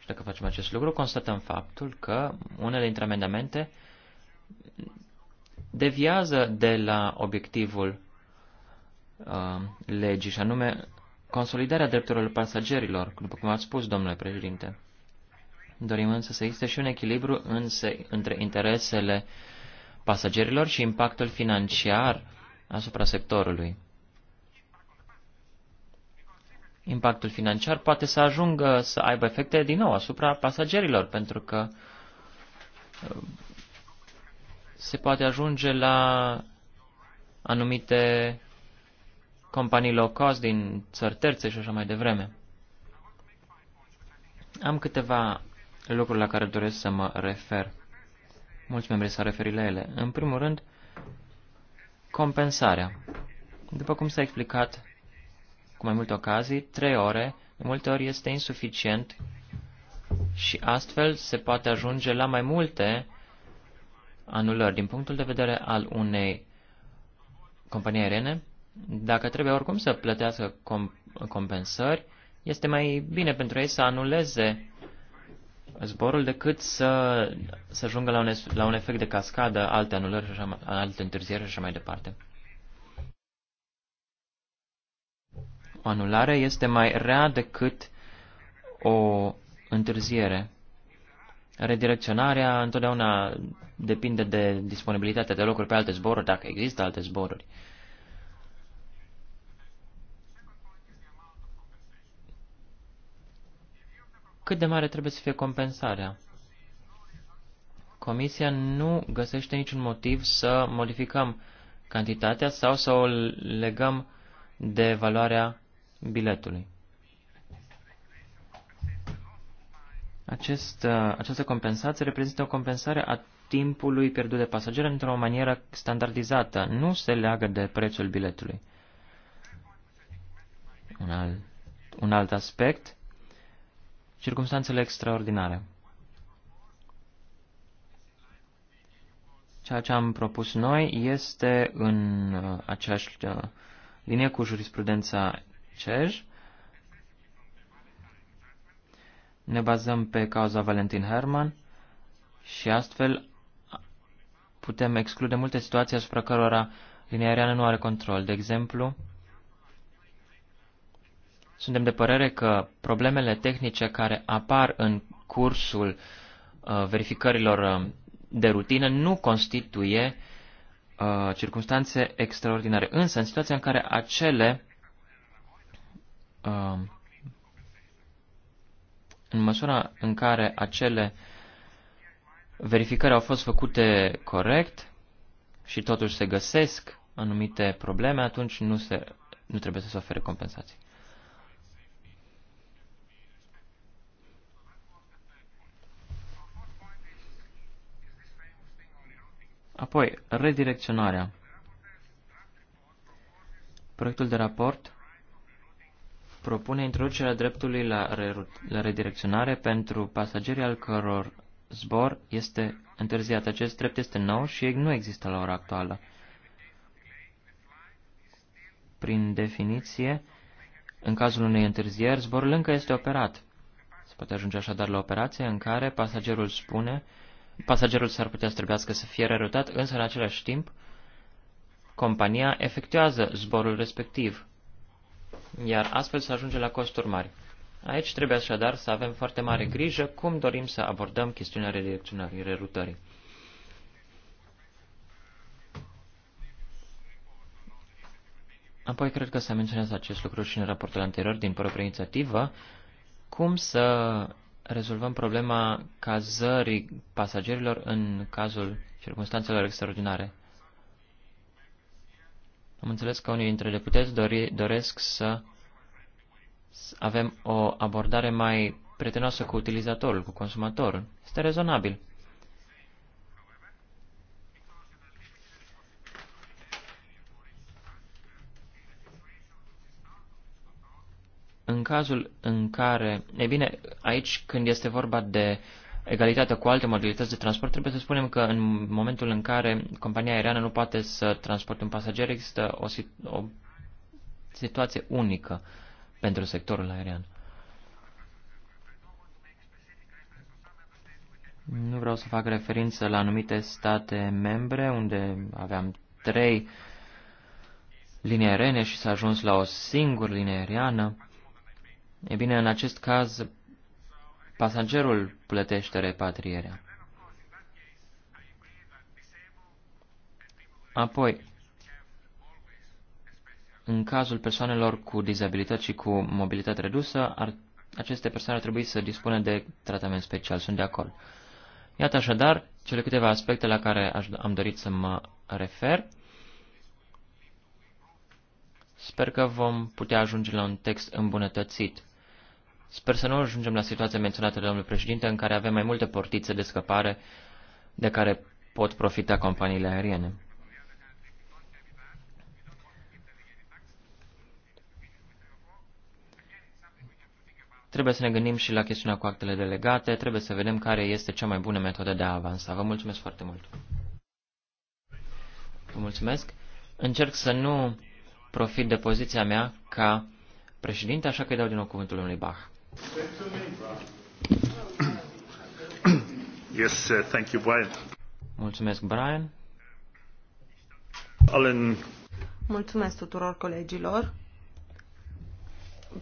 și dacă facem acest lucru, constatăm faptul că unele dintre amendamente deviază de la obiectivul uh, legii, și anume consolidarea drepturilor pasagerilor, după cum ați spus, domnule președinte. Dorim însă să existe și un echilibru însă între interesele pasagerilor și impactul financiar asupra sectorului. Impactul financiar poate să ajungă să aibă efecte din nou asupra pasagerilor, pentru că uh, se poate ajunge la anumite companii low cost din țări terțe și așa mai devreme. Am câteva lucruri la care doresc să mă refer. Mulți membri s-au referit la ele. În primul rând, compensarea. După cum s-a explicat cu mai multe ocazii, trei ore de multe ori este insuficient și astfel se poate ajunge la mai multe anulări. Din punctul de vedere al unei companii aeriene, dacă trebuie oricum să plătească comp- compensări, este mai bine pentru ei să anuleze zborul decât să, să ajungă la un, la un efect de cascadă, alte anulări și așa, alte întârzieri și așa mai departe. O anulare este mai rea decât o întârziere. Redirecționarea întotdeauna depinde de disponibilitatea de locuri pe alte zboruri, dacă există alte zboruri. cât de mare trebuie să fie compensarea. Comisia nu găsește niciun motiv să modificăm cantitatea sau să o legăm de valoarea biletului. Acest, uh, această compensație reprezintă o compensare a timpului pierdut de pasager într-o manieră standardizată, nu se leagă de prețul biletului. Un alt, un alt aspect circumstanțele extraordinare. Ceea ce am propus noi este în uh, aceeași uh, linie cu jurisprudența CEJ. Ne bazăm pe cauza Valentin Herman și astfel putem exclude multe situații asupra cărora linia aeriană nu are control. De exemplu, suntem de părere că problemele tehnice care apar în cursul uh, verificărilor uh, de rutină nu constituie uh, circunstanțe extraordinare. Însă, în situația în care acele în măsura în care acele verificări au fost făcute corect și totuși se găsesc anumite probleme, atunci nu, se, nu trebuie să se ofere compensații. Apoi, redirecționarea. Proiectul de raport propune introducerea dreptului la, la redirecționare pentru pasagerii al căror zbor este întârziat. Acest drept este nou și nu există la ora actuală. Prin definiție, în cazul unei întârzieri, zborul încă este operat. Se poate ajunge așadar la operație în care pasagerul spune pasagerul s-ar putea să trebuiască să fie rerutat, însă în același timp compania efectuează zborul respectiv, iar astfel se ajunge la costuri mari. Aici trebuie așadar să avem foarte mare grijă cum dorim să abordăm chestiunea redirecționării, rerutării. Apoi cred că s-a menționat acest lucru și în raportul anterior din propria inițiativă, cum să rezolvăm problema cazării pasagerilor în cazul circunstanțelor extraordinare. Am înțeles că unii dintre deputeți dori, doresc să avem o abordare mai prietenoasă cu utilizatorul, cu consumatorul. Este rezonabil. cazul în care, e bine, aici când este vorba de egalitatea cu alte modalități de transport, trebuie să spunem că în momentul în care compania aeriană nu poate să transporte un pasager, există o, o situație unică pentru sectorul aerian. Nu vreau să fac referință la anumite state membre unde aveam trei linii aeriene și s-a ajuns la o singură linie aeriană. E bine, în acest caz, pasagerul plătește repatrierea. Apoi, în cazul persoanelor cu dizabilități și cu mobilitate redusă, ar, aceste persoane ar trebui să dispună de tratament special. Sunt de acord. Iată așadar cele câteva aspecte la care aș, am dorit să mă refer. Sper că vom putea ajunge la un text îmbunătățit. Sper să nu ajungem la situația menționată de domnul președinte, în care avem mai multe portițe de scăpare de care pot profita companiile aeriene. Trebuie să ne gândim și la chestiunea cu actele delegate, trebuie să vedem care este cea mai bună metodă de a avansa. Vă mulțumesc foarte mult! Vă mulțumesc! Încerc să nu profit de poziția mea ca președinte, așa că îi dau din nou cuvântul lui Bach. Yes, uh, thank you, Brian. Mulțumesc, Brian. Alan. Mulțumesc tuturor colegilor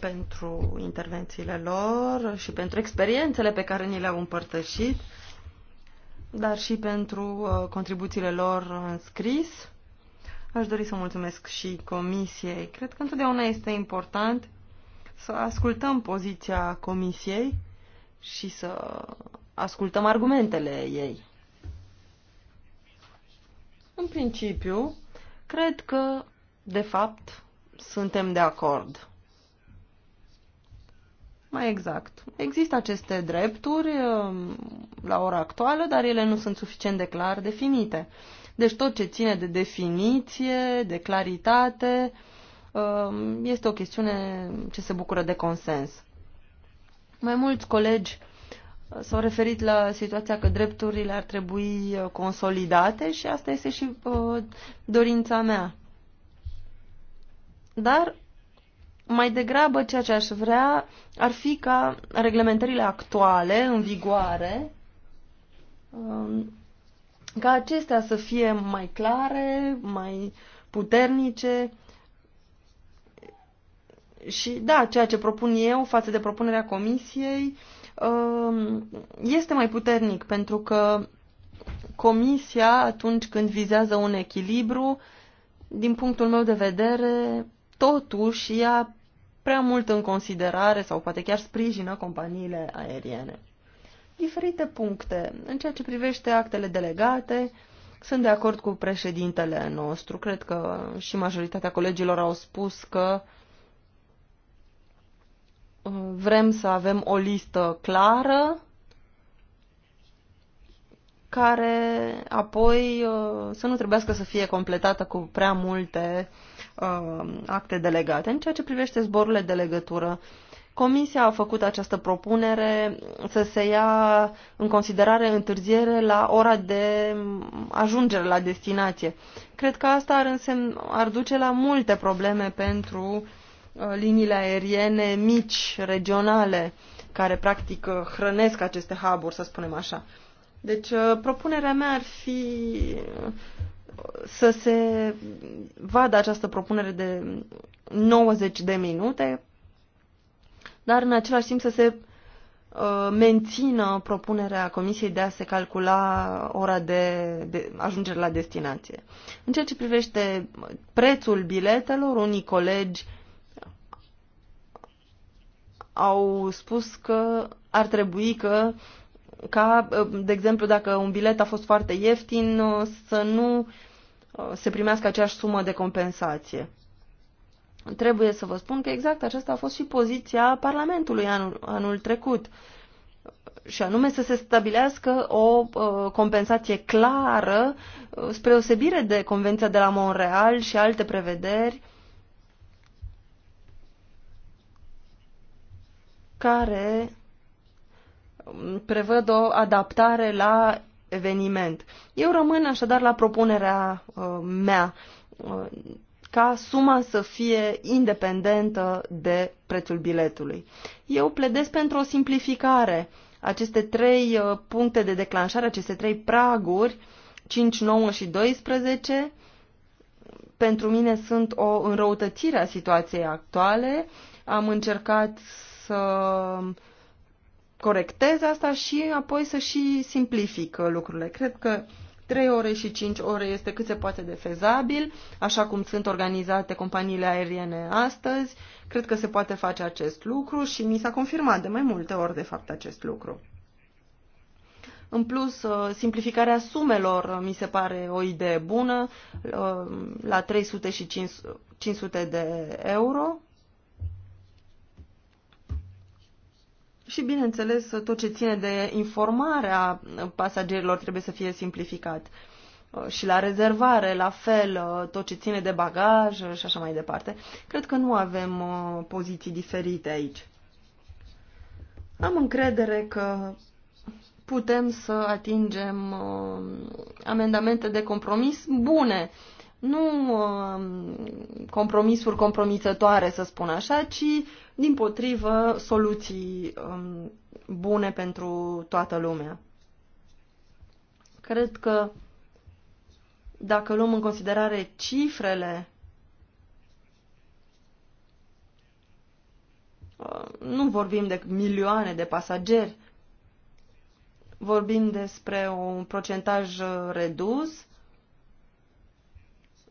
pentru intervențiile lor și pentru experiențele pe care ni le-au împărtășit, dar și pentru uh, contribuțiile lor în scris. Aș dori să mulțumesc și comisiei. Cred că întotdeauna este important să ascultăm poziția Comisiei și să ascultăm argumentele ei. În principiu, cred că, de fapt, suntem de acord. Mai exact. Există aceste drepturi um, la ora actuală, dar ele nu sunt suficient de clar definite. Deci tot ce ține de definiție, de claritate, uh, Um, este o chestiune ce se bucură de consens. Mai mulți colegi s-au referit la situația că drepturile ar trebui uh, consolidate și asta este și uh, dorința mea. Dar mai degrabă ceea ce aș vrea ar fi ca reglementările actuale în vigoare um, ca acestea să fie mai clare, mai puternice și da, ceea ce propun eu față de propunerea comisiei um, este mai puternic, pentru că comisia, atunci când vizează un echilibru, din punctul meu de vedere, totuși ia prea mult în considerare sau poate chiar sprijină companiile aeriene. Diferite puncte. În ceea ce privește actele delegate, sunt de acord cu președintele nostru. Cred că și majoritatea colegilor au spus că vrem să avem o listă clară care apoi uh, să nu trebuiască să fie completată cu prea multe uh, acte delegate. În ceea ce privește zborurile de legătură, Comisia a făcut această propunere să se ia în considerare întârziere la ora de ajungere la destinație. Cred că asta ar, însemn, ar duce la multe probleme pentru uh, Uh, liniile aeriene mici, regionale, care practic uh, hrănesc aceste hub să spunem așa. Deci uh, propunerea mea ar fi să se vadă această propunere de 90 de minute, dar în același timp să se mențină propunerea Comisiei de a se calcula ora de, de ajungere la destinație. În ceea ce privește prețul biletelor, unii colegi au spus că ar trebui că ca, de exemplu, dacă un bilet a fost foarte ieftin, să nu se primească aceeași sumă de compensație. Trebuie să vă spun că exact aceasta a fost și poziția Parlamentului anul, anul trecut, și anume să se stabilească o uh, compensație clară, uh, spre osebire de Convenția de la Montreal și alte prevederi uh, care um, prevăd o adaptare la eveniment. Eu rămân așadar la propunerea uh, mea uh, ca suma să fie independentă de prețul biletului. Eu pledez pentru o simplificare. Aceste trei uh, puncte de declanșare, aceste trei praguri, 5, 9 și 12, pentru mine sunt o înrăutățire a situației actuale. Am încercat să corecteze asta și apoi să și simplific lucrurile. Cred că 3 ore și 5 ore este cât se poate de fezabil, așa cum sunt organizate companiile aeriene astăzi. Cred că se poate face acest lucru și mi s-a confirmat de mai multe ori, de fapt, acest lucru. În plus, uh, simplificarea sumelor uh, mi se pare o idee bună, uh, la 300 și 500 de euro. Și, bineînțeles, tot ce ține de informarea pasagerilor trebuie să fie simplificat. Uh, și la rezervare, la fel, uh, tot ce ține de bagaj uh, și așa mai departe. Cred că nu avem poziții diferite aici. Am încredere că putem să atingem amendamente de compromis bune nu um, compromisuri compromițătoare, să spun așa, ci din potrivă soluții um, bune pentru toată lumea. Cred că dacă luăm în considerare cifrele, uh, nu vorbim de milioane de pasageri, vorbim despre un procentaj uh, redus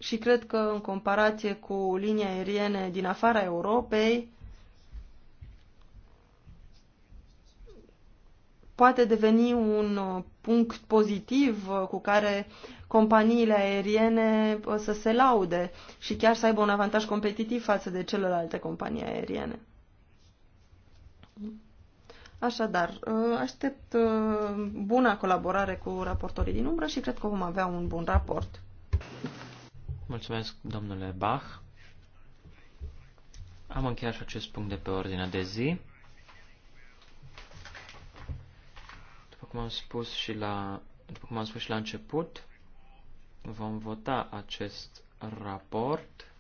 și cred că în comparație cu linii aeriene din afara Europei, poate deveni un uh, punct pozitiv uh, cu care companiile aeriene uh, să se laude și chiar să aibă un avantaj competitiv față de celelalte companii aeriene. Așadar, aștept buna colaborare cu raportorii din umbră și cred că vom avea un bun raport. Mulțumesc, domnule Bach. Am încheiat și acest punct de pe ordinea de zi. După cum am spus și la, după cum am spus și la început, vom vota acest raport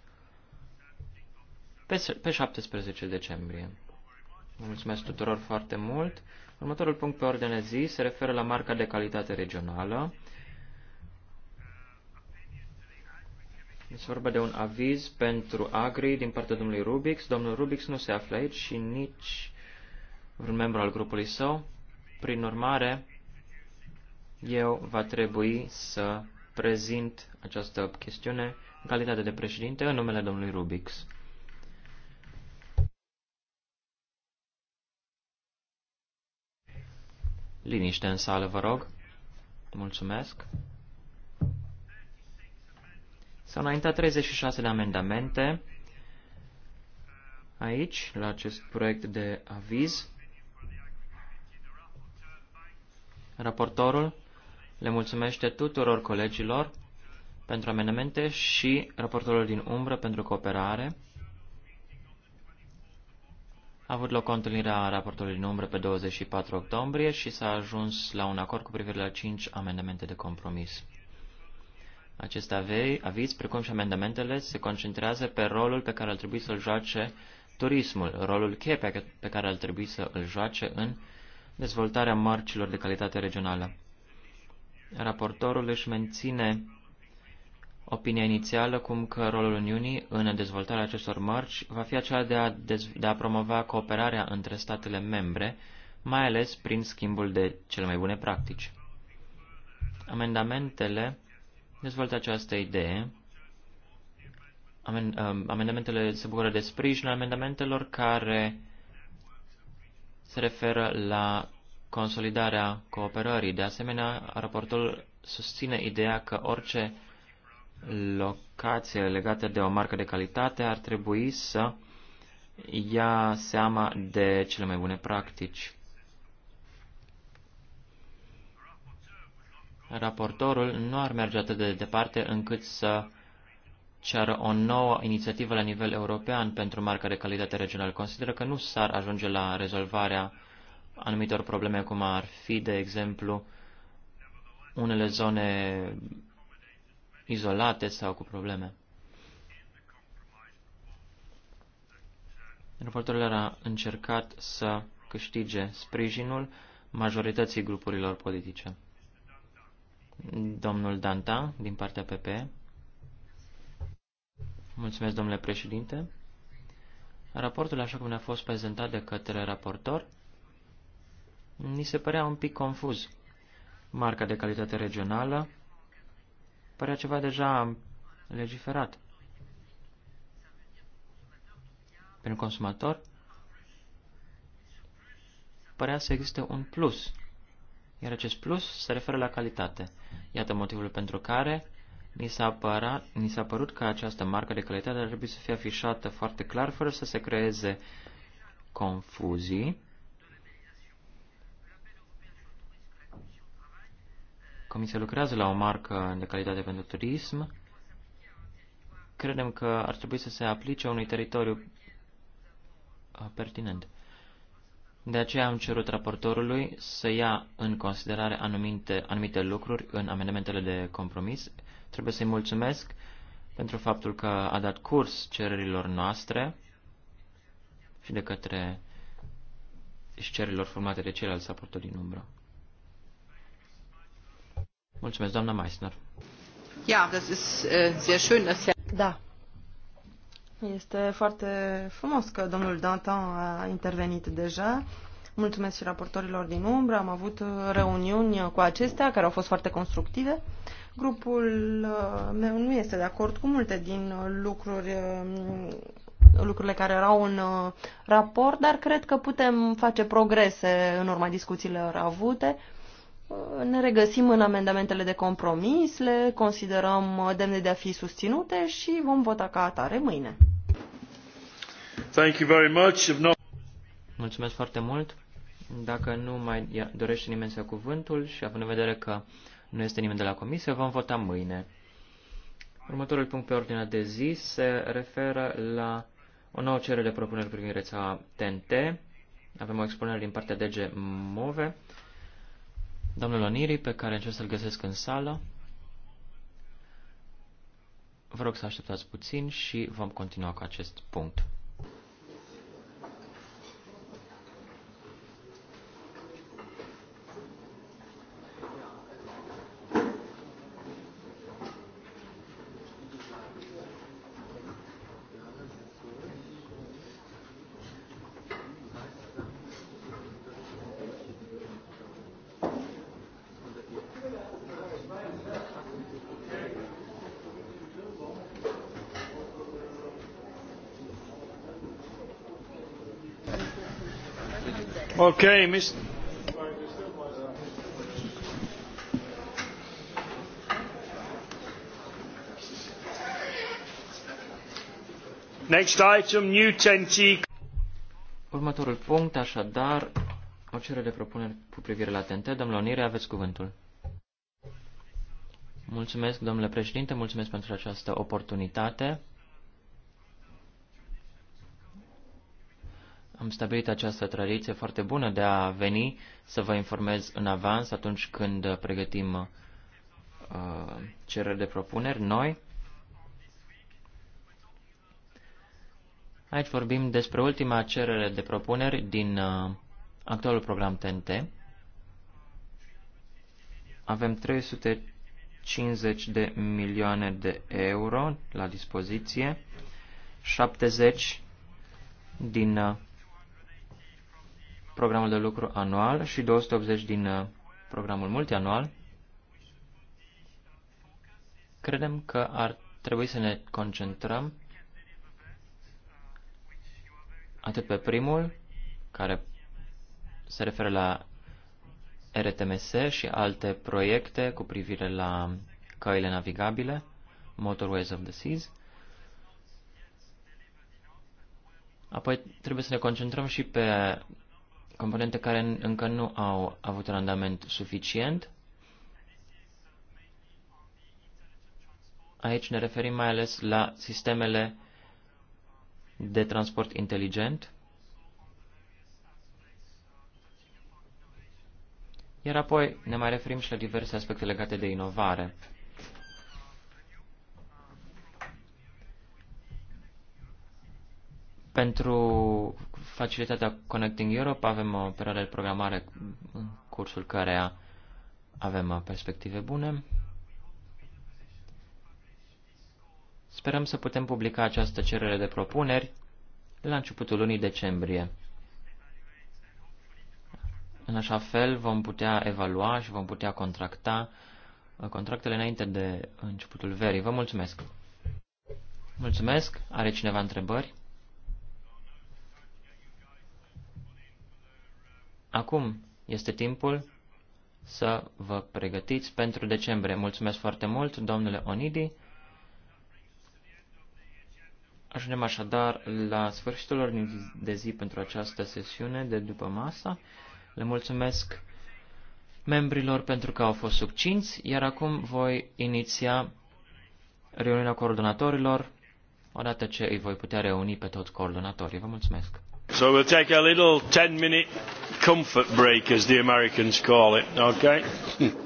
pe, pe 17 decembrie. Vă mulțumesc tuturor foarte mult. Următorul punct pe ordine zi se referă la marca de calitate regională. Este vorba de un aviz pentru Agri din partea domnului Rubix. Domnul Rubix nu se află aici și nici un membru al grupului său. Prin urmare, eu va trebui să prezint această chestiune în calitate de președinte în numele domnului Rubix. Liniște în sală, vă rog. Mulțumesc. S-au înaintat 36 de amendamente aici, la acest proiect de aviz. Raportorul le mulțumește tuturor colegilor pentru amendamente și raportorul din umbră pentru cooperare. A avut loc o întâlnire a raportorului din umbră pe 24 octombrie și s-a ajuns la un acord cu privire la 5 amendamente de compromis. Acest aviz, precum și amendamentele, se concentrează pe rolul pe care ar trebui să-l joace turismul, rolul cheie pe care ar trebui să l joace în dezvoltarea mărcilor de calitate regională. Raportorul își menține opinia inițială cum că rolul Uniunii în dezvoltarea acestor mărci va fi acela de a, de a promova cooperarea între statele membre, mai ales prin schimbul de cele mai bune practici. Amendamentele dezvolt această idee. Um, amendamentele se bucură de sprijinul amendamentelor care se referă la consolidarea cooperării. De asemenea, raportul susține ideea că orice locație legată de o marcă de calitate ar trebui să ia seama de cele mai bune practici. raportorul nu ar merge atât de departe încât să ceară o nouă inițiativă la nivel european pentru marca de calitate regională. Consideră că nu s-ar ajunge la rezolvarea anumitor probleme, cum ar fi, de exemplu, unele zone izolate sau cu probleme. Raportorul a încercat să câștige sprijinul majorității grupurilor politice. Domnul Danta, din partea PP. Mulțumesc, domnule președinte. Raportul, așa cum ne-a fost prezentat de către raportor, ni se părea un pic confuz. Marca de calitate regională părea ceva deja legiferat. Pentru consumator, părea să existe un plus iar acest plus se referă la calitate. Iată motivul pentru care ni s-a, ni s-a părut că această marcă de calitate ar trebui să fie afișată foarte clar, fără să se creeze confuzii. Comisia lucrează la o marcă de calitate pentru turism. Credem că ar trebui să se aplice unui teritoriu uh, pertinent. De aceea am cerut raportorului să ia în considerare anumite, anumite lucruri în amendamentele de compromis. Trebuie să-i mulțumesc pentru faptul că a dat curs cererilor noastre și de către și cererilor formate de ceilalți raportori din umbră. Mulțumesc, doamna Meissner. Ja, das ist äh, sehr schön, dass Da, este foarte frumos că domnul Dantan a intervenit deja. Mulțumesc și raportorilor din umbră. Am avut reuniuni cu acestea care au fost foarte constructive. Grupul uh, meu nu este de acord cu multe din lucruri, um, lucrurile care erau în uh, raport, dar cred că putem face progrese în urma discuțiilor avute Uh, ne regăsim în amendamentele de compromis, le considerăm demne de a fi susținute și vom vota ca atare mâine. Thank you very much. not... Mulțumesc foarte mult. Dacă nu mai dorește nimeni să cuvântul și având în vedere că nu este nimeni de la comisie, vom vota mâine. Următorul punct pe ordinea de zi se referă la o nouă cerere de propuneri privind rețeaua TNT. Avem o expunere din partea DG Move Domnul Oniri, pe care încerc să-l găsesc în sală, vă rog să așteptați puțin și vom continua cu acest punct. Okay, Mr. Next item, new 10T. Următorul punct, așadar, o cerere de propuneri cu privire la TNT. Domnule Onire, aveți cuvântul. Mulțumesc, domnule președinte, mulțumesc pentru această oportunitate. Am stabilit această tradiție foarte bună de a veni să vă informez în avans atunci când pregătim uh, cereri de propuneri noi. Aici vorbim despre ultima cerere de propuneri din uh, actualul program TNT. Avem 350 de milioane de euro la dispoziție, 70 din uh, programul de lucru anual și 280 din uh, programul multianual, credem că ar trebui să ne concentrăm atât pe primul, care se referă la RTMS și alte proiecte cu privire la căile navigabile, Motorways of the Seas. Apoi trebuie să ne concentrăm și pe componente care încă nu au avut randament suficient. Aici ne referim mai ales la sistemele de transport inteligent, iar apoi ne mai referim și la diverse aspecte legate de inovare. Pentru facilitatea Connecting Europe avem o perioadă de programare în cursul căreia avem perspective bune. Sperăm să putem publica această cerere de propuneri la începutul lunii decembrie. În așa fel vom putea evalua și vom putea contracta contractele înainte de începutul verii. Vă mulțumesc! Mulțumesc! Are cineva întrebări? Acum este timpul să vă pregătiți pentru decembrie. Mulțumesc foarte mult, domnule Onidi. Ajungem așadar la sfârșitul ordinii de zi pentru această sesiune de după masa. Le mulțumesc membrilor pentru că au fost succinți, iar acum voi iniția reuniunea coordonatorilor odată ce îi voi putea reuni pe toți coordonatorii. Vă mulțumesc! So we'll take a little 10 minute comfort break, as the Americans call it, okay? [LAUGHS]